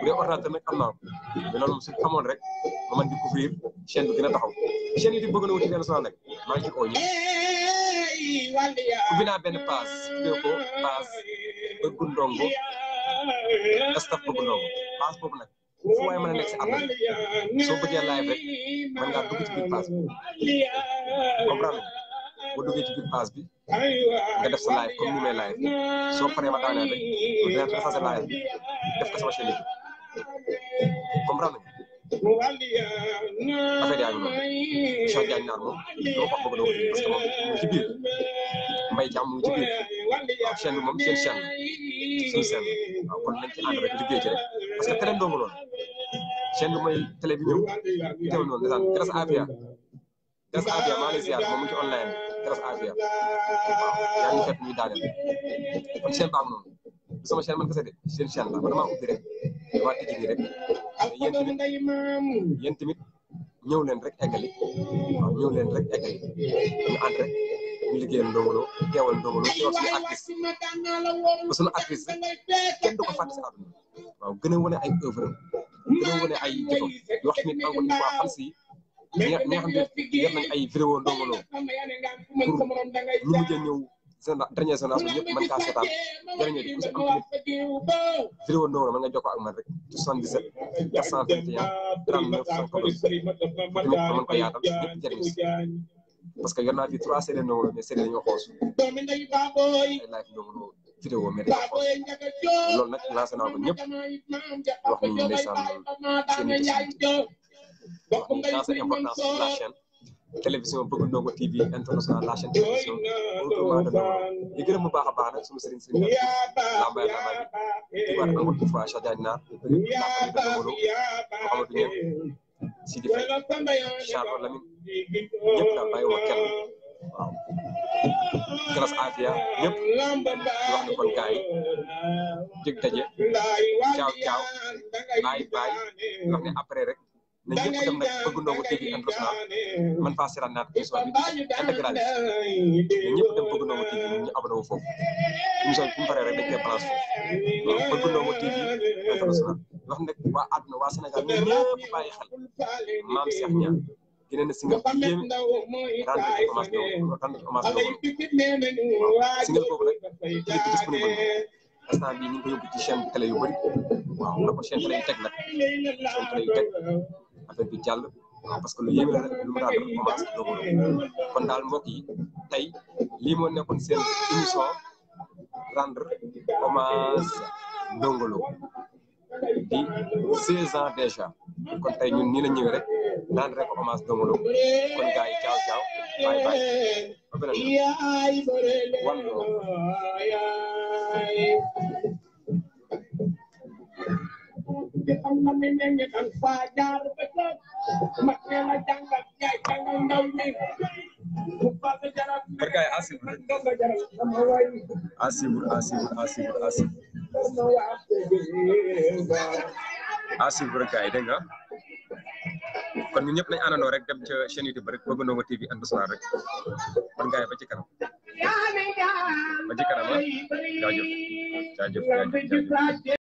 bu ordinateur nag am naa ko mais loolu rek ma mën di couvrir chaîne bi gën a taxaw chaîne yi di bëgg na wuti benn sonal nag maa ngi ci oo naa benn paas tuddee paas bëggu ndongo staf bëggu a nekk si àll soo bëggee live rek mën ngaa dugg ci paas comprendre boo duggee ci bi nga def sa live comme ni may live soo paree ma daaneel rek dinaa def sa live bi def ko sama chaîne bi comprendre nga affaire yaa ngi noonu Cheikh Diagne naan moom dama ko bëgg a doon parce que moom mu ngi ci biir mbay jàmm mu ngi ci biir waaw chaîne bi moom seen chaîne la suñu chaîne la waaw kon nañ ci ànd rek liggéey online grâce à GR waaw yaa ngi fekk ñuy daaneel noonu sama chaîne man kese de seen chaîne la man damaa ubbi rek damaa rek yéen tamit yéen ñëw leen rek eggali waaw ñëw leen rek eggali ñu ànd rek ñu liggéeyal Ndongo Lo teewal Ndongo Lo teewal suñu artiste ba suñu artiste kenn du ko fàtte si àdduna waaw a ay œuvre gën a wax tamit encore une fois fan mais mais xam def nañ ay vidéo Ndongo Lo pour lu mujj a ñëw généra dernière génération bi ñëpp mën kaa seetaan jërëjëf ku si am tamit vidéo Ndongo man rek 77 421 39 74 tamit nga mën ko parce que yor trois séries Ndongo Lo mais série dañoo xoos ay live Ndongo Lo vidéo mais dañoo xoos loolu nag lancé naa ko ñëpp wax donc ñu changé importance de la chaîne télévision Bëgg Ndongo TV international la chaîne télévision autrement de Ndongo di gërëm bu baax a baax nag suñu sëriñ sëriñ Lambaye Lambaye bi di waat eh. Amadou Diouf waa Cheikh Diagne Naar la famille de Ndongo Mouhamadou Niang Sidi Faye Charles Lamine ñëpp daal bàyyi woo kenn waaw classe Afia ñëpp wax ni kon gars yi jëg daje caaw caaw bàyyi bàyyi wax ne après rek na ñëpp dem rek bëgg ndongo TV impressement man faa siran naat émission bi intégral na ñëpp dem bëgg ndongo TV ñu abonné wu foofu émission bi fu mu paree rek dañ koy place foofu bëgg ndongo TV international wax nag waa àdduna waa Sénégal ñun ñëpp bàyyi xel maam Cheikh Niang dina ne singal bu yéeme rendre ci hommage ndongo rendre ci hommage ndongo waaw singal boobu nag clip disponible instant bii ñu ngi ko yóbbu ci chaîne télé yu bëri waaw na ko chaîne télé yu teg nag chaîne télé yu teg affaire bi jàll parce que lu yéeme la rek lu mu kon daal mbokk yi tey lii moo nekkoon seen émission rendre hommage Ndongo Lo di 16 ans déjà kon tey ñun nii la rek rendre rek hommage kon gars caaw caaw bye bye di am na mi ne ñu am faa jaar ba toog mag ne la jàngal yaay jàngal ndaw mi bu baax jaral barkaay asibur asibur asibur asibur asibur asibur barkaay dégg nga kon ñu ñëpp nañ àndandoo rek dem ca chaîne YouTube rek Bëgg Ndongo TV International rek man gaay ba ci kanam ba ci kanam ah jaajëf jaajëf jaajëf